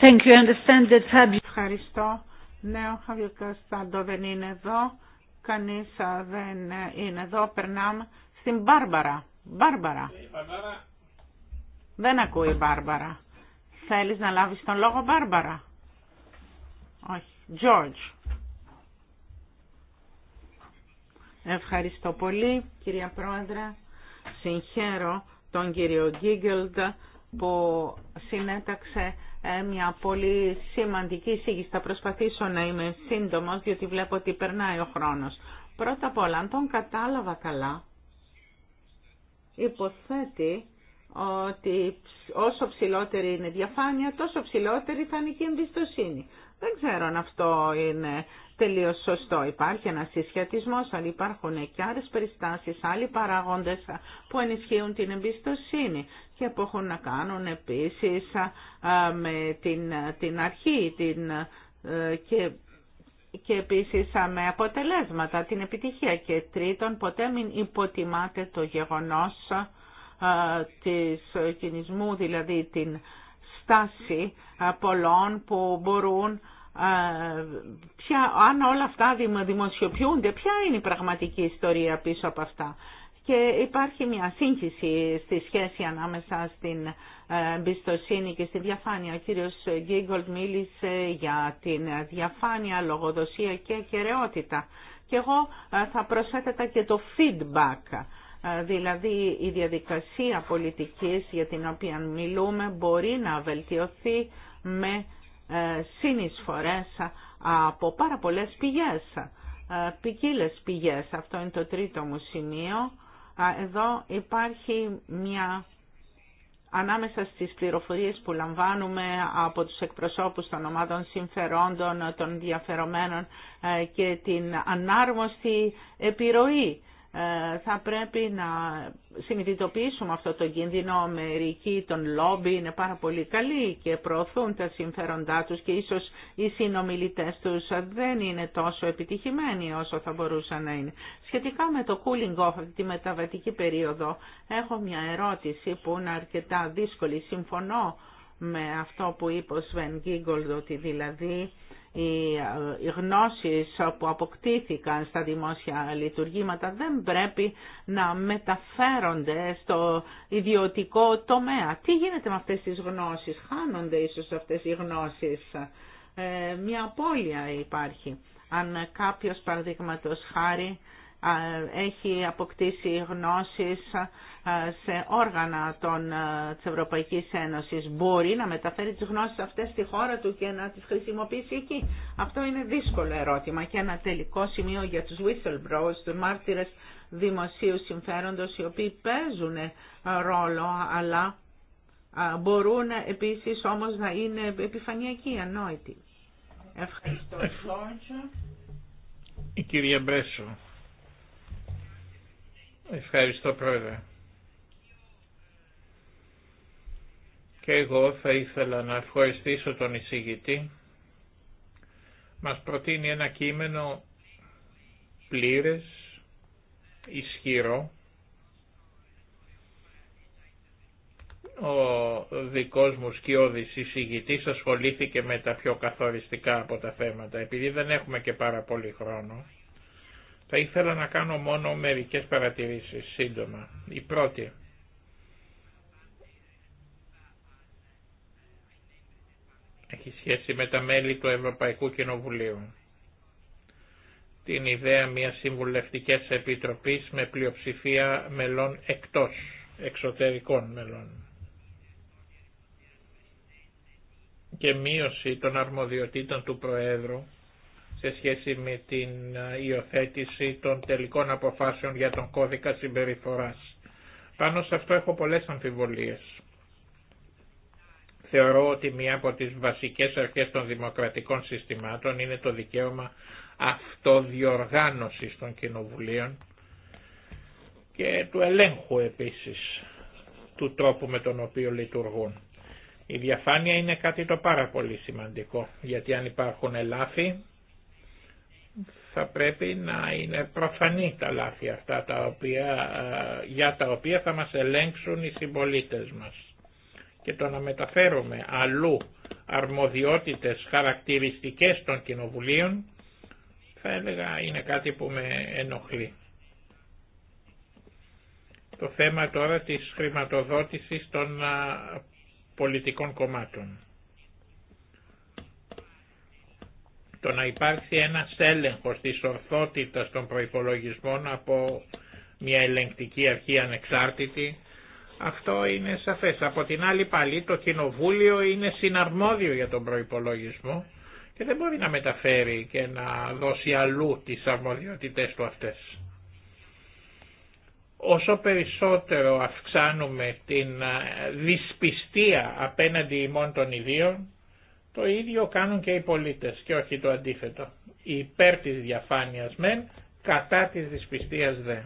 Thank you. Understand that Ευχαριστώ. Ναι, ο Χαβιο Καστάντο δεν είναι εδώ. Κανείς δεν ε, είναι εδώ. Περνάμε στην Μπάρμπαρα. Ε, Μπάρμπαρα. Δεν ακούει η Μπάρμπαρα. Θέλεις να λάβεις τον λόγο Μπάρμπαρα. Όχι. George. Ευχαριστώ πολύ κυρία Πρόεδρε. Συγχαίρω τον κύριο Γκίγκελντ που συνέταξε ε, μια πολύ σημαντική εισήγηση. Θα προσπαθήσω να είμαι σύντομος διότι βλέπω ότι περνάει ο χρόνος. Πρώτα απ' όλα, αν τον κατάλαβα καλά, υποθέτει ότι όσο ψηλότερη είναι η διαφάνεια, τόσο ψηλότερη θα είναι και η εμπιστοσύνη. Δεν ξέρω αν αυτό είναι τελείω σωστό. Υπάρχει ένα συσχετισμό, αλλά υπάρχουν και άλλε περιστάσει, άλλοι παράγοντε που ενισχύουν την εμπιστοσύνη και που έχουν να κάνουν επίση με την, την αρχή ε, και, και επίσης με αποτελέσματα, την επιτυχία. Και τρίτον, ποτέ μην υποτιμάτε το γεγονός της κινησμού, δηλαδή την στάση πολλών που μπορούν ποια, αν όλα αυτά δημοσιοποιούνται, ποια είναι η πραγματική ιστορία πίσω από αυτά. Και υπάρχει μια σύγχυση στη σχέση ανάμεσα στην ε, εμπιστοσύνη και στη διαφάνεια. Ο κύριος Γκίγκολτ μίλησε για την διαφάνεια, λογοδοσία και κεραιότητα Και εγώ ε, θα προσέθετα και το feedback, ε, δηλαδή η διαδικασία πολιτικής για την οποία μιλούμε μπορεί να βελτιωθεί με ε, συνεισφορές από πάρα πολλές πηγές, ε, ποικίλε πηγές. Αυτό είναι το τρίτο μου σημείο. Εδώ υπάρχει μια ανάμεσα στις πληροφορίες που λαμβάνουμε από τους εκπροσώπους των ομάδων συμφερόντων, των διαφερομένων ε, και την ανάρμοστη επιρροή ε, θα πρέπει να συνειδητοποιήσουμε αυτό το κίνδυνο. Μερικοί των λόμπι είναι πάρα πολύ καλοί και προωθούν τα συμφέροντά τους και ίσως οι συνομιλητές τους δεν είναι τόσο επιτυχημένοι όσο θα μπορούσαν να είναι. Σχετικά με το cooling off, τη μεταβατική περίοδο, έχω μια ερώτηση που είναι αρκετά δύσκολη. Συμφωνώ με αυτό που είπε ο Σβεν ότι δηλαδή ε, οι γνώσεις που αποκτήθηκαν στα δημόσια λειτουργήματα δεν πρέπει να μεταφέρονται στο ιδιωτικό τομέα. Τι γίνεται με αυτές τις γνώσεις, χάνονται ίσως αυτές οι γνώσεις. Ε, μια απώλεια υπάρχει. Αν κάποιος παραδείγματος χάρη ε, έχει αποκτήσει γνώσεις σε όργανα των, ε, της Ευρωπαϊκής Ένωσης μπορεί να μεταφέρει τις γνώσεις αυτές στη χώρα του και να τις χρησιμοποιήσει εκεί. Αυτό είναι δύσκολο ερώτημα και ένα τελικό σημείο για τους whistleblowers, τους μάρτυρες δημοσίου συμφέροντος οι οποίοι παίζουν ε, ρόλο αλλά ε, μπορούν επίσης όμως να είναι επιφανειακοί, ανόητοι. Ευχαριστώ. Η κυρία Μπρέσο. Ευχαριστώ πρόεδρε. Και εγώ θα ήθελα να ευχαριστήσω τον εισηγητή. Μας προτείνει ένα κείμενο πλήρες, ισχυρό. Ο δικός μου σκιώδης εισηγητής ασχολήθηκε με τα πιο καθοριστικά από τα θέματα. Επειδή δεν έχουμε και πάρα πολύ χρόνο, θα ήθελα να κάνω μόνο μερικές παρατηρήσεις σύντομα. Η πρώτη, έχει σχέση με τα μέλη του Ευρωπαϊκού Κοινοβουλίου. Την ιδέα μιας συμβουλευτικής επιτροπής με πλειοψηφία μελών εκτός, εξωτερικών μελών. Και μείωση των αρμοδιοτήτων του Προέδρου σε σχέση με την ε, υιοθέτηση των τελικών αποφάσεων για τον κώδικα συμπεριφοράς. Πάνω σε αυτό έχω πολλές αμφιβολίες. Θεωρώ ότι μία από τις βασικές αρχές των δημοκρατικών συστημάτων είναι το δικαίωμα αυτοδιοργάνωσης των κοινοβουλίων και του ελέγχου επίσης του τρόπου με τον οποίο λειτουργούν. Η διαφάνεια είναι κάτι το πάρα πολύ σημαντικό, γιατί αν υπάρχουν λάθη θα πρέπει να είναι προφανή τα λάθη αυτά τα οποία, ε, για τα οποία θα μας ελέγξουν οι συμπολίτε μας και το να μεταφέρουμε αλλού αρμοδιότητες χαρακτηριστικές των κοινοβουλίων θα έλεγα είναι κάτι που με ενοχλεί. Το θέμα τώρα της χρηματοδότησης των πολιτικών κομμάτων. Το να υπάρξει ένα έλεγχο της ορθότητας των προϋπολογισμών από μια ελεγκτική αρχή ανεξάρτητη αυτό είναι σαφές. Από την άλλη πάλι το κοινοβούλιο είναι συναρμόδιο για τον προϋπολογισμό και δεν μπορεί να μεταφέρει και να δώσει αλλού τις αρμοδιότητες του αυτές. Όσο περισσότερο αυξάνουμε την ε, δυσπιστία απέναντι ημών των ιδίων, το ίδιο κάνουν και οι πολίτες και όχι το αντίθετο. Υπέρ της διαφάνειας μεν, κατά της δυσπιστίας δε.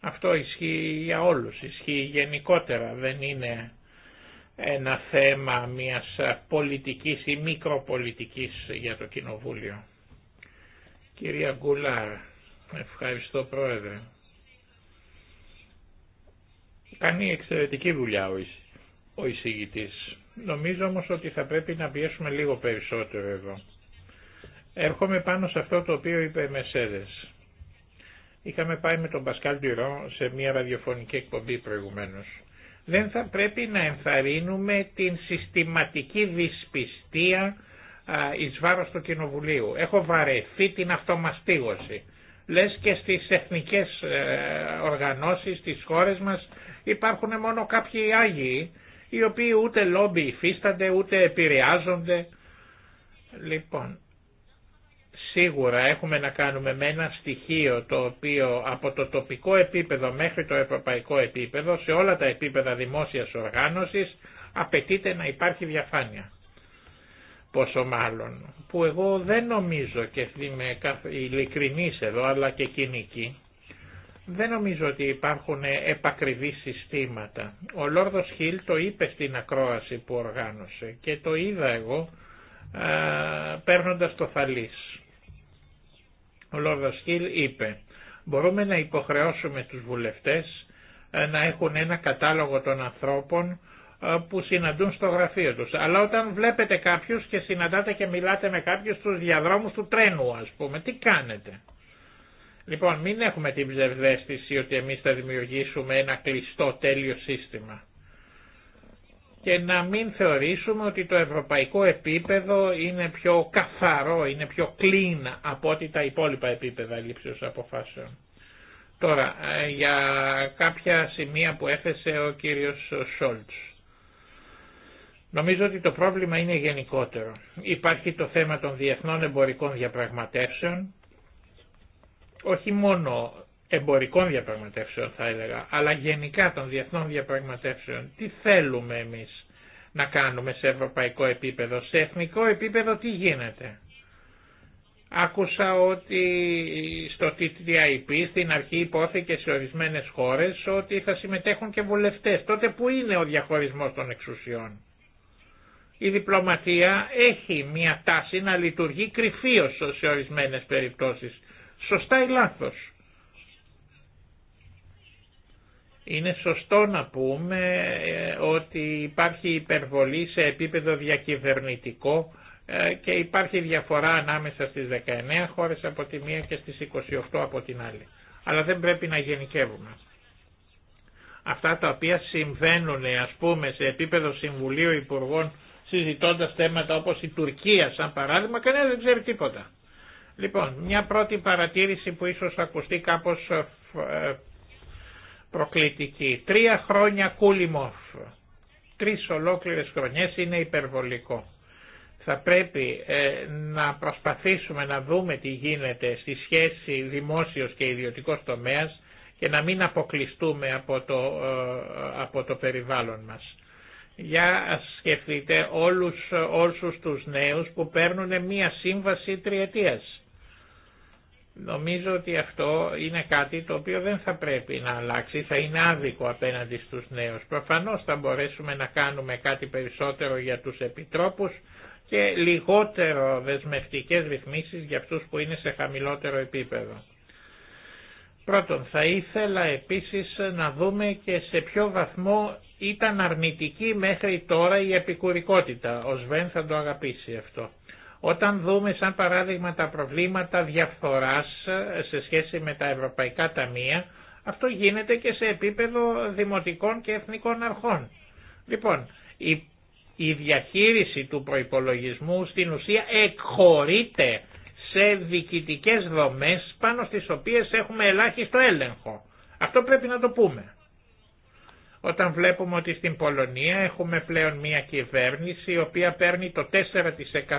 Αυτό ισχύει για όλους, ισχύει γενικότερα, δεν είναι ένα θέμα μιας πολιτικής ή μικροπολιτικής για το Κοινοβούλιο. Κυρία Γκουλάρ, ευχαριστώ Πρόεδρε. Κάνει εξαιρετική δουλειά ο εισηγητής. Νομίζω όμως ότι θα πρέπει να πιέσουμε λίγο περισσότερο εδώ. Έρχομαι πάνω σε αυτό το οποίο είπε η Μεσέδες. Είχαμε πάει με τον Πασκάλ Τυρό σε μια ραδιοφωνική εκπομπή προηγουμένως. Δεν θα πρέπει να ενθαρρύνουμε την συστηματική δυσπιστία εις βάρος του Κοινοβουλίου. Έχω βαρεθεί την αυτομαστίγωση. Λες και στις εθνικές ε, οργανώσεις, της χώρες μας υπάρχουν μόνο κάποιοι Άγιοι οι οποίοι ούτε λόμπι υφίστανται, ούτε επηρεάζονται. Λοιπόν, Σίγουρα έχουμε να κάνουμε με ένα στοιχείο το οποίο από το τοπικό επίπεδο μέχρι το ευρωπαϊκό επίπεδο σε όλα τα επίπεδα δημόσιας οργάνωσης απαιτείται να υπάρχει διαφάνεια. Πόσο μάλλον που εγώ δεν νομίζω και είμαι ειλικρινής εδώ αλλά και κοινική δεν νομίζω ότι υπάρχουν επακριβή συστήματα. Ο Λόρδος Χιλ το είπε στην ακρόαση που οργάνωσε και το είδα εγώ παίρνοντα το θαλής. Ο Λόρδος Χιλ είπε «Μπορούμε να υποχρεώσουμε τους βουλευτές ε, να έχουν ένα κατάλογο των ανθρώπων ε, που συναντούν στο γραφείο τους. Αλλά όταν βλέπετε κάποιους και συναντάτε και μιλάτε με κάποιους στους διαδρόμους του τρένου ας πούμε, τι κάνετε. Λοιπόν, μην έχουμε την ψευδέστηση ότι εμείς θα δημιουργήσουμε ένα κλειστό τέλειο σύστημα και να μην θεωρήσουμε ότι το ευρωπαϊκό επίπεδο είναι πιο καθαρό, είναι πιο clean από ό,τι τα υπόλοιπα επίπεδα λήψεως αποφάσεων. Τώρα, ε, για κάποια σημεία που έθεσε ο κύριος Σόλτς. Νομίζω ότι το πρόβλημα είναι γενικότερο. Υπάρχει το θέμα των διεθνών εμπορικών διαπραγματεύσεων, όχι μόνο εμπορικών διαπραγματεύσεων θα έλεγα, αλλά γενικά των διεθνών διαπραγματεύσεων. Τι θέλουμε εμείς να κάνουμε σε ευρωπαϊκό επίπεδο, σε εθνικό επίπεδο τι γίνεται. Άκουσα ότι στο TTIP στην αρχή υπόθηκε σε ορισμένες χώρες ότι θα συμμετέχουν και βουλευτές. Τότε που είναι ο διαχωρισμός των εξουσιών. Η διπλωματία έχει μια τάση να λειτουργεί κρυφίως σε ορισμένες περιπτώσεις. Σωστά ή λάθος. Είναι σωστό να πούμε ε, ότι υπάρχει υπερβολή σε επίπεδο διακυβερνητικό ε, και υπάρχει διαφορά ανάμεσα στις 19 χώρες από τη μία και στις 28 από την άλλη. Αλλά δεν πρέπει να γενικεύουμε. Αυτά τα οποία συμβαίνουν ας πούμε σε επίπεδο Συμβουλίου Υπουργών συζητώντας θέματα όπως η Τουρκία σαν παράδειγμα, κανένα δεν ξέρει τίποτα. Λοιπόν, μια πρώτη παρατήρηση που ίσως ακουστεί κάπως ε, προκλητική. Τρία χρόνια κούλιμοφ. Τρεις ολόκληρες χρονιές είναι υπερβολικό. Θα πρέπει ε, να προσπαθήσουμε να δούμε τι γίνεται στη σχέση δημόσιος και ιδιωτικός τομέας και να μην αποκλειστούμε από το, ε, από το περιβάλλον μας. Για σκεφτείτε όλους ε, όσους τους νέους που παίρνουν μία σύμβαση τριετίας Νομίζω ότι αυτό είναι κάτι το οποίο δεν θα πρέπει να αλλάξει, θα είναι άδικο απέναντι στους νέους. Προφανώς θα μπορέσουμε να κάνουμε κάτι περισσότερο για τους επιτρόπους και λιγότερο δεσμευτικές ρυθμίσεις για αυτούς που είναι σε χαμηλότερο επίπεδο. Πρώτον, θα ήθελα επίσης να δούμε και σε ποιο βαθμό ήταν αρνητική μέχρι τώρα η επικουρικότητα. Ο Σβέν θα το αγαπήσει αυτό. Όταν δούμε σαν παράδειγμα τα προβλήματα διαφθοράς ε, σε σχέση με τα ευρωπαϊκά ταμεία, αυτό γίνεται και σε επίπεδο δημοτικών και εθνικών αρχών. Λοιπόν, η, η διαχείριση του προϋπολογισμού στην ουσία εκχωρείται σε διοικητικές δομές πάνω στις οποίες έχουμε ελάχιστο έλεγχο. Αυτό πρέπει να το πούμε όταν βλέπουμε ότι στην Πολωνία έχουμε πλέον μια κυβέρνηση η οποία παίρνει το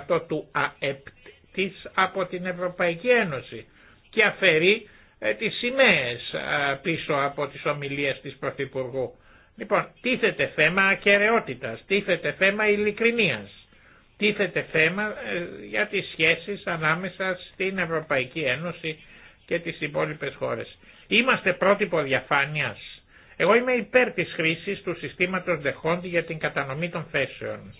4% του ΑΕΠ της από την Ευρωπαϊκή Ένωση και αφαιρεί ε, τις σημαίες ε, πίσω από τις ομιλίες της Πρωθυπουργού. Λοιπόν, τίθεται θέμα ακαιρεότητας, τίθεται θέμα ειλικρινίας, τίθεται θέμα ε, για τις σχέσεις ανάμεσα στην Ευρωπαϊκή Ένωση και τις υπόλοιπες χώρες. Είμαστε πρότυπο διαφάνειας εγώ είμαι υπέρ της χρήσης του συστήματος δεχόντι για την κατανομή των θέσεων.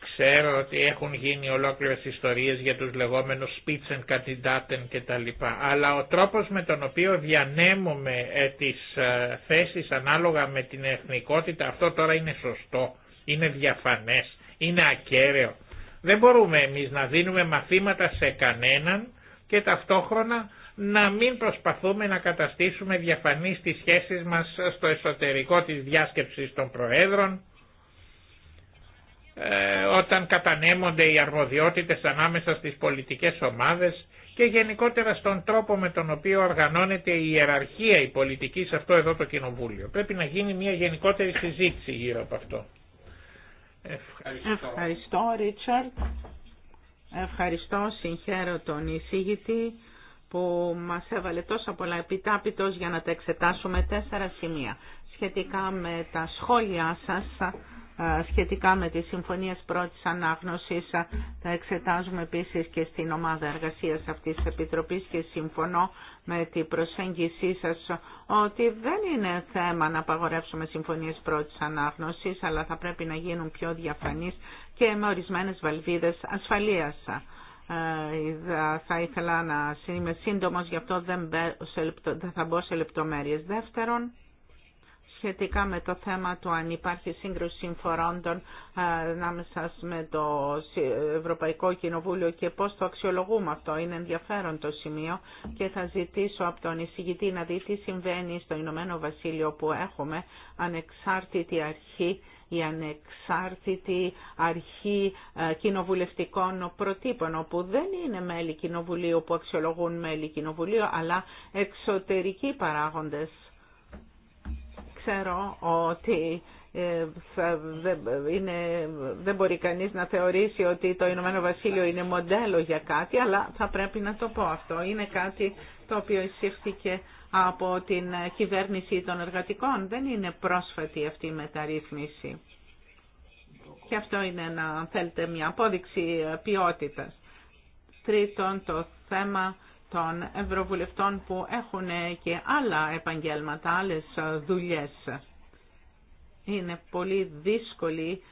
Ξέρω ότι έχουν γίνει ολόκληρες ιστορίες για τους λεγόμενους σπίτσεν, τα κτλ. Αλλά ο τρόπος με τον οποίο διανέμουμε ε, τις ε, θέσεις ανάλογα με την εθνικότητα, αυτό τώρα είναι σωστό, είναι διαφανές, είναι ακέραιο. Δεν μπορούμε εμείς να δίνουμε μαθήματα σε κανέναν και ταυτόχρονα να μην προσπαθούμε να καταστήσουμε διαφανή τις σχέσεις μας στο εσωτερικό της διάσκεψης των Προέδρων, ε, όταν κατανέμονται οι αρμοδιότητες ανάμεσα στις πολιτικές ομάδες και γενικότερα στον τρόπο με τον οποίο οργανώνεται η ιεραρχία η πολιτική σε αυτό εδώ το κοινοβούλιο. Πρέπει να γίνει μια γενικότερη συζήτηση γύρω από αυτό. Ευχαριστώ. Ευχαριστώ Ρίτσαρτ. Ευχαριστώ, συγχαίρω τον εισήγητη που μας έβαλε τόσα πολλά επιτάπητος για να τα εξετάσουμε τέσσερα σημεία σχετικά με τα σχόλιά σας σχετικά με τις συμφωνίες πρώτης ανάγνωσης τα εξετάζουμε επίσης και στην ομάδα εργασίας αυτής της Επιτροπής και συμφωνώ με την προσέγγισή σας ότι δεν είναι θέμα να απαγορεύσουμε συμφωνίες πρώτης ανάγνωσης αλλά θα πρέπει να γίνουν πιο διαφανείς και με ορισμένες βαλβίδες ασφαλείας. Ε, θα ήθελα να είμαι σύντομος, γι' αυτό δεν θα μπω σε λεπτομέρειες. Δεύτερον, σχετικά με το θέμα του αν υπάρχει σύγκρουση συμφορώντων ε, ανάμεσα με το Ευρωπαϊκό Κοινοβούλιο και πώς το αξιολογούμε αυτό. Είναι ενδιαφέρον το σημείο και θα ζητήσω από τον εισηγητή να δει τι συμβαίνει στο Ηνωμένο Βασίλειο που έχουμε ανεξάρτητη αρχή η ανεξάρτητη αρχή ε, κοινοβουλευτικών προτύπων, όπου δεν είναι μέλη κοινοβουλίου που αξιολογούν μέλη κοινοβουλίου, αλλά εξωτερικοί παράγοντες. Ξέρω ότι ε, θα, δεν μπορεί κανείς να θεωρήσει ότι το Ηνωμένο Βασίλειο είναι μοντέλο για κάτι, αλλά θα πρέπει να το πω αυτό. Είναι κάτι το οποίο εισήφθηκε από την κυβέρνηση των εργατικών. Δεν είναι πρόσφατη αυτή η μεταρρύθμιση. Και αυτό είναι, αν θέλετε, μια απόδειξη ποιότητας. Τρίτον, το θέμα των ευρωβουλευτών που έχουν και άλλα επαγγέλματα, άλλες δουλειές. Είναι πολύ δύσκολη,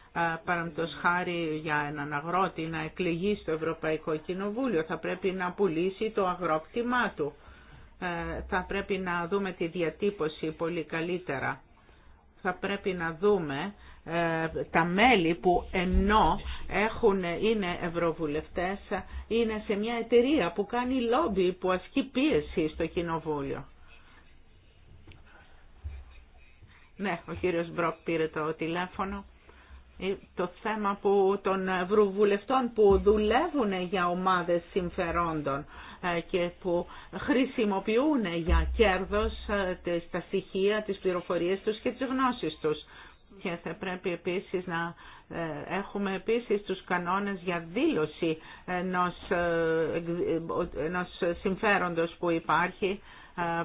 παραμπτός χάρη για έναν αγρότη, να εκλεγεί στο Ευρωπαϊκό Κοινοβούλιο. Θα πρέπει να πουλήσει το αγρόκτημά του. Ε, θα πρέπει να δούμε τη διατύπωση πολύ καλύτερα. Θα πρέπει να δούμε ε, τα μέλη που ενώ έχουν, είναι ευρωβουλευτές είναι σε μια εταιρεία που κάνει λόμπι, που ασκεί πίεση στο κοινοβούλιο. Ναι, ο κύριος Μπροκ πήρε το τηλέφωνο. Ε, το θέμα που των ευρωβουλευτών που δουλεύουν για ομάδες συμφερόντων ε, και που χρησιμοποιούν για κέρδος ε, τα στοιχεία, τις πληροφορίες τους και τις γνώσεις τους. Και θα πρέπει επίσης να ε, έχουμε επίσης τους κανόνες για δήλωση ενός, ενός συμφέροντος που υπάρχει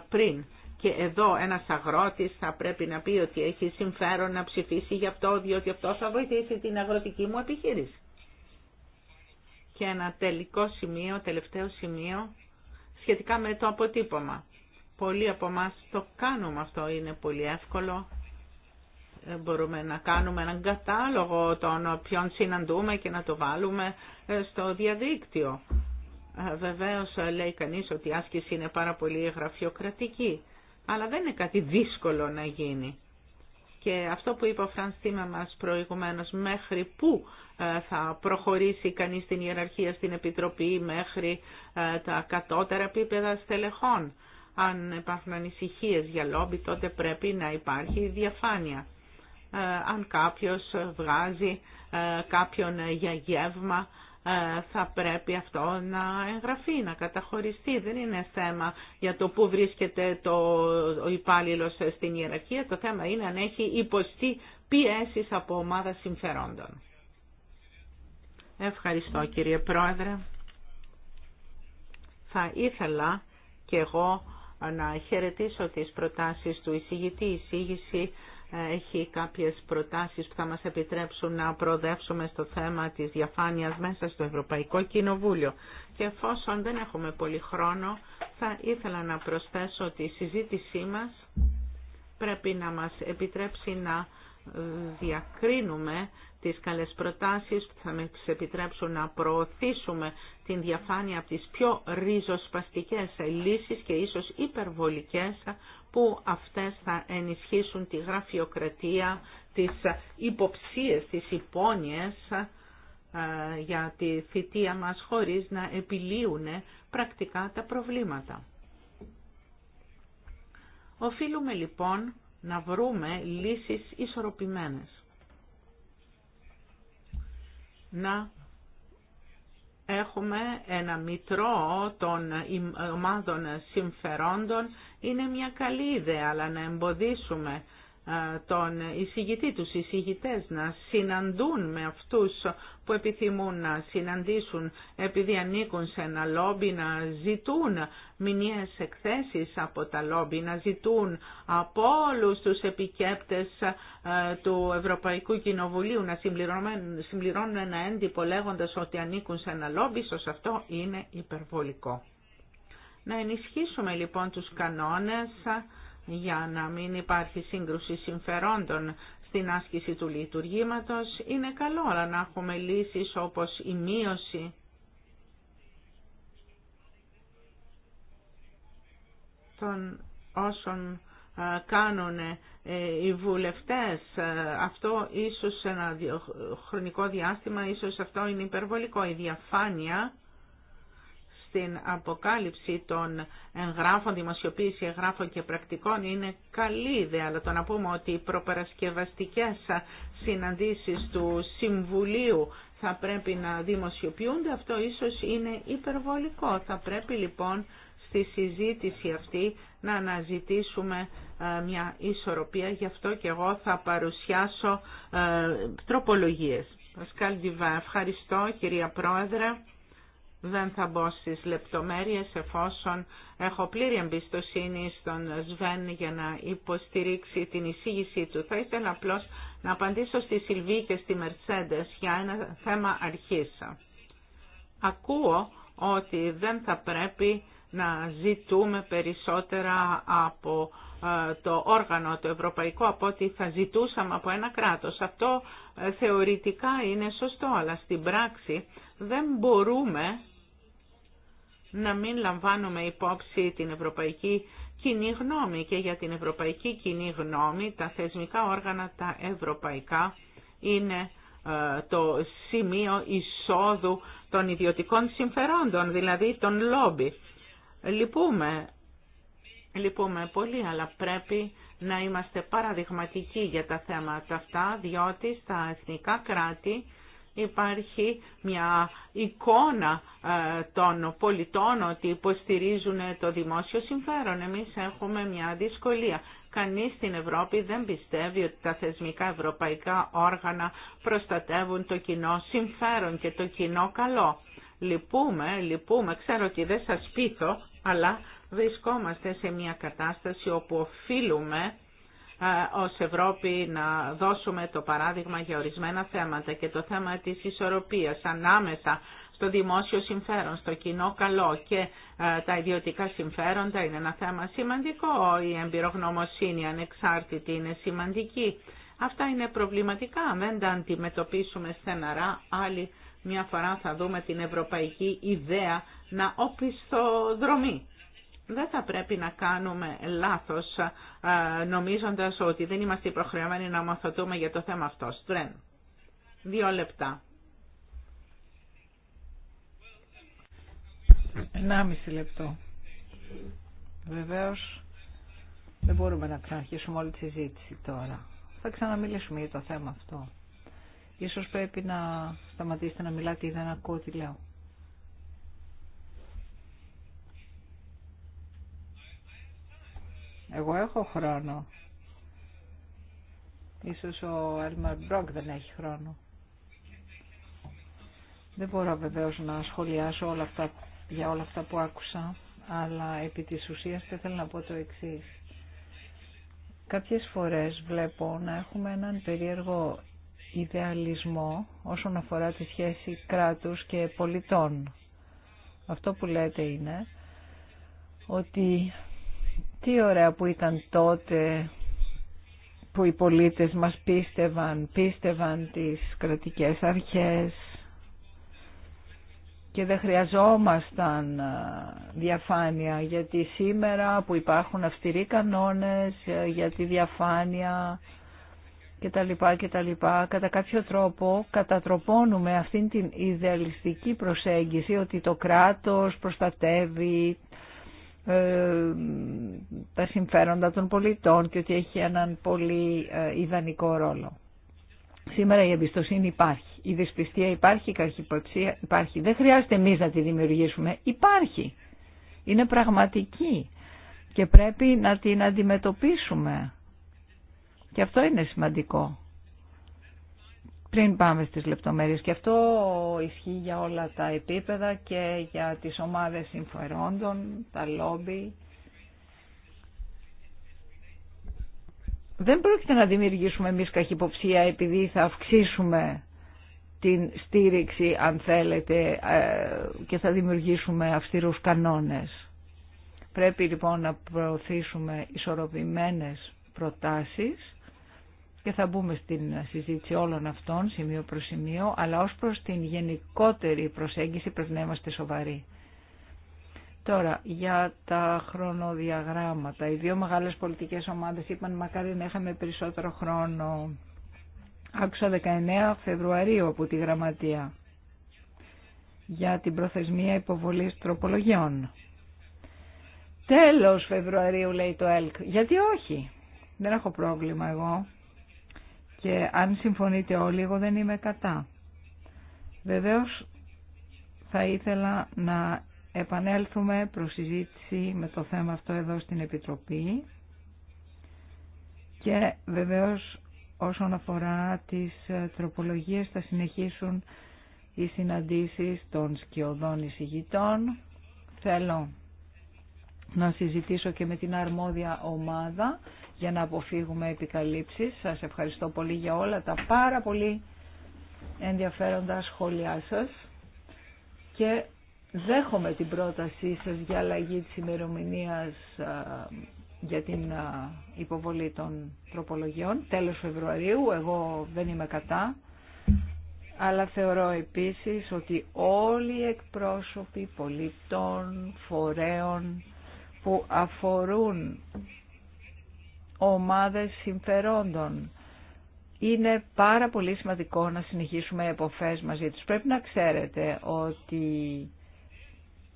πριν. Και εδώ ένας αγρότης θα πρέπει να πει ότι έχει συμφέρον να ψηφίσει γι' αυτό, διότι αυτό θα βοηθήσει την αγροτική μου επιχείρηση. Και ένα τελικό σημείο, τελευταίο σημείο, σχετικά με το αποτύπωμα. Πολλοί από εμά το κάνουμε αυτό, είναι πολύ εύκολο. Ε, μπορούμε να κάνουμε έναν κατάλογο των ποιον συναντούμε και να το βάλουμε ε, στο διαδίκτυο. Ε, βεβαίως λέει κανείς ότι η άσκηση είναι πάρα πολύ γραφειοκρατική, αλλά δεν είναι κάτι δύσκολο να γίνει. Και αυτό που είπε ο Φραν Τίμα μας προηγουμένως, μέχρι πού ε, θα προχωρήσει κανείς στην ιεραρχία στην Επιτροπή μέχρι ε, τα κατώτερα επίπεδα στελεχών. Αν υπάρχουν ανησυχίε για λόμπι, τότε πρέπει να υπάρχει διαφάνεια. Ε, αν κάποιος βγάζει κάποιον για γεύμα, ε, θα πρέπει αυτό να εγγραφεί, να καταχωριστεί. Δεν είναι θέμα για το πού βρίσκεται το, ο υπάλληλο στην ιεραρχία. Το θέμα είναι αν έχει υποστεί πιέσει από ομάδα συμφερόντων. Ευχαριστώ κύριε Πρόεδρε. Θα ήθελα και εγώ να χαιρετήσω τις προτάσεις του εισηγητή. Η εισήγηση ε, έχει κάποιες προτάσεις που θα μας επιτρέψουν να προοδεύσουμε στο θέμα της διαφάνειας μέσα στο Ευρωπαϊκό Κοινοβούλιο. Και εφόσον δεν έχουμε πολύ χρόνο, θα ήθελα να προσθέσω ότι η συζήτησή μας πρέπει να μας επιτρέψει να διακρίνουμε τις καλές προτάσεις που θα μας επιτρέψουν να προωθήσουμε την διαφάνεια από τις πιο ριζοσπαστικές λύσεις και ίσως υπερβολικές που αυτές θα ενισχύσουν τη γραφειοκρατία, τις υποψίες, τις υπόνοιες ε, για τη θητεία μας χωρίς να επιλύουν πρακτικά τα προβλήματα. Οφείλουμε λοιπόν να βρούμε λύσεις ισορροπημένες. Να έχουμε ένα μητρό των ομάδων συμφερόντων είναι μια καλή ιδέα, αλλά να εμποδίσουμε ε, τον εισηγητή, τους εισηγητές να συναντούν με αυτούς που επιθυμούν να συναντήσουν επειδή ανήκουν σε ένα λόμπι, να ζητούν μηνιαίες εκθέσεις από τα λόμπι, να ζητούν από όλους τους επικέπτες ε, του Ευρωπαϊκού Κοινοβουλίου να συμπληρώνουν ένα έντυπο λέγοντας ότι ανήκουν σε ένα λόμπι, ίσως αυτό είναι υπερβολικό. Να ενισχύσουμε λοιπόν τους κανόνες για να μην υπάρχει σύγκρουση συμφερόντων στην άσκηση του λειτουργήματος, είναι καλό να έχουμε λύσεις όπως η μείωση των όσων κάνουν ε, οι βουλευτές. Αυτό ίσως σε ένα χρονικό διάστημα, ίσως αυτό είναι υπερβολικό. Η διαφάνεια στην αποκάλυψη των εγγράφων, δημοσιοποίηση εγγράφων και πρακτικών είναι καλή ιδέα, αλλά το να πούμε ότι οι προπαρασκευαστικές συναντήσεις του Συμβουλίου θα πρέπει να δημοσιοποιούνται, αυτό ίσως είναι υπερβολικό. Θα πρέπει λοιπόν στη συζήτηση αυτή να αναζητήσουμε ε, μια ισορροπία. Γι' αυτό και εγώ θα παρουσιάσω ε, τροπολογίες. Πασκάλ ευχαριστώ κυρία Πρόεδρε. Δεν θα μπω στις λεπτομέρειες εφόσον έχω πλήρη εμπιστοσύνη στον Σβέν για να υποστηρίξει την εισήγησή του. Θα ήθελα απλώς να απαντήσω στη Σιλβή και στη Μερσέντε για ένα θέμα αρχής. Ακούω ότι δεν θα πρέπει να ζητούμε περισσότερα από ε, το όργανο το ευρωπαϊκό από ό,τι θα ζητούσαμε από ένα κράτος. Αυτό ε, θεωρητικά είναι σωστό, αλλά στην πράξη δεν μπορούμε να μην λαμβάνουμε υπόψη την ευρωπαϊκή κοινή γνώμη και για την ευρωπαϊκή κοινή γνώμη τα θεσμικά όργανα τα ευρωπαϊκά είναι ε, το σημείο εισόδου των ιδιωτικών συμφερόντων, δηλαδή των λόμπι. Λυπούμε, λυπούμε πολύ, αλλά πρέπει να είμαστε παραδειγματικοί για τα θέματα αυτά, διότι στα εθνικά κράτη υπάρχει μια εικόνα ε, των πολιτών ότι υποστηρίζουν το δημόσιο συμφέρον. Εμείς έχουμε μια δυσκολία. Κανείς στην Ευρώπη δεν πιστεύει ότι τα θεσμικά ευρωπαϊκά όργανα προστατεύουν το κοινό συμφέρον και το κοινό καλό. Λυπούμε, λυπούμε, ξέρω ότι δεν σας πείθω, αλλά βρισκόμαστε σε μια κατάσταση όπου οφείλουμε ως Ευρώπη να δώσουμε το παράδειγμα για ορισμένα θέματα και το θέμα της ισορροπίας ανάμεσα στο δημόσιο συμφέρον, στο κοινό καλό και τα ιδιωτικά συμφέροντα είναι ένα θέμα σημαντικό. Η εμπειρογνωμοσύνη ανεξάρτητη είναι σημαντική. Αυτά είναι προβληματικά. Αν δεν τα αντιμετωπίσουμε στεναρά, άλλη μια φορά θα δούμε την ευρωπαϊκή ιδέα να οπισθοδρομεί δεν θα πρέπει να κάνουμε λάθος ε, νομίζοντας ότι δεν είμαστε υποχρεωμένοι να ομοθετούμε για το θέμα αυτό. Στρέν. Δύο λεπτά. μισή λεπτό. Βεβαίως δεν μπορούμε να ξαναρχίσουμε όλη τη συζήτηση τώρα. Θα ξαναμιλήσουμε για το θέμα αυτό. Ίσως πρέπει να σταματήσετε να μιλάτε ή δεν ακούω τι λέω. Εγώ έχω χρόνο. Ίσως ο Έλμαρ Μπρόκ δεν έχει χρόνο. Δεν μπορώ βεβαίως να σχολιάσω όλα αυτά, για όλα αυτά που άκουσα, αλλά επί της ουσίας θα θέλω να πω το εξής. Κάποιες φορές βλέπω να έχουμε έναν περίεργο ιδεαλισμό όσον αφορά τη σχέση κράτους και πολιτών. Αυτό που λέτε είναι ότι τι ωραία που ήταν τότε που οι πολίτες μας πίστευαν, πίστευαν τις κρατικές αρχές και δεν χρειαζόμασταν διαφάνεια γιατί σήμερα που υπάρχουν αυστηροί κανόνες για τη διαφάνεια και τα λοιπά και τα λοιπά, κατά κάποιο τρόπο κατατροπώνουμε αυτήν την ιδεαλιστική προσέγγιση ότι το κράτος προστατεύει ε, τα συμφέροντα των πολιτών και ότι έχει έναν πολύ ε, ιδανικό ρόλο. Σήμερα η εμπιστοσύνη υπάρχει, η δυσπιστία υπάρχει, η καχυποψία υπάρχει. Δεν χρειάζεται εμεί να τη δημιουργήσουμε. Υπάρχει. Είναι πραγματική και πρέπει να την αντιμετωπίσουμε. Και αυτό είναι σημαντικό πριν πάμε στις λεπτομέρειες. Και αυτό ισχύει για όλα τα επίπεδα και για τις ομάδες συμφερόντων, τα λόμπι. Δεν πρόκειται να δημιουργήσουμε εμείς καχυποψία επειδή θα αυξήσουμε την στήριξη, αν θέλετε, ε, και θα δημιουργήσουμε αυστηρούς κανόνες. Πρέπει λοιπόν να προωθήσουμε ισορροπημένες προτάσεις και θα μπούμε στην συζήτηση όλων αυτών σημείο προς σημείο, αλλά ως προς την γενικότερη προσέγγιση πρέπει να είμαστε σοβαροί. Τώρα, για τα χρονοδιαγράμματα. Οι δύο μεγάλες πολιτικές ομάδες είπαν μακάρι να είχαμε περισσότερο χρόνο. Άκουσα 19 Φεβρουαρίου από τη Γραμματεία για την προθεσμία υποβολής τροπολογιών. Τέλος Φεβρουαρίου λέει το ΕΛΚ. Γιατί όχι. Δεν έχω πρόβλημα εγώ και αν συμφωνείτε όλοι εγώ δεν είμαι κατά. Βεβαίως θα ήθελα να επανέλθουμε προς συζήτηση με το θέμα αυτό εδώ στην Επιτροπή και βεβαίως όσον αφορά τις ε, τροπολογίες θα συνεχίσουν οι συναντήσεις των σκιωδών εισηγητών. Θέλω να συζητήσω και με την αρμόδια ομάδα για να αποφύγουμε επικαλύψεις. Σας ευχαριστώ πολύ για όλα τα πάρα πολύ ενδιαφέροντα σχόλιά σας και δέχομαι την πρότασή σας για αλλαγή της ημερομηνία για την υποβολή των τροπολογιών τέλος Φεβρουαρίου, εγώ δεν είμαι κατά αλλά θεωρώ επίσης ότι όλοι οι εκπρόσωποι πολιτών, φορέων που αφορούν ομάδες συμφερόντων. Είναι πάρα πολύ σημαντικό να συνεχίσουμε εποφές μαζί τους. Πρέπει να ξέρετε ότι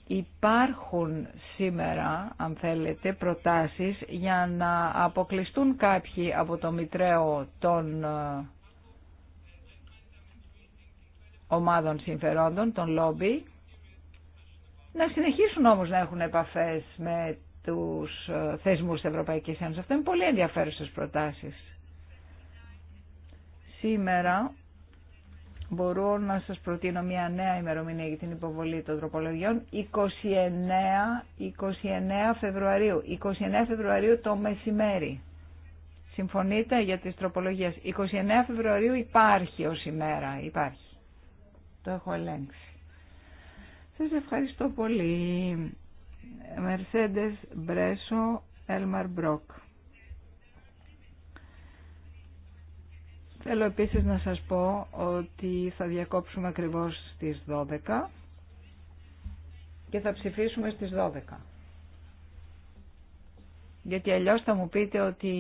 υπάρχουν σήμερα, αν θέλετε, προτάσεις για να αποκλειστούν κάποιοι από το μητρέο των ε, ομάδων συμφερόντων, των λόμπι, να συνεχίσουν όμως να έχουν επαφές με τους ε, θεσμούς της Ευρωπαϊκής Ένωσης. Αυτό είναι πολύ ενδιαφέρουσες προτάσεις. Σήμερα μπορώ να σας προτείνω μια νέα ημερομηνία για την υποβολή των τροπολογιών 29, 29 Φεβρουαρίου. 29 Φεβρουαρίου το μεσημέρι. Συμφωνείτε για τις τροπολογίες. 29 Φεβρουαρίου υπάρχει ως ημέρα. Υπάρχει. Το έχω ελέγξει. Σας ευχαριστώ πολύ. Mercedes Μπρέσο Έλμαρ Μπρόκ. Θέλω επίσης να σας πω ότι θα διακόψουμε ακριβώς στις 12 και θα ψηφίσουμε στις 12. Γιατί αλλιώς θα μου πείτε ότι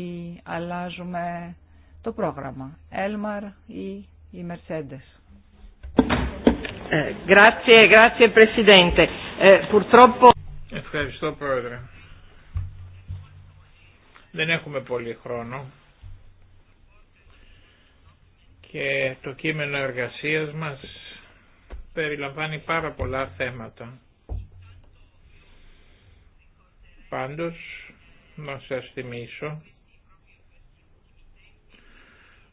αλλάζουμε το πρόγραμμα. Έλμαρ ή η Mercedes. Ε, grazie, grazie Presidente. Ε, purtroppo... Ευχαριστώ Πρόεδρε. Δεν έχουμε πολύ χρόνο και το κείμενο εργασίας μας περιλαμβάνει πάρα πολλά θέματα. Πάντως, να σας θυμίσω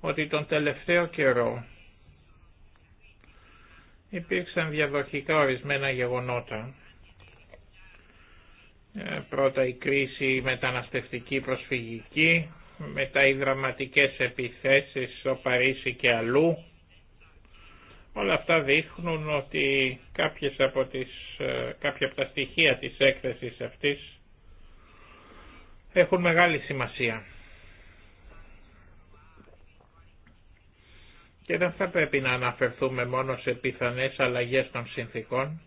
ότι τον τελευταίο καιρό υπήρξαν διαδοχικά ορισμένα γεγονότα ε, πρώτα η κρίση μεταναστευτική προσφυγική, μετά οι δραματικές επιθέσεις στο Παρίσι και αλλού. Όλα αυτά δείχνουν ότι κάποιες από τις, ε, κάποια από τα στοιχεία της έκθεσης αυτής έχουν μεγάλη σημασία. Και δεν θα πρέπει να αναφερθούμε μόνο σε πιθανές αλλαγές των συνθήκων,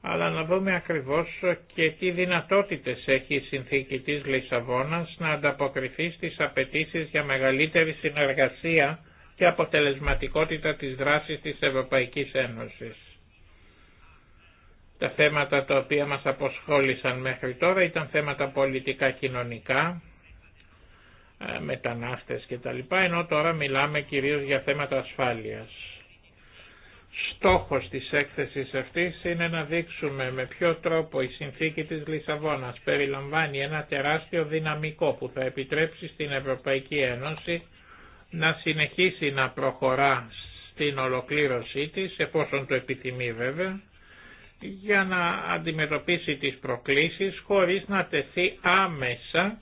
αλλά να δούμε ακριβώς και τι δυνατότητες έχει η συνθήκη της Λισαβόνας να ανταποκριθεί στις απαιτήσεις για μεγαλύτερη συνεργασία και αποτελεσματικότητα της δράσης της Ευρωπαϊκής Ένωσης. Τα θέματα τα οποία μας αποσχόλησαν μέχρι τώρα ήταν θέματα πολιτικά κοινωνικά, ε, μετανάστες κτλ, ενώ τώρα μιλάμε κυρίως για θέματα ασφάλειας. Στόχος της έκθεσης αυτής είναι να δείξουμε με ποιο τρόπο η συνθήκη της Λισαβόνας περιλαμβάνει ένα τεράστιο δυναμικό που θα επιτρέψει στην Ευρωπαϊκή Ένωση να συνεχίσει να προχωρά στην ολοκλήρωσή της, εφόσον το επιθυμεί βέβαια, για να αντιμετωπίσει τις προκλήσεις χωρίς να τεθεί άμεσα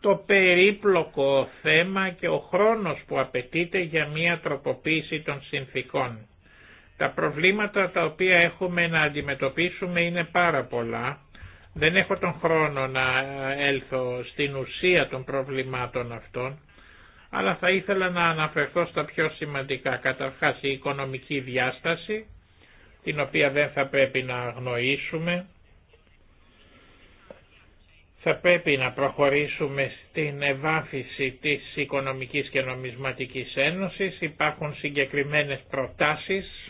το περίπλοκο θέμα και ο χρόνος που απαιτείται για μία τροποποίηση των συνθήκων. Τα προβλήματα τα οποία έχουμε να αντιμετωπίσουμε είναι πάρα πολλά. Δεν έχω τον χρόνο να ε, έλθω στην ουσία των προβλημάτων αυτών, αλλά θα ήθελα να αναφερθώ στα πιο σημαντικά. Καταρχάς η οικονομική διάσταση, την οποία δεν θα πρέπει να αγνοήσουμε. Θα πρέπει να προχωρήσουμε στην ευάφηση της Οικονομικής και Νομισματικής Ένωσης. Υπάρχουν συγκεκριμένες προτάσεις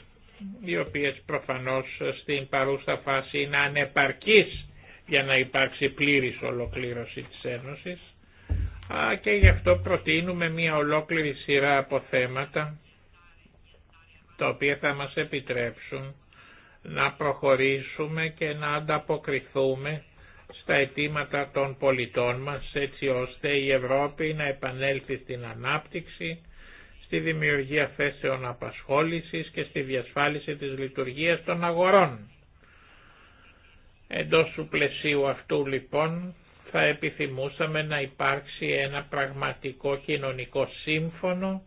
οι οποίες προφανώς στην παρούσα φάση είναι ανεπαρκής για να υπάρξει πλήρης ολοκλήρωση της Ένωσης και γι' αυτό προτείνουμε μια ολόκληρη σειρά από θέματα τα οποία θα μας επιτρέψουν να προχωρήσουμε και να ανταποκριθούμε στα αιτήματα των πολιτών μας έτσι ώστε η Ευρώπη να επανέλθει στην ανάπτυξη στη δημιουργία θέσεων απασχόλησης και στη διασφάλιση της λειτουργίας των αγορών. Εντός του πλαισίου αυτού λοιπόν θα επιθυμούσαμε να υπάρξει ένα πραγματικό κοινωνικό σύμφωνο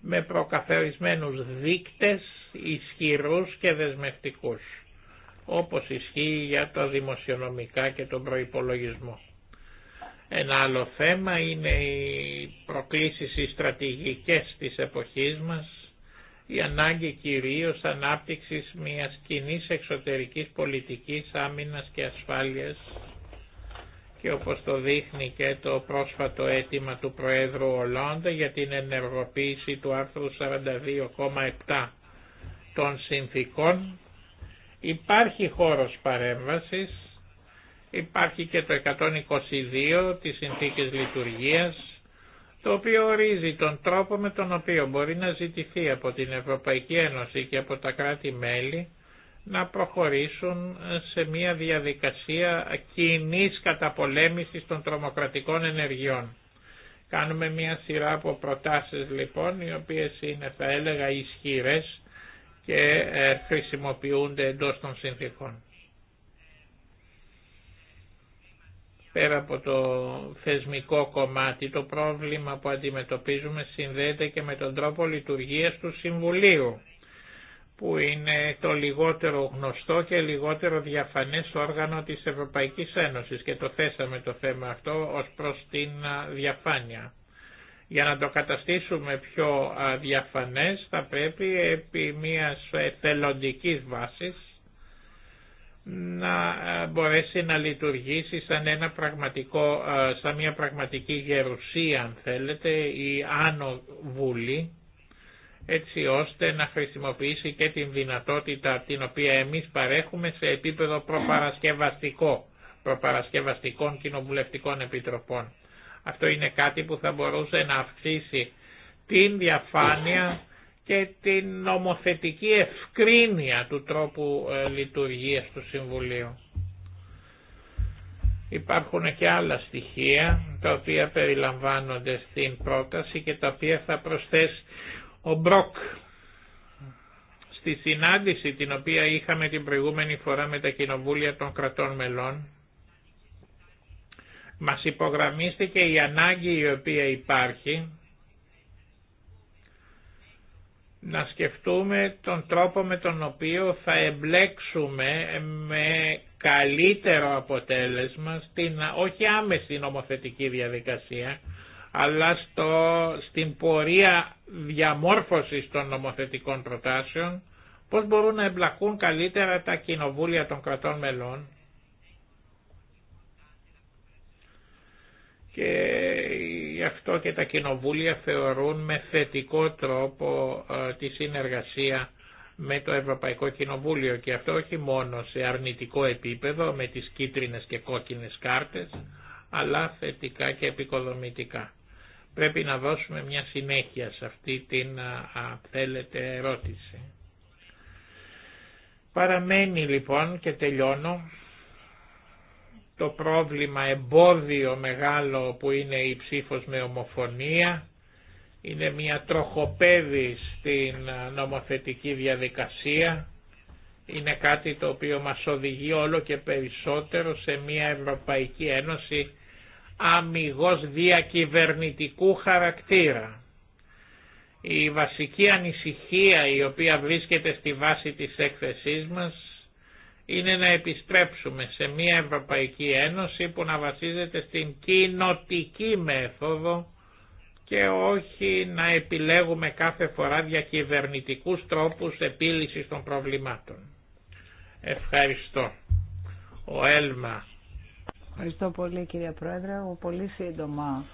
με προκαθαρισμένους δείκτες ισχυρούς και δεσμευτικούς, όπως ισχύει για τα δημοσιονομικά και τον προϋπολογισμό. Ένα άλλο θέμα είναι οι προκλήσεις οι στρατηγικές της εποχής μας, η ανάγκη κυρίως ανάπτυξης μιας κοινή εξωτερικής πολιτικής άμυνας και ασφάλειας και όπως το δείχνει και το πρόσφατο αίτημα του Προέδρου Ολόντα για την ενεργοποίηση του άρθρου 42,7 των συνθήκων, υπάρχει χώρος παρέμβασης Υπάρχει και το 122 της Συνθήκης Λειτουργίας, το οποίο ορίζει τον τρόπο με τον οποίο μπορεί να ζητηθεί από την Ευρωπαϊκή Ένωση και από τα κράτη-μέλη να προχωρήσουν σε μια διαδικασία κοινή καταπολέμησης των τρομοκρατικών ενεργειών. Κάνουμε μια σειρά από προτάσεις λοιπόν, οι οποίες είναι θα έλεγα ισχύρες και ε, χρησιμοποιούνται εντός των συνθήκων. πέρα από το θεσμικό κομμάτι, το πρόβλημα που αντιμετωπίζουμε συνδέεται και με τον τρόπο λειτουργίας του Συμβουλίου, που είναι το λιγότερο γνωστό και λιγότερο διαφανές όργανο της Ευρωπαϊκής Ένωσης και το θέσαμε το θέμα αυτό ως προς την διαφάνεια. Για να το καταστήσουμε πιο διαφανές θα πρέπει επί μιας εθελοντικής βάσης να ε, μπορέσει να λειτουργήσει σαν, ένα πραγματικό, ε, σαν μια πραγματική γερουσία αν θέλετε ή άνω έτσι ώστε να χρησιμοποιήσει και την δυνατότητα την οποία εμείς παρέχουμε σε επίπεδο προπαρασκευαστικό, προπαρασκευαστικών κοινοβουλευτικών επιτροπών. Αυτό είναι κάτι που θα μπορούσε να αυξήσει την διαφάνεια και την νομοθετική ευκρίνεια του τρόπου ε, λειτουργίας του Συμβουλίου. Υπάρχουν και άλλα στοιχεία τα οποία περιλαμβάνονται στην πρόταση και τα οποία θα προσθέσει ο Μπροκ. Στη συνάντηση την οποία είχαμε την προηγούμενη φορά με τα κοινοβούλια των κρατών μελών μας υπογραμμίστηκε η ανάγκη η οποία υπάρχει να σκεφτούμε τον τρόπο με τον οποίο θα εμπλέξουμε με καλύτερο αποτέλεσμα στην όχι άμεση νομοθετική διαδικασία αλλά στο, στην πορεία διαμόρφωσης των νομοθετικών προτάσεων πώς μπορούν να εμπλακούν καλύτερα τα κοινοβούλια των κρατών μελών και Γι' αυτό και τα κοινοβούλια θεωρούν με θετικό τρόπο ε, τη συνεργασία με το Ευρωπαϊκό Κοινοβούλιο και αυτό όχι μόνο σε αρνητικό επίπεδο με τις κίτρινες και κόκκινες κάρτες αλλά θετικά και επικοδομητικά. Πρέπει να δώσουμε μια συνέχεια σε αυτή την θέλετε ερώτηση. Παραμένει λοιπόν και τελειώνω το πρόβλημα εμπόδιο μεγάλο που είναι η ψήφος με ομοφωνία, είναι μια τροχοπέδη στην ε, νομοθετική διαδικασία, είναι κάτι το οποίο μας οδηγεί όλο και περισσότερο σε μια Ευρωπαϊκή Ένωση αμυγός διακυβερνητικού χαρακτήρα. Η βασική ανησυχία η οποία βρίσκεται στη βάση της έκθεσής μας είναι να επιστρέψουμε σε μια Ευρωπαϊκή Ένωση που να βασίζεται στην κοινοτική μέθοδο και όχι να επιλέγουμε κάθε φορά διακυβερνητικούς τρόπους επίλυσης των προβλημάτων. Ευχαριστώ. Ο Έλμα. Ευχαριστώ πολύ κύριε Πρόεδρε. πολύ σύντομα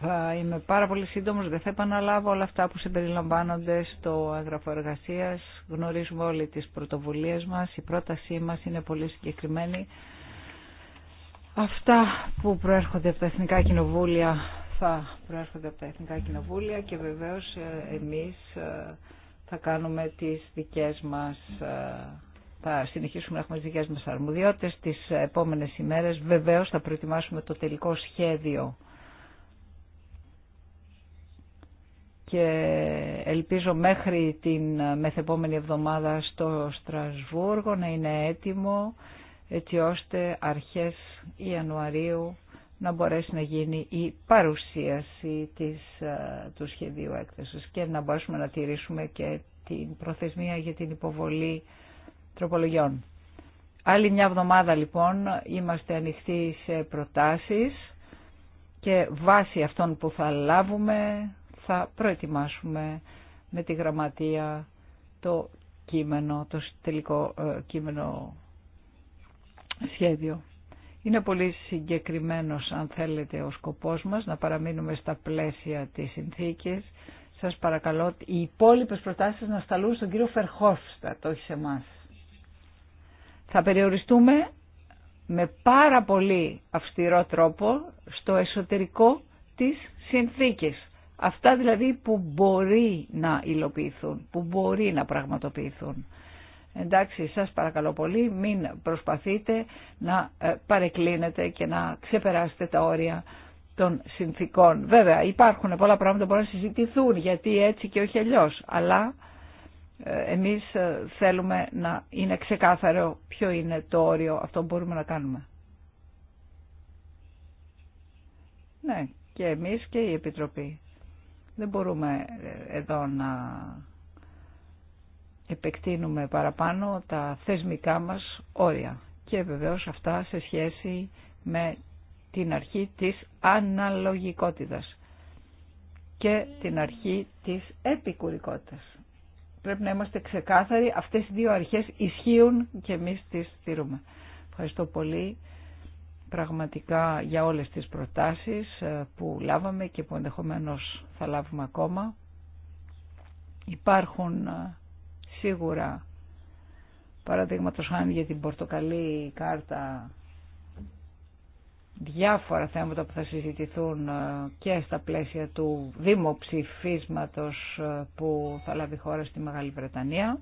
Θα είμαι πάρα πολύ σύντομο, δεν θα επαναλάβω όλα αυτά που συμπεριλαμβάνονται στο έγγραφο εργασία. Γνωρίζουμε όλοι τι πρωτοβουλίε μα. Η πρότασή μα είναι πολύ συγκεκριμένη. Αυτά που προέρχονται από τα Εθνικά Κοινοβούλια θα προέρχονται από τα Εθνικά Κοινοβούλια και βεβαίω ε, εμεί ε, θα κάνουμε τι δικέ μα. Ε, θα συνεχίσουμε να έχουμε τι δικέ μα αρμοδιότητε. Τι επόμενε ημέρε βεβαίω θα προετοιμάσουμε το τελικό σχέδιο και ελπίζω μέχρι την μεθεπόμενη εβδομάδα στο Στρασβούργο να είναι έτοιμο έτσι ώστε αρχές Ιανουαρίου να μπορέσει να γίνει η παρουσίαση της, ε, του σχεδίου έκθεσης και να μπορέσουμε να τηρήσουμε και την προθεσμία για την υποβολή τροπολογιών. Άλλη μια εβδομάδα λοιπόν είμαστε ανοιχτοί σε προτάσεις και βάσει αυτών που θα λάβουμε θα προετοιμάσουμε με τη γραμματεία το κείμενο, το τελικό ε, κείμενο σχέδιο. Είναι πολύ συγκεκριμένος, αν θέλετε, ο σκοπός μας να παραμείνουμε στα πλαίσια της συνθήκης. Σας παρακαλώ, οι υπόλοιπες προτάσεις να σταλούν στον κύριο Φερχόφστα, το έχει σε εμάς. Θα περιοριστούμε με πάρα πολύ αυστηρό τρόπο στο εσωτερικό της συνθήκης. Αυτά δηλαδή που μπορεί να υλοποιηθούν, που μπορεί να πραγματοποιηθούν. Εντάξει, σας παρακαλώ πολύ, μην προσπαθείτε να ε, παρεκκλίνετε και να ξεπεράσετε τα όρια των συνθήκων. Βέβαια, υπάρχουν πολλά πράγματα που μπορούν να συζητηθούν, γιατί έτσι και όχι αλλιώ. αλλά ε, εμείς ε, θέλουμε να είναι ξεκάθαρο ποιο είναι το όριο αυτό που μπορούμε να κάνουμε. Ναι, και εμείς και η Επιτροπή. Δεν μπορούμε ε, εδώ να επεκτείνουμε παραπάνω τα θεσμικά μας όρια και βεβαίως αυτά σε σχέση με την αρχή της αναλογικότητας και την αρχή της επικουρικότητας. Πρέπει να είμαστε ξεκάθαροι, αυτές οι δύο αρχές ισχύουν και εμείς τις στηρούμε. Ευχαριστώ πολύ πραγματικά για όλες τις προτάσεις ε, που λάβαμε και που ενδεχομένως θα λάβουμε ακόμα. Υπάρχουν ε, σίγουρα παραδείγματο χάνει για την πορτοκαλί κάρτα διάφορα θέματα που θα συζητηθούν ε, και στα πλαίσια του δημοψηφίσματος που θα λάβει η χώρα στη Μεγάλη Βρετανία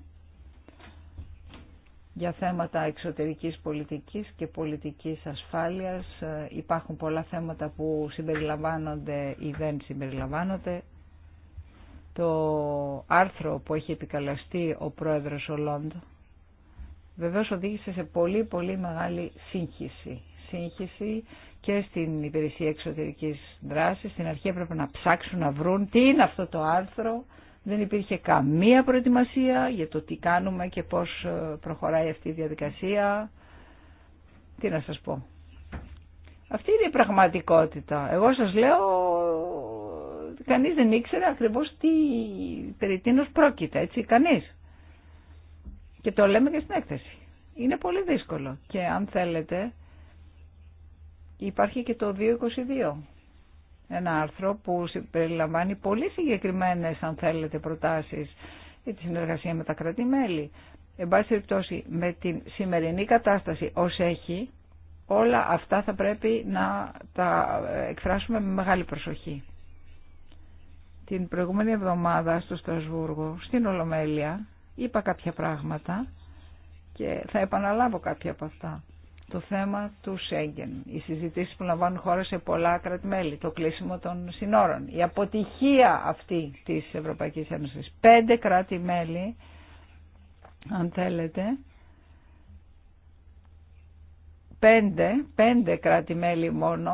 για θέματα εξωτερικής πολιτικής και πολιτικής ασφάλειας. Ε, υπάρχουν πολλά θέματα που συμπεριλαμβάνονται ή δεν συμπεριλαμβάνονται. Το άρθρο που έχει επικαλεστεί ο πρόεδρος Ολόντ βεβαίως οδήγησε σε πολύ πολύ μεγάλη σύγχυση. Σύγχυση και στην υπηρεσία εξωτερικής δράσης. Στην αρχή έπρεπε να ψάξουν να βρουν τι είναι αυτό το άρθρο, δεν υπήρχε καμία προετοιμασία για το τι κάνουμε και πώς ε, προχωράει αυτή η διαδικασία. Τι να σας πω. Αυτή είναι η πραγματικότητα. Εγώ σας λέω, κανείς δεν ήξερε ακριβώς τι περί πρόκειται, έτσι, κανείς. Και το λέμε και στην έκθεση. Είναι πολύ δύσκολο. Και αν θέλετε, υπάρχει και το 222 ένα άρθρο που περιλαμβάνει πολύ συγκεκριμένες, αν θέλετε, προτάσεις για τη συνεργασία με τα κρατημέλη. Εν πάση περιπτώσει, με τη σημερινή κατάσταση ως έχει, όλα αυτά θα πρέπει να τα εκφράσουμε με μεγάλη προσοχή. Την προηγούμενη εβδομάδα στο Στρασβούργο, στην Ολομέλεια, είπα κάποια πράγματα και θα επαναλάβω κάποια από αυτά το θέμα του Σέγγεν, οι συζητήσεις που λαμβάνουν χώρα σε πολλά κράτη-μέλη, το κλείσιμο των συνόρων, η αποτυχία αυτή της Ευρωπαϊκής Ένωσης. Πέντε κράτη-μέλη, αν θέλετε, πέντε, πέντε κράτη-μέλη μόνο,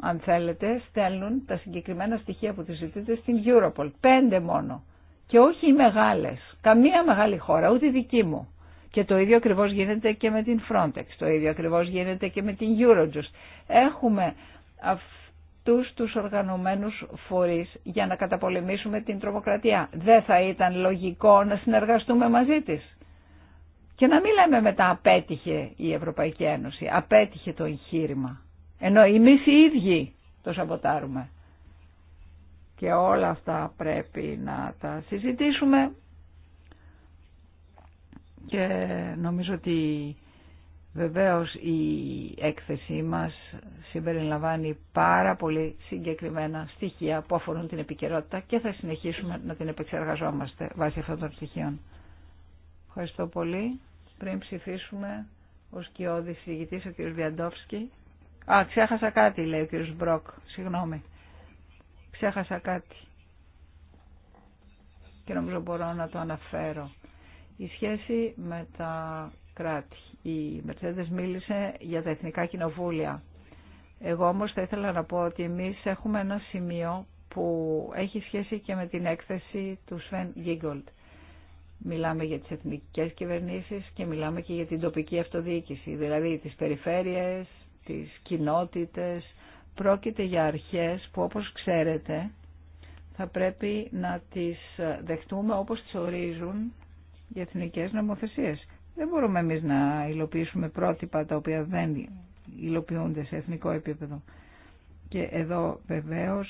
αν θέλετε, στέλνουν τα συγκεκριμένα στοιχεία που τους ζητείτε στην Europol. Πέντε μόνο. Και όχι οι μεγάλες. Καμία μεγάλη χώρα, ούτε δική μου. Και το ίδιο ακριβώ γίνεται και με την Frontex, το ίδιο ακριβώ γίνεται και με την Eurojust. Έχουμε αυτούς τους οργανωμένους φορείς για να καταπολεμήσουμε την τρομοκρατία. Δεν θα ήταν λογικό να συνεργαστούμε μαζί τη. Και να μην λέμε μετά απέτυχε η Ευρωπαϊκή Ένωση, απέτυχε το εγχείρημα. Ενώ εμεί οι ίδιοι το σαμποτάρουμε. Και όλα αυτά πρέπει να τα συζητήσουμε και νομίζω ότι βεβαίως η έκθεσή μας συμπεριλαμβάνει πάρα πολύ συγκεκριμένα στοιχεία που αφορούν την επικαιρότητα και θα συνεχίσουμε να την επεξεργαζόμαστε βάσει αυτών των στοιχείων. Ευχαριστώ πολύ. Πριν ψηφίσουμε ο σκιώδης ηγητής, ο κ. Βιαντόφσκι. Α, ξέχασα κάτι, λέει ο κ. Μπροκ. Συγγνώμη. Ξέχασα κάτι. Και νομίζω μπορώ να το αναφέρω. Η σχέση με τα κράτη. Η Μερσέντες μίλησε για τα εθνικά κοινοβούλια. Εγώ όμως θα ήθελα να πω ότι εμείς έχουμε ένα σημείο που έχει σχέση και με την έκθεση του Σφεν Γίγκολτ. Μιλάμε για τις εθνικές κυβερνήσεις και μιλάμε και για την τοπική αυτοδιοίκηση, δηλαδή τις περιφέρειες, τις κοινότητες. Πρόκειται για αρχές που όπως ξέρετε θα πρέπει να τις δεχτούμε όπως τις ορίζουν για εθνικέ νομοθεσίε. Δεν μπορούμε εμείς να υλοποιήσουμε πρότυπα τα οποία δεν υλοποιούνται σε εθνικό επίπεδο. Και εδώ βεβαίω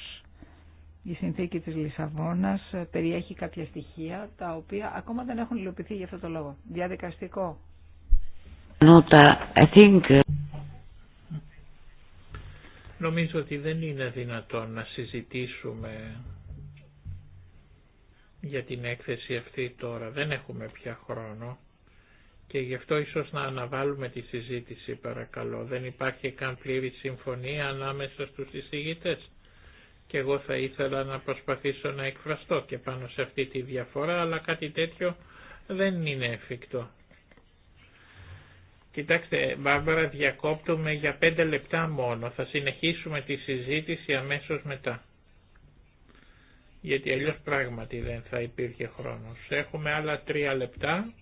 η συνθήκη της Λισαβόνας περιέχει κάποια στοιχεία τα οποία ακόμα δεν έχουν υλοποιηθεί για αυτό το λόγο. Διαδικαστικό. I think... Ε, Νομίζω ότι δεν είναι δυνατόν να συζητήσουμε για την έκθεση αυτή τώρα. Δεν έχουμε πια χρόνο και γι' αυτό ίσως να αναβάλουμε τη συζήτηση παρακαλώ. Δεν υπάρχει καν πλήρη συμφωνία ανάμεσα στους εισηγητές και εγώ θα ήθελα να προσπαθήσω να εκφραστώ και πάνω σε αυτή τη διαφορά αλλά κάτι τέτοιο δεν είναι εφικτό. Κοιτάξτε, Μπάρμπαρα, διακόπτουμε για πέντε λεπτά μόνο. Θα συνεχίσουμε τη συζήτηση αμέσως μετά γιατί αλλιώς πράγματι δεν θα υπήρχε χρόνο. Έχουμε άλλα τρία λεπτά.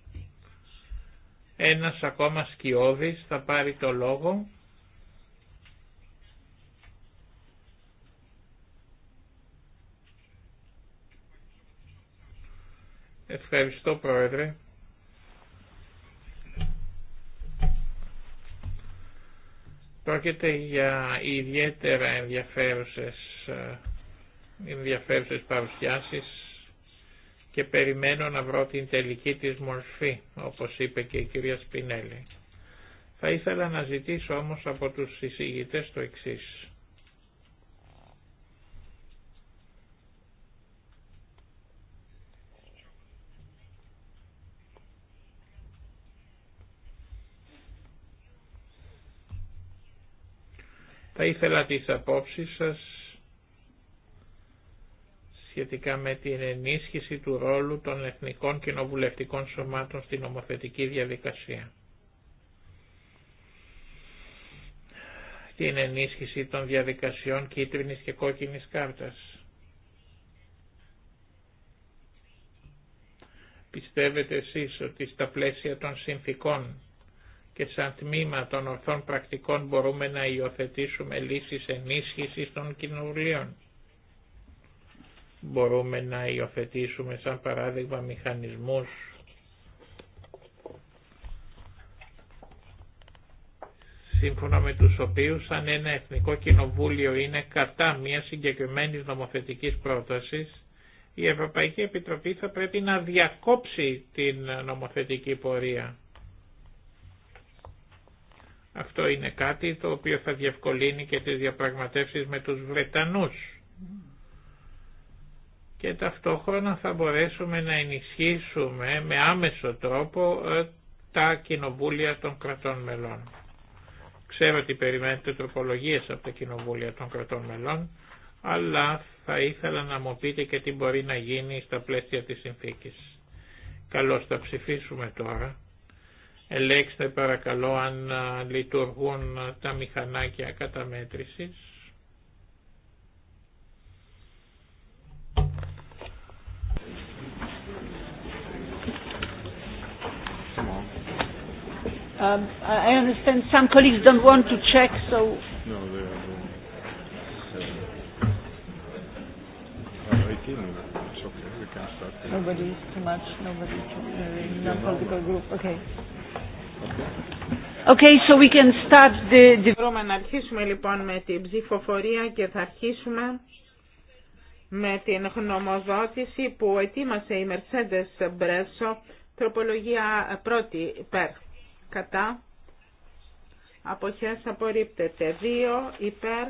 Ένας ακόμα σκιώδης θα πάρει το λόγο. Ευχαριστώ Πρόεδρε. Πρόκειται για ιδιαίτερα ενδιαφέρουσες ε, ενδιαφέρουσες παρουσιάσεις και περιμένω να βρω την τελική της μορφή, όπως είπε και η κυρία Σπινέλη. Θα ήθελα να ζητήσω όμως από τους συζητητές το εξής. Θα ήθελα τις απόψεις σας σχετικά με την ενίσχυση του ρόλου των εθνικών κοινοβουλευτικών σωμάτων στην νομοθετική διαδικασία. Την ενίσχυση των διαδικασιών κίτρινης και κόκκινης κάρτας. Πιστεύετε εσείς ότι στα πλαίσια των συνθήκων και σαν τμήμα των ορθών πρακτικών μπορούμε να υιοθετήσουμε λύσεις ενίσχυσης των κοινοβουλίων. Μπορούμε να υιοθετήσουμε σαν παράδειγμα μηχανισμούς σύμφωνα με τους οποίους αν ένα εθνικό κοινοβούλιο είναι κατά μια συγκεκριμένη νομοθετική πρότασης, η Ευρωπαϊκή Επιτροπή θα πρέπει να διακόψει την νομοθετική πορεία. Αυτό είναι κάτι το οποίο θα διευκολύνει και τις διαπραγματεύσεις με τους Βρετανούς και ταυτόχρονα θα μπορέσουμε να ενισχύσουμε με άμεσο τρόπο ε, τα κοινοβούλια των κρατών μελών. Ξέρω ότι περιμένετε τροπολογίες από τα κοινοβούλια των κρατών μελών, αλλά θα ήθελα να μου πείτε και τι μπορεί να γίνει στα πλαίσια της συνθήκης. Καλώς θα ψηφίσουμε τώρα. Ελέξτε παρακαλώ αν ε, λειτουργούν ε, τα μηχανάκια καταμέτρησης. Um, I understand some colleagues don't want to check, so. No, they are doing. Uh, 18, it's okay, we can start. Nobody is too much, nobody is political group, okay. Okay, so we can start the, development. Μπορούμε αρχίσουμε λοιπόν με την ψηφοφορία και θα αρχίσουμε με την γνωμοδότηση που ετοίμασε η Mercedes Bresso, τροπολογία πρώτη υπέρ κατά, αποχές απορρίπτεται. 2 υπέρ,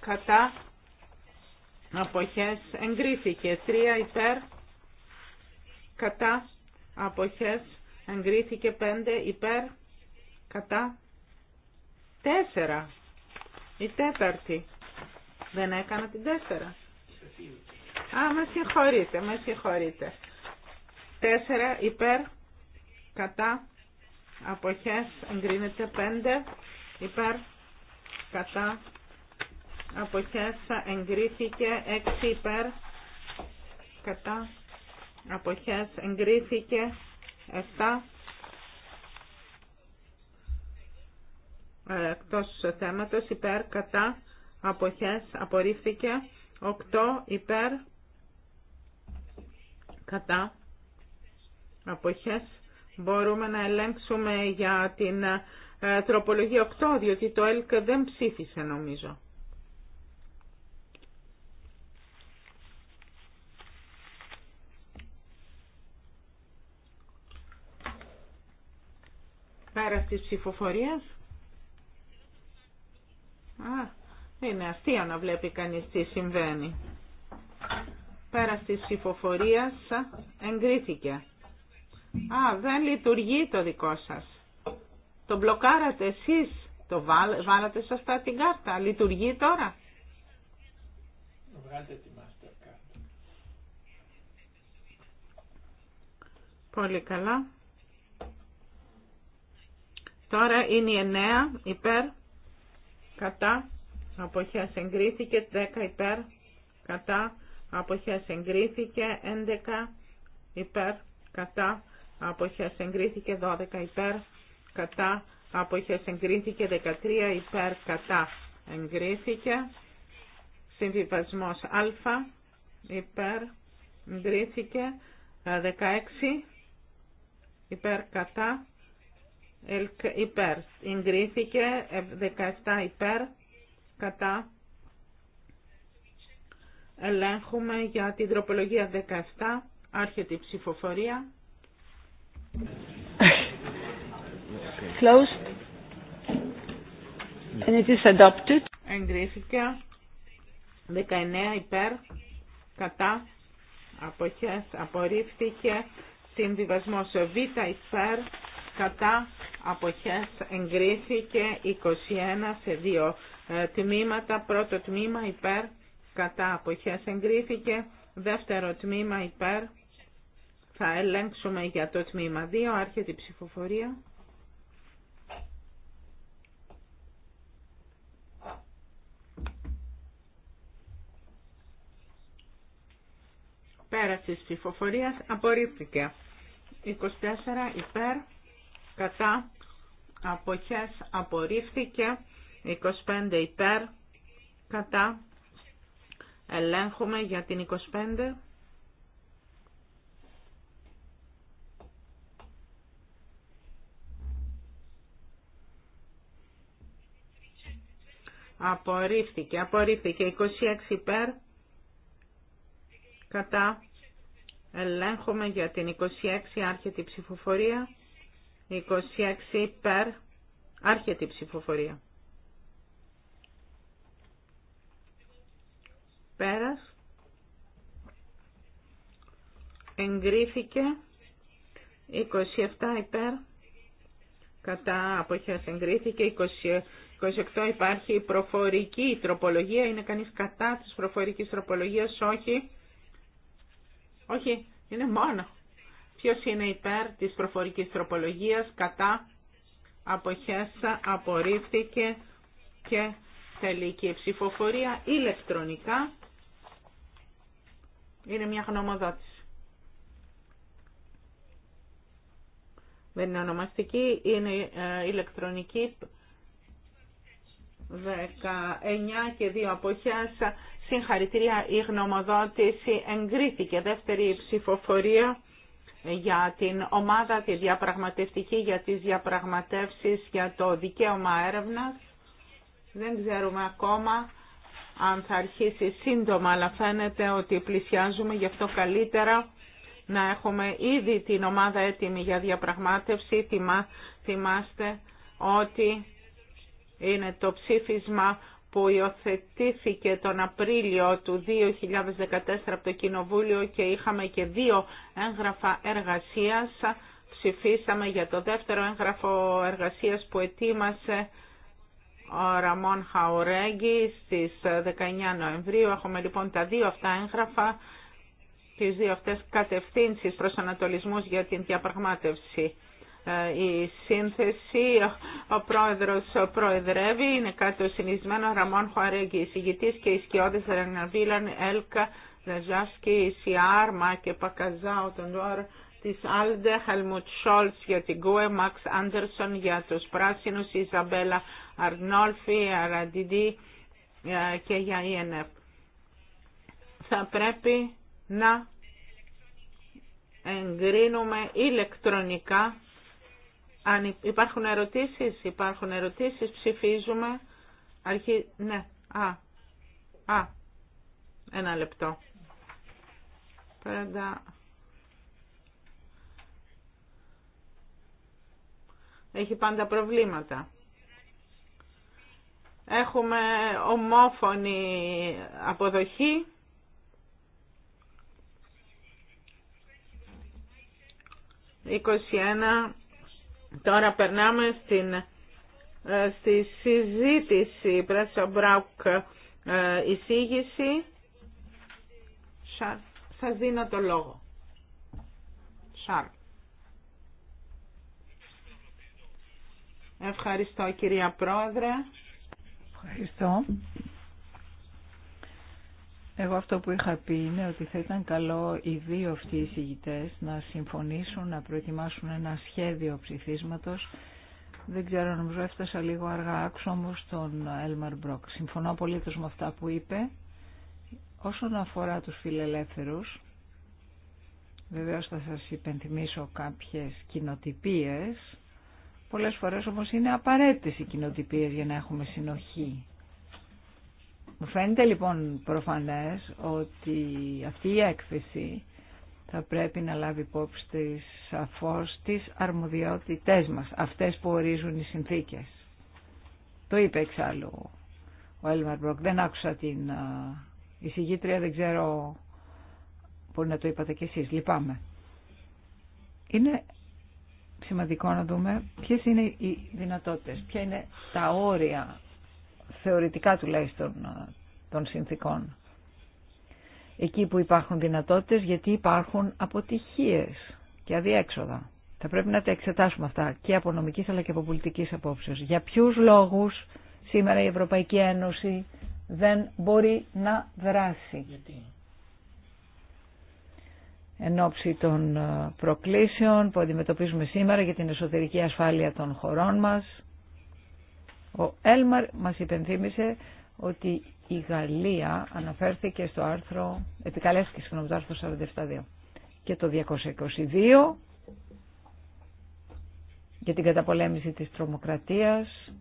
κατά, αποχές εγκρίθηκε. 3 υπέρ, κατά, αποχές εγκρίθηκε. 5 υπέρ, κατά, 4. Η τέταρτη. Δεν έκανα την τέσσερα. Α, με συγχωρείτε, με συγχωρείτε. Τέσσερα υπέρ, κατά, αποχές εγκρίνεται 5 υπέρ κατά αποχές εγκρίθηκε 6 υπέρ κατά αποχές εγκρίθηκε 7 ε, εκτός θέματος υπέρ κατά αποχές απορρίφθηκε 8 υπέρ κατά αποχές Μπορούμε να ελέγξουμε για την ε, τροπολογία 8, διότι το ΕΛΚ δεν ψήφισε νομίζω. Πέρα της ψηφοφορίας. είναι αστείο να βλέπει κανείς τι συμβαίνει. Πέρα της ψηφοφορίας εγκρίθηκε. Α, δεν λειτουργεί το δικό σας. Το μπλοκάρατε εσείς. Το βάλατε σωστά την κάρτα. Λειτουργεί τώρα. Βγάλετε τη κάρτα. Πολύ καλά. Τώρα είναι η 9 υπέρ, κατά, αποχές εγκρίθηκε, 10 υπέρ, κατά, αποχές εγκρίθηκε, 11 υπέρ, κατά, αποχές εγκρίθηκε 12 υπέρ κατά αποχές εγκρίθηκε 13 υπέρ κατά εγκρίθηκε συμβιβασμός α υπέρ εγκρίθηκε 16 υπέρ κατά υπέρ εγκρίθηκε 17 υπέρ κατά ελέγχουμε για την τροπολογία 17 άρχεται η ψηφοφορία Closed. And it is adopted. Εγκρίθηκε. 19 υπέρ. Κατά. Αποχές. Απορρίφθηκε. Συμβιβασμός Β υπέρ. Κατά. Αποχές. Εγκρίθηκε. 21 σε δύο ε, τμήματα. Πρώτο τμήμα υπέρ. Κατά. Αποχές. Εγκρίθηκε. Δεύτερο τμήμα υπέρ θα ελέγξουμε για το τμήμα 2, άρχεται η ψηφοφορία. Πέραση της ψηφοφορίας απορρίφθηκε. 24 υπέρ, κατά, αποχές απορρίφθηκε. 25 υπέρ, κατά, ελέγχουμε για την 25. Απορρίφθηκε. Απορρίφθηκε. 26 υπέρ. Κατά. Ελέγχουμε για την 26. Άρχεται η ψηφοφορία. 26 υπέρ. Άρχεται η ψηφοφορία. Πέρας. Εγκρίθηκε. 27 υπέρ. Κατά αποχές εγκρίθηκε. 28 υπάρχει προφορική τροπολογία. Είναι κανείς κατά της προφορικής τροπολογίας, όχι. Όχι, είναι μόνο. Ποιος είναι υπέρ της προφορικής τροπολογίας, κατά, Αποχέσα. απορρίφθηκε και τελική ψηφοφορία ηλεκτρονικά. Είναι μια γνωμοδότηση. Δεν είναι ονομαστική, είναι ε, ηλεκτρονική 19 και 2 αποχές. Συγχαρητήρια, η γνωμοδότηση εγκρίθηκε. Δεύτερη ψηφοφορία για την ομάδα τη διαπραγματευτική για τις διαπραγματεύσεις για το δικαίωμα έρευνας. Δεν ξέρουμε ακόμα αν θα αρχίσει σύντομα, αλλά φαίνεται ότι πλησιάζουμε, γι' αυτό καλύτερα να έχουμε ήδη την ομάδα έτοιμη για διαπραγμάτευση. Θυμάστε ότι είναι το ψήφισμα που υιοθετήθηκε τον Απρίλιο του 2014 από το Κοινοβούλιο και είχαμε και δύο έγγραφα εργασίας. Ψηφίσαμε για το δεύτερο έγγραφο εργασίας που ετοίμασε ο Ραμόν Χαουρέγγι στις 19 Νοεμβρίου. Έχουμε λοιπόν τα δύο αυτά έγγραφα, τις δύο αυτές κατευθύνσεις προς ανατολισμούς για την διαπραγμάτευση. Ε, η σύνθεση, ο πρόεδρος προεδρεύει, είναι κάτι συνεισμένο, Ραμόν Χουαρέγγι, εισηγητής και οι σκιώδες Ραγναβίλαν, Έλκα, Ραζάσκι, Σιάρμα και Πακαζάου, τον Λουάρ, της Άλντε, Χαλμουτ Σόλτς για την Κούε, Μαξ Άντερσον για τους Πράσινους, Ιζαμπέλα Αρνόλφη, Αραντιντή ε, και για ΙΕΝΕΠ. Θα πρέπει να εγκρίνουμε ηλεκτρονικά αν υπάρχουν ερωτήσεις, υπάρχουν ερωτήσεις, ψηφίζουμε. Αρχή, ναι, α, α, ένα λεπτό. Πέρα. Έχει πάντα προβλήματα. Έχουμε ομόφωνη αποδοχή. Είκοσι ένα Τώρα περνάμε στην, ε, στη συζήτηση πρέσσα Μπράουκ ε, εισήγηση. Σας δίνω το λόγο. Σαρ. Ευχαριστώ κυρία Πρόεδρε. Ευχαριστώ. Εγώ αυτό που είχα πει είναι ότι θα ήταν καλό οι δύο αυτοί οι συγητές να συμφωνήσουν, να προετοιμάσουν ένα σχέδιο ψηφίσματος. Δεν ξέρω, νομίζω έφτασα λίγο αργά, άξω όμως τον Έλμαρ Μπρόκ. Συμφωνώ πολύ με αυτά που είπε. Όσον αφορά τους φιλελεύθερους, βεβαίως θα σας υπενθυμίσω κάποιες κοινοτυπίες. Πολλές φορές όμως είναι απαραίτητες οι κοινοτυπίες για να έχουμε συνοχή μου φαίνεται λοιπόν προφανές ότι αυτή η έκθεση θα πρέπει να λάβει υπόψη της σαφώς τις αρμοδιότητές μας, αυτές που ορίζουν οι συνθήκες. Το είπε εξάλλου ο Έλμαρ Μπροκ. Δεν άκουσα την εισηγήτρια, δεν ξέρω μπορεί να το είπατε κι εσείς. Λυπάμαι. Είναι σημαντικό να δούμε ποιες είναι οι δυνατότητες, ποια είναι τα όρια θεωρητικά τουλάχιστον ε, των συνθήκων. Εκεί που υπάρχουν δυνατότητες γιατί υπάρχουν αποτυχίες και αδιέξοδα. Θα πρέπει να τα εξετάσουμε αυτά και από νομική αλλά και από πολιτική απόψεως. Για ποιου λόγους σήμερα η Ευρωπαϊκή Ένωση δεν μπορεί να δράσει. Γιατί. Εν ώψη των ε, προκλήσεων που αντιμετωπίζουμε σήμερα για την εσωτερική ασφάλεια των χωρών μας, ο Έλμαρ μας υπενθύμησε ότι η Γαλλία αναφέρθηκε στο άρθρο, επικαλέστηκε άρθρο 47.2 και το 222 για την καταπολέμηση της τρομοκρατίας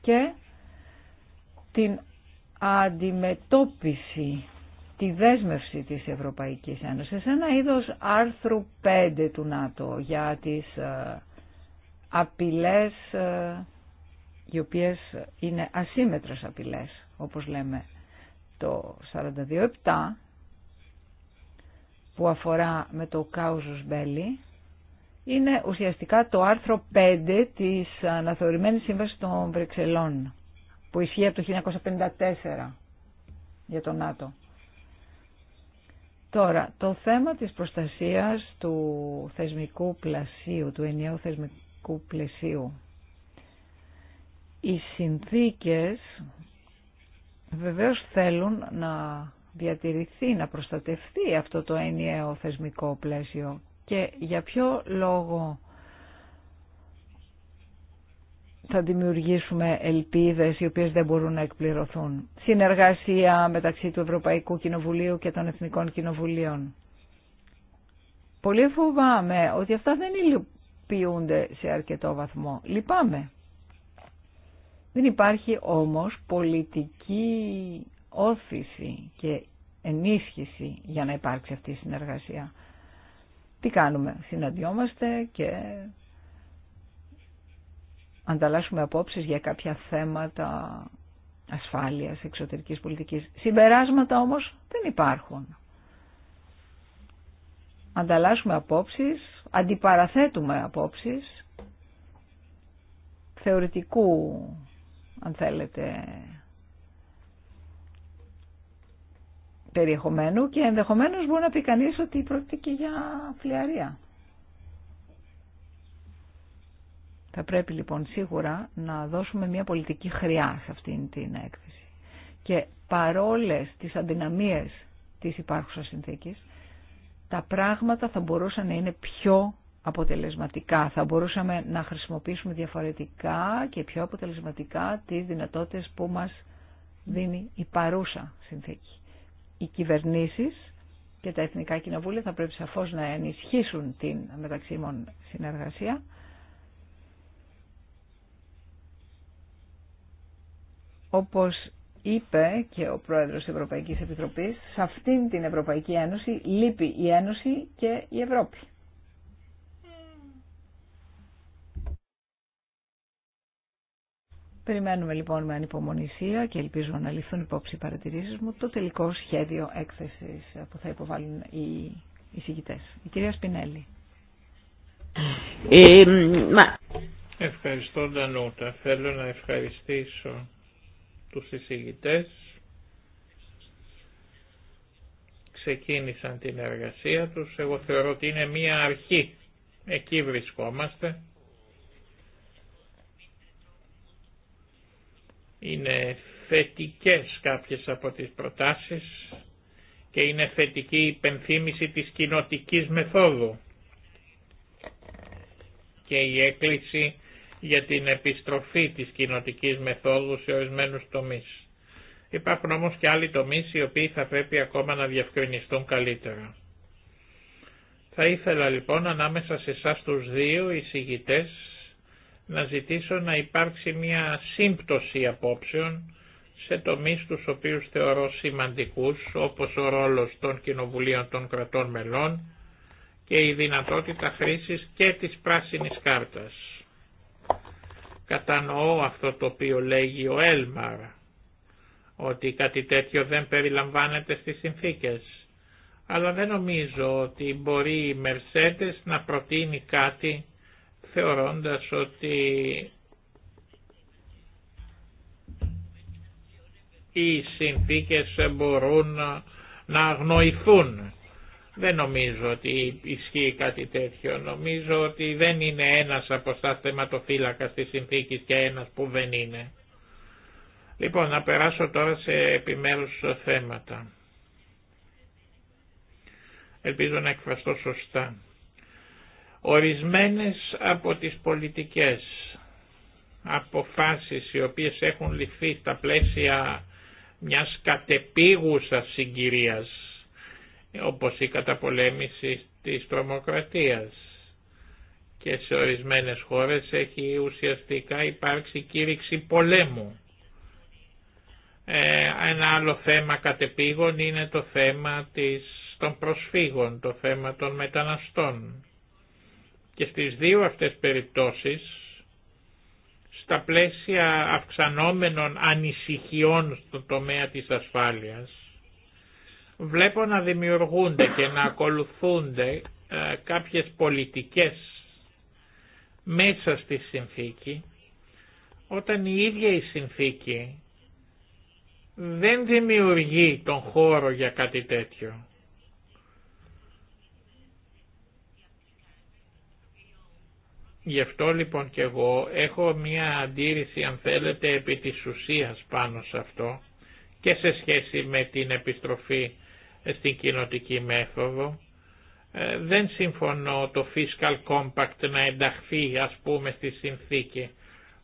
και την αντιμετώπιση, τη δέσμευση της Ευρωπαϊκής Ένωσης, ένα είδος άρθρου 5 του ΝΑΤΟ για τις ε, απειλές ε, οι οποίες είναι ασύμετρες απειλές, όπως λέμε το 42.7 που αφορά με το Κάουζος Μπέλι, είναι ουσιαστικά το άρθρο 5 της αναθεωρημένης σύμβασης των Βρυξελών, που ισχύει από το 1954 για τον ΝΑΤΟ. Τώρα, το θέμα της προστασίας του θεσμικού πλασίου, του ενιαίου θεσμικού πλαισίου οι συνθήκες βεβαίως θέλουν να διατηρηθεί, να προστατευτεί αυτό το ενιαίο θεσμικό πλαίσιο. Και για ποιο λόγο θα δημιουργήσουμε ελπίδες οι οποίες δεν μπορούν να εκπληρωθούν. Συνεργασία μεταξύ του Ευρωπαϊκού Κοινοβουλίου και των Εθνικών Κοινοβουλίων. Πολύ φοβάμαι ότι αυτά δεν υλοποιούνται σε αρκετό βαθμό. Λυπάμαι. Δεν υπάρχει όμως πολιτική όθηση και ενίσχυση για να υπάρξει αυτή η συνεργασία. Τι κάνουμε, συναντιόμαστε και ανταλλάσσουμε απόψεις για κάποια θέματα ασφάλειας, εξωτερικής πολιτικής. Συμπεράσματα όμως δεν υπάρχουν. Ανταλλάσσουμε απόψεις, αντιπαραθέτουμε απόψεις θεωρητικού αν θέλετε, περιεχομένου και ενδεχομένως μπορεί να πει κανείς ότι πρόκειται και για φλιαρία. Θα πρέπει λοιπόν σίγουρα να δώσουμε μια πολιτική χρειά σε αυτήν την έκθεση. Και παρόλες τις αντιναμίες της υπάρχουσας συνθήκης, τα πράγματα θα μπορούσαν να είναι πιο αποτελεσματικά. Θα μπορούσαμε να χρησιμοποιήσουμε διαφορετικά και πιο αποτελεσματικά τις δυνατότητες που μας δίνει η παρούσα συνθήκη. Οι κυβερνήσεις και τα εθνικά κοινοβούλια θα πρέπει σαφώς να ενισχύσουν την μεταξύ μων συνεργασία. Όπως είπε και ο πρόεδρος της Ευρωπαϊκής Επιτροπής, σε αυτήν την Ευρωπαϊκή Ένωση λείπει η Ένωση και η Ευρώπη. Περιμένουμε λοιπόν με ανυπομονησία και ελπίζω να ληφθούν υπόψη οι παρατηρήσεις μου το τελικό σχέδιο έκθεσης που θα υποβάλουν οι εισηγητές. Η κυρία Σπινέλη. Ευχαριστώ Ντανούτα. Θέλω να ευχαριστήσω τους εισηγητές. Ξεκίνησαν την εργασία τους. Εγώ θεωρώ ότι είναι μία αρχή. Εκεί βρισκόμαστε Είναι θετικές κάποιες από τις προτάσεις και είναι θετική η υπενθύμηση της κοινοτική μεθόδου και η έκκληση για την επιστροφή της κοινοτική μεθόδου σε ορισμένου τομείς. Υπάρχουν όμως και άλλοι τομείς οι οποίοι θα πρέπει ακόμα να διευκρινιστούν καλύτερα. Θα ήθελα λοιπόν ανάμεσα σε εσά τους δύο εισηγητές να ζητήσω να υπάρξει μια σύμπτωση απόψεων σε τομείς τους οποίους θεωρώ σημαντικούς όπως ο ρόλος των κοινοβουλίων των κρατών μελών και η δυνατότητα χρήσης και της πράσινης κάρτας. Κατανοώ αυτό το οποίο λέγει ο Έλμαρ, ότι κάτι τέτοιο δεν περιλαμβάνεται στις συνθήκες. Αλλά δεν νομίζω ότι μπορεί η Μερσέντες να προτείνει κάτι θεωρώντας ότι οι συνθήκες μπορούν να αγνοηθούν. Δεν νομίζω ότι ισχύει κάτι τέτοιο. Νομίζω ότι δεν είναι ένας από τα θεματοφύλακα της συνθήκης και ένας που δεν είναι. Λοιπόν, να περάσω τώρα σε επιμέρους θέματα. Ελπίζω να εκφραστώ σωστά. Ορισμένες από τις πολιτικές αποφάσεις οι οποίες έχουν ληφθεί στα πλαίσια μιας κατεπίγουσας συγκυρίας όπως η καταπολέμηση της τρομοκρατίας και σε ορισμένες χώρες έχει ουσιαστικά υπάρξει κήρυξη πολέμου. Ε, ένα άλλο θέμα κατεπήγων είναι το θέμα των προσφύγων, το θέμα των μεταναστών. Και στις δύο αυτές περιπτώσεις, στα πλαίσια αυξανόμενων ανησυχιών στο τομέα της ασφάλειας, βλέπω να δημιουργούνται και να ακολουθούνται ε, κάποιες πολιτικές μέσα στη συνθήκη, όταν η ίδια η συνθήκη δεν δημιουργεί τον χώρο για κάτι τέτοιο. Γι' αυτό λοιπόν και εγώ έχω μία αντίρρηση αν θέλετε επί της ουσίας πάνω σε αυτό και σε σχέση με την επιστροφή στην κοινοτική μέθοδο. Ε, δεν συμφωνώ το fiscal compact να ενταχθεί ας πούμε στη συνθήκη.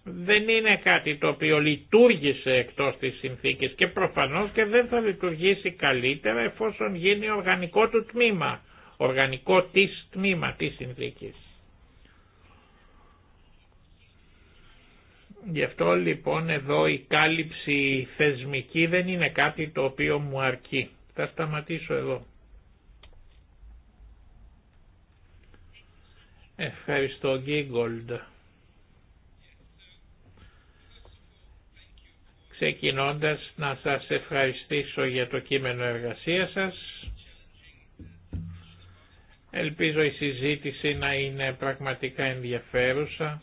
Δεν είναι κάτι το οποίο λειτουργήσε εκτός της συνθήκης και προφανώς και δεν θα λειτουργήσει καλύτερα εφόσον γίνει οργανικό του τμήμα, οργανικό της τμήμα της συνθήκης. Γι' αυτό λοιπόν εδώ η κάλυψη θεσμική δεν είναι κάτι το οποίο μου αρκεί. Θα σταματήσω εδώ. Ευχαριστώ Γκίγκολντ. Ξεκινώντας να σας ευχαριστήσω για το κείμενο εργασίας σας. Ελπίζω η συζήτηση να είναι πραγματικά ενδιαφέρουσα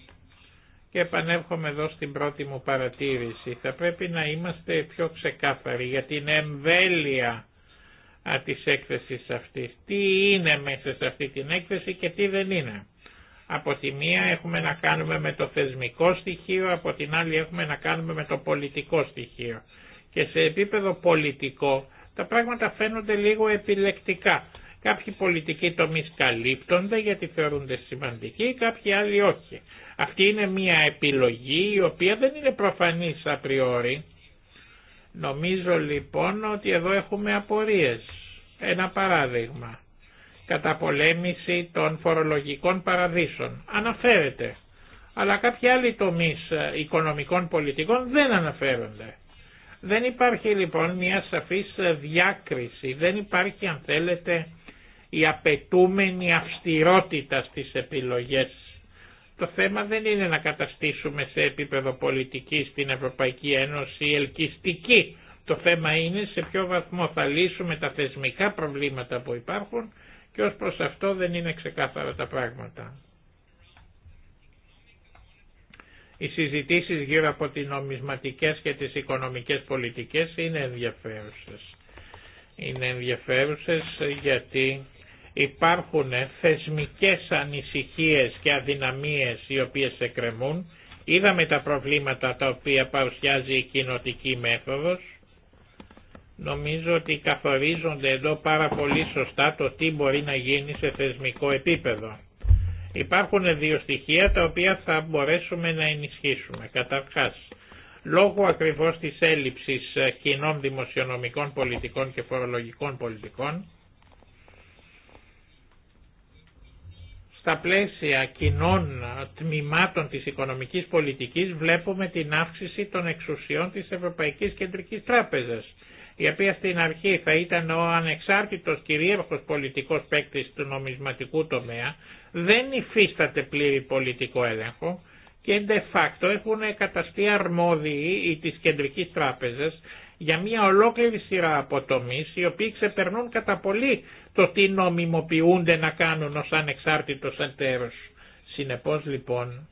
και επανέρχομαι εδώ στην πρώτη μου παρατήρηση. Θα πρέπει να είμαστε πιο ξεκάθαροι για την εμβέλεια της έκθεσης αυτής. Τι είναι μέσα σε αυτή την έκθεση και τι δεν είναι. Από τη μία έχουμε να κάνουμε με το θεσμικό στοιχείο, από την άλλη έχουμε να κάνουμε με το πολιτικό στοιχείο. Και σε επίπεδο πολιτικό τα πράγματα φαίνονται λίγο επιλεκτικά. Κάποιοι πολιτικοί τομεί καλύπτονται γιατί θεωρούνται σημαντικοί, κάποιοι άλλοι όχι. Αυτή είναι μια επιλογή η οποία δεν είναι προφανής απριόρι. Νομίζω λοιπόν ότι εδώ έχουμε απορίες. Ένα παράδειγμα. Καταπολέμηση των φορολογικών παραδείσων. Αναφέρεται. Αλλά κάποιοι άλλοι τομείς ε, οικονομικών πολιτικών δεν αναφέρονται. Δεν υπάρχει λοιπόν μια σαφής ε, διάκριση, δεν υπάρχει αν θέλετε η απαιτούμενη αυστηρότητα στις επιλογές. Το θέμα δεν είναι να καταστήσουμε σε επίπεδο πολιτική στην Ευρωπαϊκή Ένωση ελκυστική. Το θέμα είναι σε ποιο βαθμό θα λύσουμε τα θεσμικά προβλήματα που υπάρχουν και ως προς αυτό δεν είναι ξεκάθαρα τα πράγματα. Οι συζητήσεις γύρω από τις νομισματικές και τις οικονομικές πολιτικές είναι ενδιαφέρουσες. Είναι ενδιαφέρουσες γιατί υπάρχουν θεσμικές ανησυχίες και αδυναμίες οι οποίες εκκρεμούν. Είδαμε τα προβλήματα τα οποία παρουσιάζει η κοινοτική μέθοδος. Νομίζω ότι καθορίζονται εδώ πάρα πολύ σωστά το τι μπορεί να γίνει σε θεσμικό επίπεδο. Υπάρχουν δύο στοιχεία τα οποία θα μπορέσουμε να ενισχύσουμε. Καταρχάς, λόγω ακριβώς της έλλειψης ε, κοινών δημοσιονομικών πολιτικών και φορολογικών πολιτικών, στα πλαίσια κοινών τμήματων της οικονομικής πολιτικής βλέπουμε την αύξηση των εξουσιών της Ευρωπαϊκής Κεντρικής Τράπεζας, η οποία στην αρχή θα ήταν ο ανεξάρτητος κυρίαρχος πολιτικός παίκτη του νομισματικού τομέα, δεν υφίσταται πλήρη πολιτικό έλεγχο και de facto έχουν καταστεί αρμόδιοι της Κεντρικής Τράπεζας για μια ολόκληρη σειρά από οι οποίοι ξεπερνούν κατά πολύ το τι νομιμοποιούνται να κάνουν ως ανεξάρτητος εταίρος. Συνεπώς λοιπόν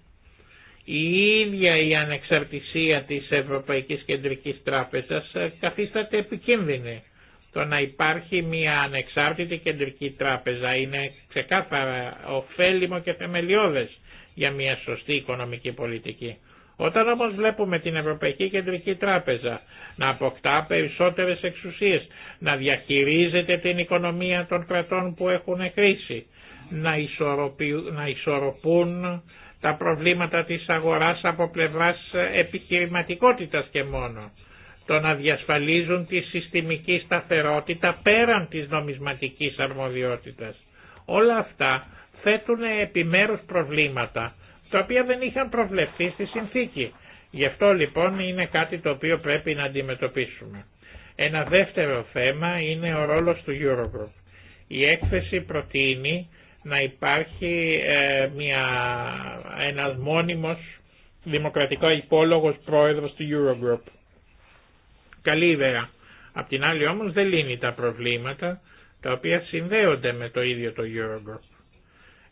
η ίδια η ανεξαρτησία της Ευρωπαϊκής Κεντρικής Τράπεζας ε, καθίσταται επικίνδυνη. Το να υπάρχει μια ανεξάρτητη κεντρική τράπεζα είναι ξεκάθαρα ωφέλιμο και θεμελιώδες για μια σωστή οικονομική πολιτική. Όταν όμως βλέπουμε την Ευρωπαϊκή Κεντρική Τράπεζα να αποκτά περισσότερες εξουσίες, να διαχειρίζεται την οικονομία των κρατών που έχουν κρίση, να, να ισορροπούν τα προβλήματα της αγοράς από πλευράς επιχειρηματικότητας και μόνο, το να διασφαλίζουν τη συστημική σταθερότητα πέραν της νομισματικής αρμοδιότητας. Όλα αυτά θέτουν επιμέρους προβλήματα τα οποία δεν είχαν προβλεφθεί στη συνθήκη. Γι' αυτό λοιπόν είναι κάτι το οποίο πρέπει να αντιμετωπίσουμε. Ένα δεύτερο θέμα είναι ο ρόλος του Eurogroup. Η έκθεση προτείνει να υπάρχει ε, μια, ένας μόνιμος δημοκρατικό υπόλογος πρόεδρος του Eurogroup. Καλή ιδέα. Απ' την άλλη όμως δεν λύνει τα προβλήματα τα οποία συνδέονται με το ίδιο το Eurogroup.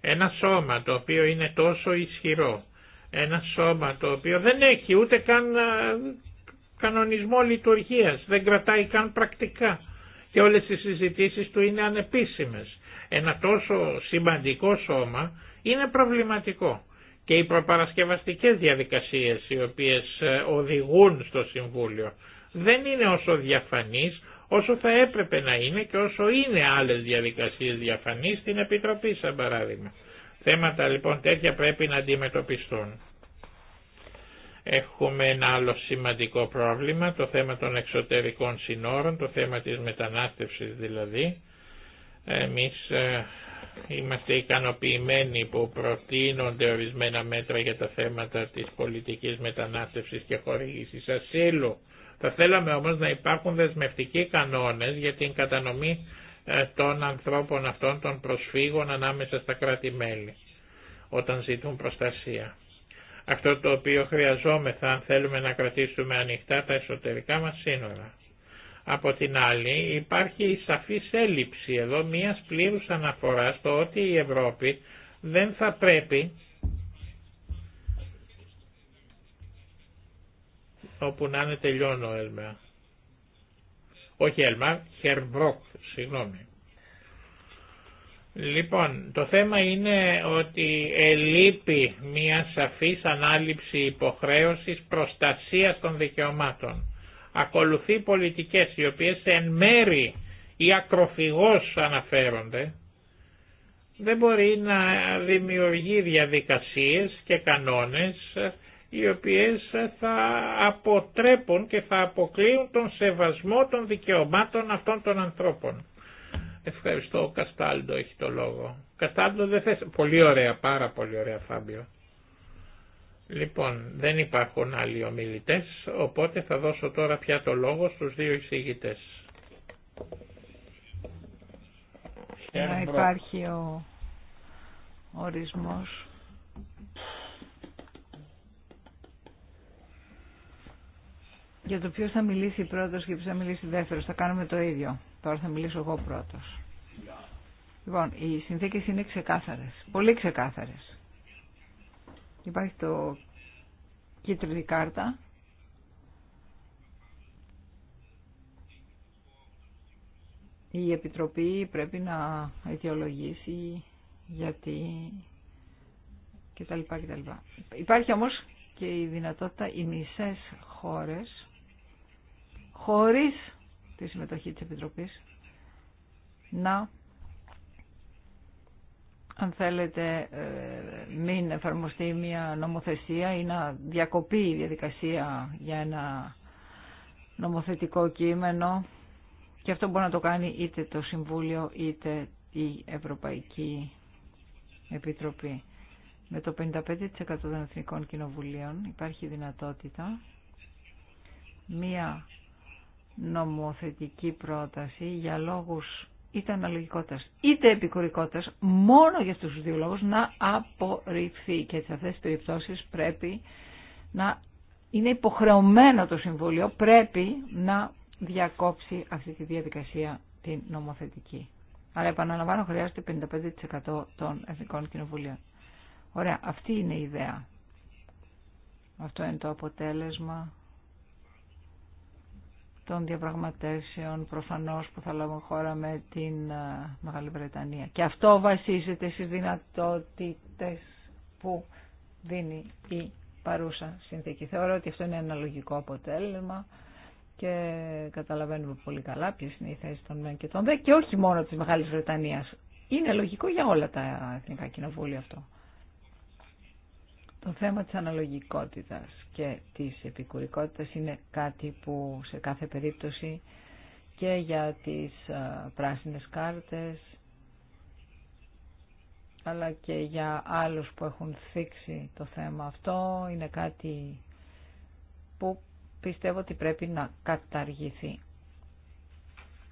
Ένα σώμα το οποίο είναι τόσο ισχυρό, ένα σώμα το οποίο δεν έχει ούτε καν ε, κανονισμό λειτουργίας, δεν κρατάει καν πρακτικά και όλες οι συζητήσεις του είναι ανεπίσημες. Ένα τόσο σημαντικό σώμα είναι προβληματικό και οι προπαρασκευαστικές διαδικασίες οι οποίες ε, οδηγούν στο Συμβούλιο δεν είναι όσο διαφανείς όσο θα έπρεπε να είναι και όσο είναι άλλες διαδικασίες διαφανής στην Επιτροπή σαν παράδειγμα. Θέματα λοιπόν τέτοια πρέπει να αντιμετωπιστούν. Έχουμε ένα άλλο σημαντικό πρόβλημα, το θέμα των εξωτερικών συνόρων, το θέμα της μετανάστευσης δηλαδή. Εμείς ε, είμαστε ικανοποιημένοι που προτείνονται ορισμένα μέτρα για τα θέματα της πολιτικής μετανάστευσης και χορήγησης ασύλου θα θέλαμε όμως να υπάρχουν δεσμευτικοί κανόνες για την κατανομή ε, των ανθρώπων αυτών, των προσφύγων ανάμεσα στα κράτη-μέλη όταν ζητούν προστασία. Αυτό το οποίο χρειαζόμεθα αν θέλουμε να κρατήσουμε ανοιχτά τα εσωτερικά μας σύνορα. Από την άλλη υπάρχει η σαφής έλλειψη εδώ μιας πλήρους αναφοράς στο ότι η Ευρώπη δεν θα πρέπει όπου να είναι τελειώνω έλμα. Όχι Έλμα Χερμπρόκ, συγγνώμη. Λοιπόν, το θέμα είναι ότι ελείπει μια σαφής ανάληψη υποχρέωσης προστασίας των δικαιωμάτων. Ακολουθεί πολιτικές οι οποίες εν μέρη ή ακροφυγώς αναφέρονται, δεν μπορεί να δημιουργεί διαδικασίες και κανόνες οι οποίες θα αποτρέπουν και θα αποκλείουν τον σεβασμό των δικαιωμάτων αυτών των ανθρώπων. Ευχαριστώ, ο Καστάλντο έχει το λόγο. Καστάλντο δεν θες... Πολύ ωραία, πάρα πολύ ωραία Φάμπιο. Λοιπόν, δεν υπάρχουν άλλοι ομιλητές, οπότε θα δώσω τώρα πια το λόγο στους δύο εισηγητές. Να υπάρχει ο ορισμός για το ποιό θα μιλήσει πρώτο και ποιος θα μιλήσει δεύτερο. Θα κάνουμε το ίδιο. Τώρα θα μιλήσω εγώ πρώτο. Λοιπόν, οι συνθήκε είναι ξεκάθαρε, Πολύ ξεκάθαρε. Υπάρχει το κίτρινη κάρτα. Η Επιτροπή πρέπει να αιτιολογήσει γιατί κτλ. κτλ. Υπάρχει όμως και η δυνατότητα οι μισές χώρες χωρίς τη συμμετοχή της Επιτροπής να αν θέλετε ε, μην εφαρμοστεί μια νομοθεσία ή να διακοπεί η διαδικασία για ένα νομοθετικό κείμενο και αυτό μπορεί να το κάνει είτε το Συμβούλιο είτε η Ευρωπαϊκή Επιτροπή. Με το 55% των Εθνικών Κοινοβουλίων υπάρχει δυνατότητα μία νομοθετική πρόταση για λόγους είτε αναλογικότητας είτε επικουρικότητας μόνο για αυτούς τους δύο λόγους να απορριφθεί και σε αυτές τις περιπτώσεις πρέπει να είναι υποχρεωμένο το Συμβούλιο πρέπει να διακόψει αυτή τη διαδικασία την νομοθετική. Αλλά επαναλαμβάνω χρειάζεται 55% των Εθνικών Κοινοβουλίων. Ωραία, αυτή είναι η ιδέα. Αυτό είναι το αποτέλεσμα των διαπραγματεύσεων προφανώς που θα λάβουν χώρα με την ε, Μεγάλη Βρετανία. Και αυτό βασίζεται στις δυνατότητες που δίνει η παρούσα συνθήκη. Θεωρώ ότι αυτό είναι ένα λογικό αποτέλεσμα και καταλαβαίνουμε πολύ καλά ποιε είναι οι θέσει των ΜΕΝ και των ΔΕ και όχι μόνο της Μεγάλης Βρετανίας. Είναι λογικό για όλα τα Εθνικά Κοινοβούλια αυτό. Το θέμα της αναλογικότητας και της επικουρικότητας είναι κάτι που σε κάθε περίπτωση και για τις πράσινες κάρτες αλλά και για άλλους που έχουν θίξει το θέμα αυτό είναι κάτι που πιστεύω ότι πρέπει να καταργηθεί.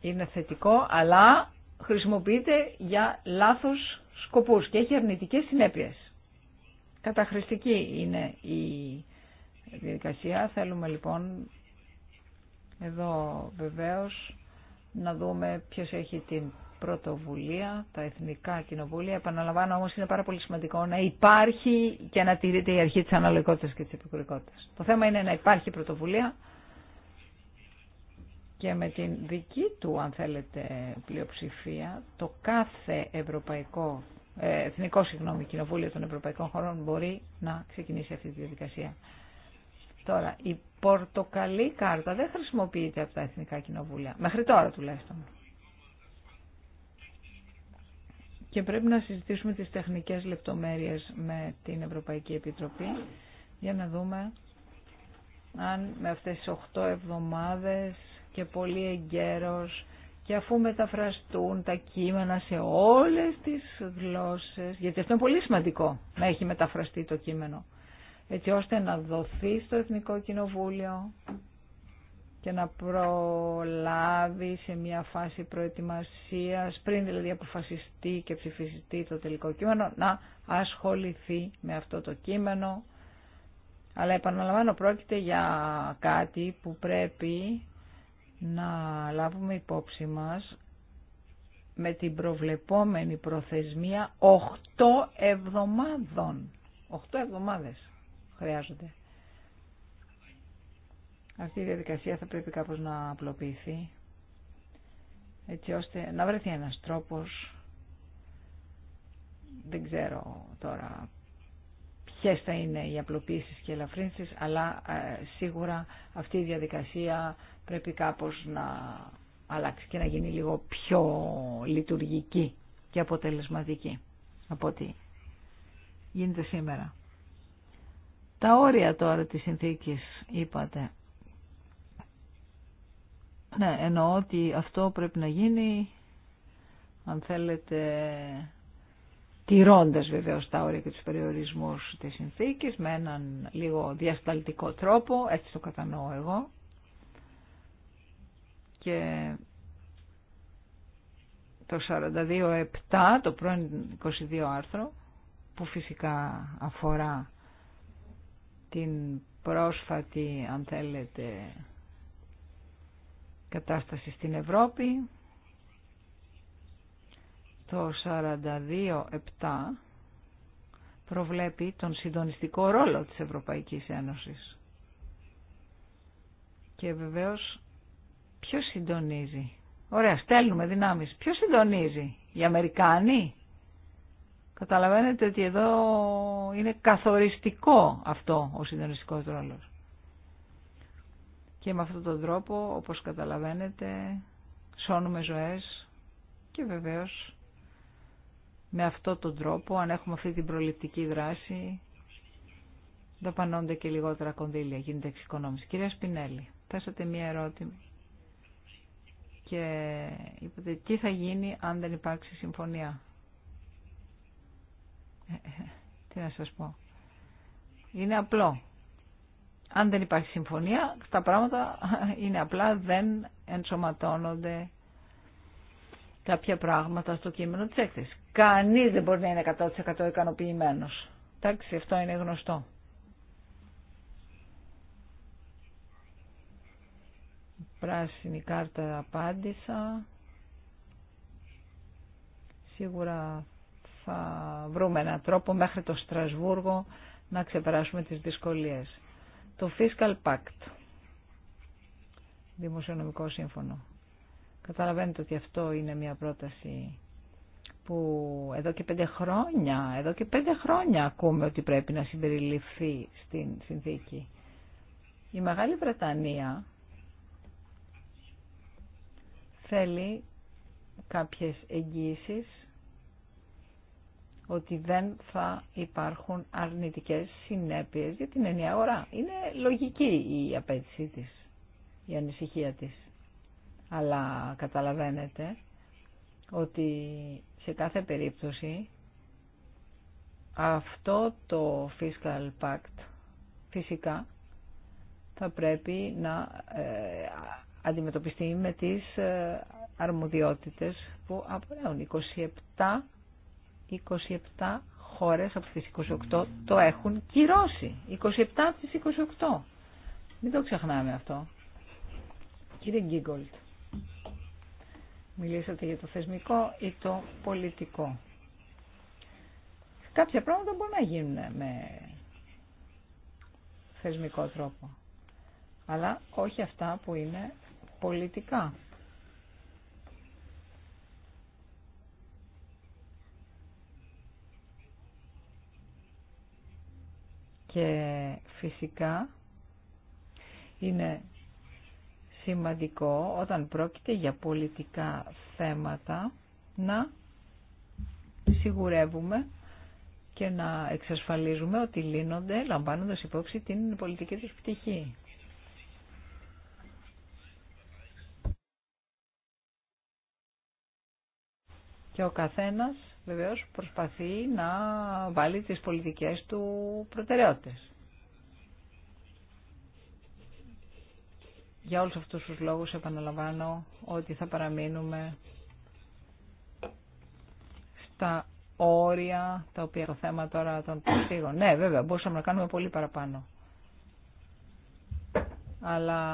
Είναι θετικό αλλά χρησιμοποιείται για λάθος σκοπούς και έχει αρνητικές συνέπειες καταχρηστική είναι η διαδικασία. Θέλουμε λοιπόν εδώ βεβαίως να δούμε ποιος έχει την πρωτοβουλία, τα εθνικά κοινοβούλια. Επαναλαμβάνω όμως είναι πάρα πολύ σημαντικό να υπάρχει και να τηρείται η αρχή της αναλογικότητας και της επικουρικότητας. Το θέμα είναι να υπάρχει πρωτοβουλία και με την δική του, αν θέλετε, πλειοψηφία, το κάθε Ευρωπαϊκό ε, Εθνικό συγγνώμη, Κοινοβούλιο των Ευρωπαϊκών Χωρών μπορεί να ξεκινήσει αυτή τη διαδικασία. Τώρα, η πορτοκαλή κάρτα δεν χρησιμοποιείται από τα Εθνικά Κοινοβούλια. Μέχρι τώρα τουλάχιστον. Και πρέπει να συζητήσουμε τις τεχνικές λεπτομέρειες με την Ευρωπαϊκή Επιτροπή για να δούμε αν με αυτές τις 8 εβδομάδες και πολύ εγκαίρος και αφού μεταφραστούν τα κείμενα σε όλες τις γλώσσες, γιατί αυτό είναι πολύ σημαντικό να έχει μεταφραστεί το κείμενο, έτσι ώστε να δοθεί στο Εθνικό Κοινοβούλιο και να προλάβει σε μια φάση προετοιμασίας, πριν δηλαδή αποφασιστεί και ψηφιστεί το τελικό κείμενο, να ασχοληθεί με αυτό το κείμενο. Αλλά επαναλαμβάνω πρόκειται για κάτι που πρέπει να λάβουμε υπόψη μας με την προβλεπόμενη προθεσμία 8 εβδομάδων. 8 εβδομάδες χρειάζονται. Αυτή η διαδικασία θα πρέπει κάπως να απλοποιηθεί έτσι ώστε να βρεθεί ένας τρόπος δεν ξέρω τώρα ποιε θα είναι οι απλοποίησει και οι ελαφρύνσεις, αλλά ε, σίγουρα αυτή η διαδικασία πρέπει κάπω να αλλάξει και να γίνει λίγο πιο λειτουργική και αποτελεσματική από ό,τι γίνεται σήμερα. Τα όρια τώρα της συνθήκης είπατε. Ναι, εννοώ ότι αυτό πρέπει να γίνει αν θέλετε τηρώντας βεβαίως τα όρια και τους περιορισμούς της συνθήκης με έναν λίγο διασταλτικό τρόπο, έτσι το κατανοώ εγώ. Και το 42.7, το πρώην 22 άρθρο, που φυσικά αφορά την πρόσφατη, αν θέλετε, κατάσταση στην Ευρώπη, το 42.7 προβλέπει τον συντονιστικό ρόλο της Ευρωπαϊκής Ένωσης. Και βεβαίως ποιος συντονίζει. Ωραία, στέλνουμε δυνάμεις. Ποιος συντονίζει. Οι Αμερικάνοι. Καταλαβαίνετε ότι εδώ είναι καθοριστικό αυτό ο συντονιστικός ρόλος. Και με αυτόν τον τρόπο, όπως καταλαβαίνετε, σώνουμε ζωές και βεβαίως με αυτόν τον τρόπο, αν έχουμε αυτή την προληπτική δράση, δαπανώνται και λιγότερα κονδύλια, γίνεται εξοικονόμηση. Κυρία Σπινέλη, θέσατε μία ερώτημα και είπατε τι θα γίνει αν δεν υπάρξει συμφωνία. Ε, ε, ε, τι να σας πω. Είναι απλό. Αν δεν υπάρχει συμφωνία, τα πράγματα είναι απλά, δεν ενσωματώνονται κάποια πράγματα στο κείμενο της έκθεσης. Κανείς δεν μπορεί να είναι 100% ικανοποιημένος. Εντάξει, αυτό είναι γνωστό. Πράσινη κάρτα απάντησα. Σίγουρα θα βρούμε έναν τρόπο μέχρι το Στρασβούργο να ξεπεράσουμε τις δυσκολίες. Το Fiscal Pact, Δημοσιονομικό Σύμφωνο. Καταλαβαίνετε ότι αυτό είναι μια πρόταση που εδώ και πέντε χρόνια, εδώ και πέντε χρόνια ακούμε ότι πρέπει να συμπεριληφθεί στην συνθήκη. Η Μεγάλη Βρετανία θέλει κάποιες εγγύησεις ότι δεν θα υπάρχουν αρνητικές συνέπειες για την ενιαία ώρα. Είναι λογική η απέτησή της, η ανησυχία της. Αλλά καταλαβαίνετε ότι σε κάθε περίπτωση αυτό το fiscal pact φυσικά θα πρέπει να ε, αντιμετωπιστεί με τις ε, αρμοδιότητες που απορρέουν. 27, 27 χώρες από τις 28 το έχουν κυρώσει. 27 από τις 28. Μην το ξεχνάμε αυτό. Κύριε Γκίγκολτ. Μιλήσατε για το θεσμικό ή το πολιτικό. Κάποια πράγματα μπορούν να γίνουν με θεσμικό τρόπο. Αλλά όχι αυτά που είναι πολιτικά. Και φυσικά είναι σημαντικό όταν πρόκειται για πολιτικά θέματα να σιγουρεύουμε και να εξασφαλίζουμε ότι λύνονται λαμβάνοντας υπόψη την πολιτική τους πτυχή. Και ο καθένας βεβαίως προσπαθεί να βάλει τις πολιτικές του προτεραιότητες. Για όλους αυτούς τους λόγους επαναλαμβάνω ότι θα παραμείνουμε στα όρια τα οποία το θέμα τώρα των προσφύγων. Ναι, βέβαια, μπορούσαμε να κάνουμε πολύ παραπάνω. Αλλά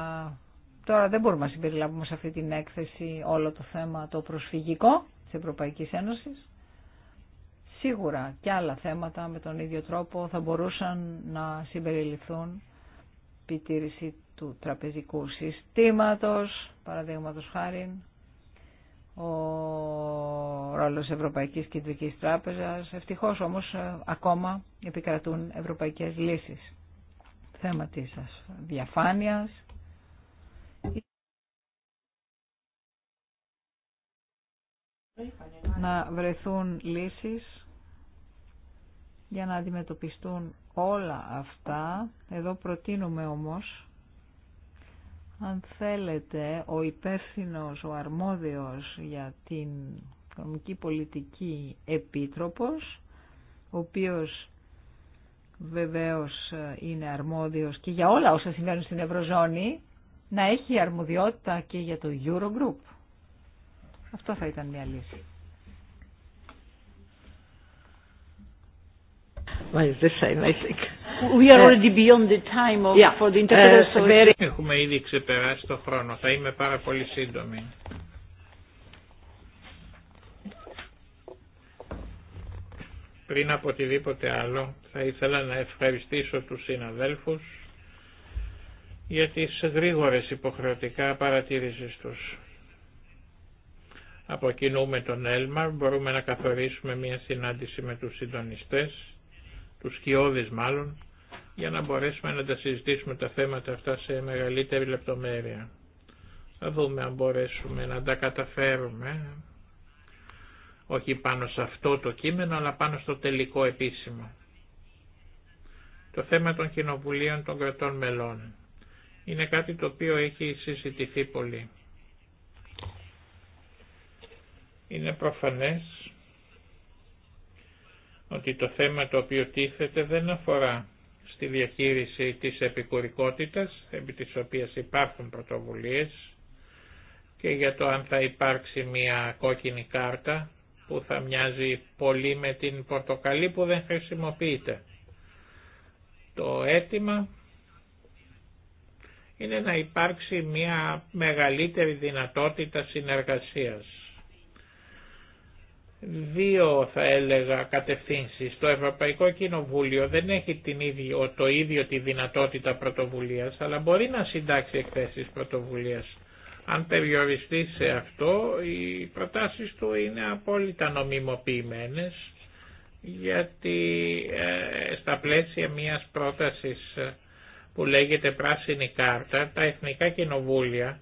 τώρα δεν μπορούμε να συμπεριλάβουμε σε αυτή την έκθεση όλο το θέμα το προσφυγικό της Ευρωπαϊκής Ένωσης. Σίγουρα και άλλα θέματα με τον ίδιο τρόπο θα μπορούσαν να συμπεριληφθούν επιτήρηση του τραπεζικού συστήματος, παραδείγματο χάρη, ο ρόλος Ευρωπαϊκής Κεντρικής Τράπεζας. Ευτυχώς όμως ε, ακόμα επικρατούν ευρωπαϊκές λύσεις. Θέμα της διαφάνειας. Να βρεθούν λύσεις για να αντιμετωπιστούν όλα αυτά. Εδώ προτείνουμε όμως αν θέλετε, ο υπεύθυνος, ο αρμόδιος για την οικονομική πολιτική επίτροπος, ο οποίος βεβαίως είναι αρμόδιος και για όλα όσα συμβαίνουν στην Ευρωζώνη, να έχει αρμοδιότητα και για το Eurogroup. Αυτό θα ήταν μια λύση. We are ε, already beyond the time for the ε, very... Έχουμε ήδη ξεπεράσει το χρόνο. Θα είμαι πάρα πολύ σύντομη. Πριν από οτιδήποτε άλλο, θα ήθελα να ευχαριστήσω τους συναδέλφους για τις γρήγορες υποχρεωτικά παρατήρησεις τους. Από τον Έλμαρ μπορούμε να καθορίσουμε μια συνάντηση με τους συντονιστές, τους σκιώδεις μάλλον, για να μπορέσουμε να τα συζητήσουμε τα θέματα αυτά σε μεγαλύτερη λεπτομέρεια. Θα δούμε αν μπορέσουμε να τα καταφέρουμε, όχι πάνω σε αυτό το κείμενο, αλλά πάνω στο τελικό επίσημο. Το θέμα των κοινοβουλίων των κρατών μελών είναι κάτι το οποίο έχει συζητηθεί πολύ. Είναι προφανές ότι το θέμα το οποίο τίθεται δεν αφορά στη διαχείριση της επικουρικότητας, επί της οποίας υπάρχουν πρωτοβουλίες και για το αν θα υπάρξει μια κόκκινη κάρτα που θα μοιάζει πολύ με την πορτοκαλί που δεν χρησιμοποιείται. Το αίτημα είναι να υπάρξει μια μεγαλύτερη δυνατότητα συνεργασίας δύο θα έλεγα κατευθύνσεις. Το Ευρωπαϊκό Κοινοβούλιο δεν έχει την ίδιο, το ίδιο τη δυνατότητα πρωτοβουλίας, αλλά μπορεί να συντάξει εκθέσεις πρωτοβουλίας. Αν περιοριστεί σε αυτό, οι προτάσεις του είναι απόλυτα νομιμοποιημένες, γιατί ε, στα πλαίσια μιας πρότασης ε, που λέγεται πράσινη κάρτα, τα εθνικά κοινοβούλια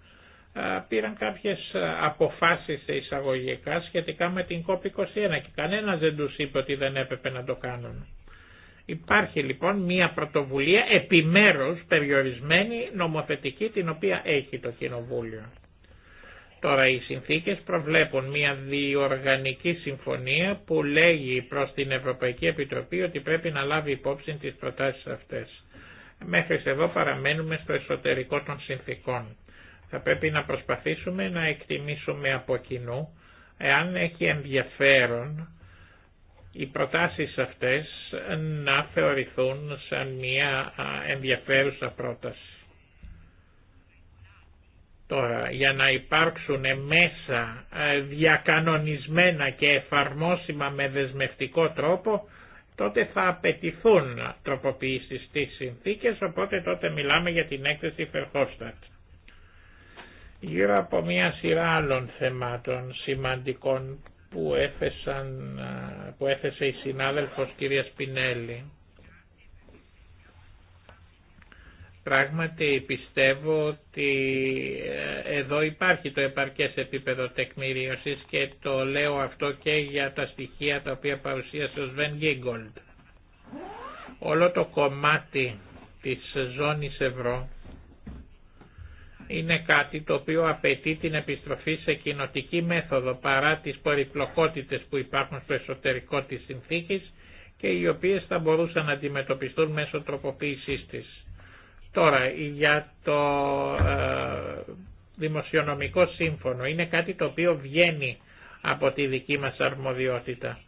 πήραν κάποιες αποφάσεις εισαγωγικά σχετικά με την COP21 και κανένας δεν τους είπε ότι δεν έπρεπε να το κάνουν. Υπάρχει λοιπόν μια πρωτοβουλία επιμέρους περιορισμένη νομοθετική την οποία έχει το Κοινοβούλιο. Τώρα οι συνθήκες προβλέπουν μια διοργανική συμφωνία που λέγει προς την Ευρωπαϊκή Επιτροπή ότι πρέπει να λάβει υπόψη τις προτάσεις αυτές. Μέχρι εδώ παραμένουμε στο εσωτερικό των συνθήκων. Θα πρέπει να προσπαθήσουμε να εκτιμήσουμε από κοινού εάν έχει ενδιαφέρον οι προτάσεις αυτές να θεωρηθούν σαν μια ενδιαφέρουσα πρόταση. Τώρα, για να υπάρξουν μέσα διακανονισμένα και εφαρμόσιμα με δεσμευτικό τρόπο, τότε θα απαιτηθούν τροποποιήσεις στις συνθήκες, οπότε τότε μιλάμε για την έκθεση Φερχόστατς γύρω από μια σειρά άλλων θεμάτων σημαντικών που, έφεσαν, που έφεσε η συνάδελφος κυρία Σπινέλη. Πράγματι πιστεύω ότι ε, εδώ υπάρχει το επαρκές επίπεδο τεκμηρίωσης και το λέω αυτό και για τα στοιχεία τα οποία παρουσίασε ο Σβεν Γίγκολντ. Όλο το κομμάτι της ζώνης ευρώ είναι κάτι το οποίο απαιτεί την επιστροφή σε κοινοτική μέθοδο παρά τις περιπλοκότητες που υπάρχουν στο εσωτερικό της συνθήκης και οι οποίες θα μπορούσαν να αντιμετωπιστούν μέσω τροποποίησής της. Τώρα, για το ε, δημοσιονομικό σύμφωνο, είναι κάτι το οποίο βγαίνει από τη δική μας αρμοδιότητα.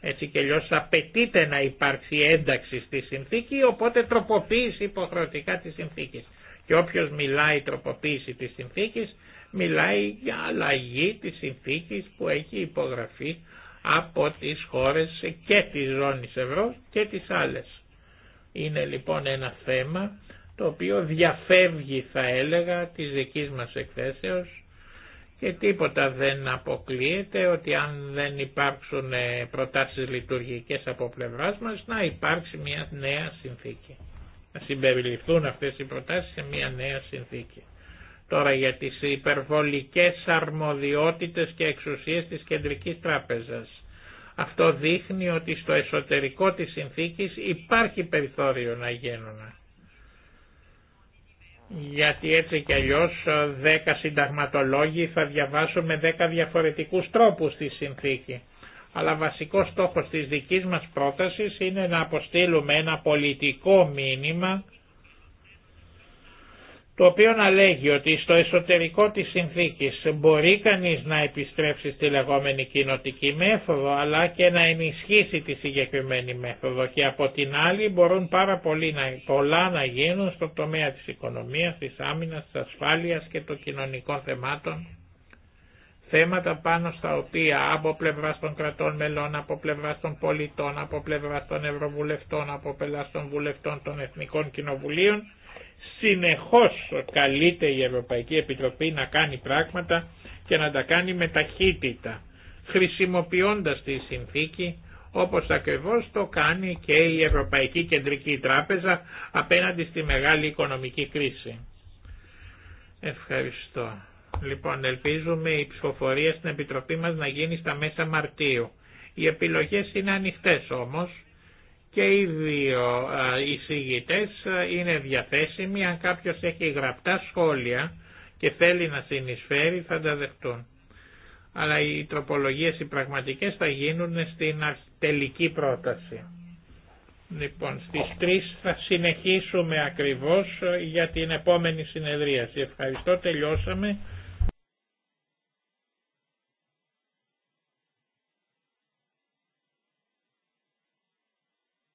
Έτσι και αλλιώς απαιτείται να υπάρξει ένταξη στη συνθήκη, οπότε τροποποίηση υποχρεωτικά της συνθήκης. Και όποιος μιλάει τροποποίηση της συνθήκης, μιλάει για αλλαγή της συνθήκης που έχει υπογραφεί από τις χώρες και της ζώνης ευρώ και τις άλλες. Είναι λοιπόν ένα θέμα το οποίο διαφεύγει θα έλεγα της δικής μας εκθέσεως και τίποτα δεν αποκλείεται ότι αν δεν υπάρξουν προτάσεις λειτουργικές από πλευράς μας να υπάρξει μια νέα συνθήκη συμπεριληφθούν αυτές οι προτάσεις σε μια νέα συνθήκη. Τώρα για τις υπερβολικές αρμοδιότητες και εξουσίες της Κεντρικής Τράπεζας. Αυτό δείχνει ότι στο εσωτερικό της συνθήκης υπάρχει περιθώριο να γίνουν. Γιατί έτσι κι αλλιώς 10 συνταγματολόγοι θα διαβάσουν με 10 διαφορετικούς τρόπους τη συνθήκη αλλά βασικό στόχος της δικής μας πρότασης είναι να αποστείλουμε ένα πολιτικό μήνυμα το οποίο να λέγει ότι στο εσωτερικό της συνθήκης μπορεί κανείς να επιστρέψει στη λεγόμενη κοινοτική μέθοδο αλλά και να ενισχύσει τη συγκεκριμένη μέθοδο και από την άλλη μπορούν πάρα πολλά να γίνουν στο τομέα της οικονομίας, της άμυνας, της ασφάλειας και των κοινωνικών θεμάτων θέματα πάνω στα οποία από πλευρά των κρατών μελών, από πλευρά των πολιτών, από πλευρά των ευρωβουλευτών, από πλευρά των βουλευτών των Εθνικών Κοινοβουλίων, συνεχώς καλείται η Ευρωπαϊκή Επιτροπή να κάνει πράγματα και να τα κάνει με ταχύτητα, χρησιμοποιώντας τη συνθήκη όπως ακριβώς το κάνει και η Ευρωπαϊκή Κεντρική Τράπεζα απέναντι στη μεγάλη οικονομική κρίση. Ευχαριστώ. Λοιπόν, ελπίζουμε η ψηφοφορία στην Επιτροπή μας να γίνει στα μέσα Μαρτίου. Οι επιλογές είναι ανοιχτές όμως και οι δύο εισηγητές είναι διαθέσιμοι. Αν κάποιος έχει γραπτά σχόλια και θέλει να συνεισφέρει θα τα δεχτούν. Αλλά οι τροπολογίες οι πραγματικές θα γίνουν στην τελική πρόταση. Λοιπόν, στις 3 θα συνεχίσουμε ακριβώς για την επόμενη συνεδρίαση. Ευχαριστώ, τελειώσαμε.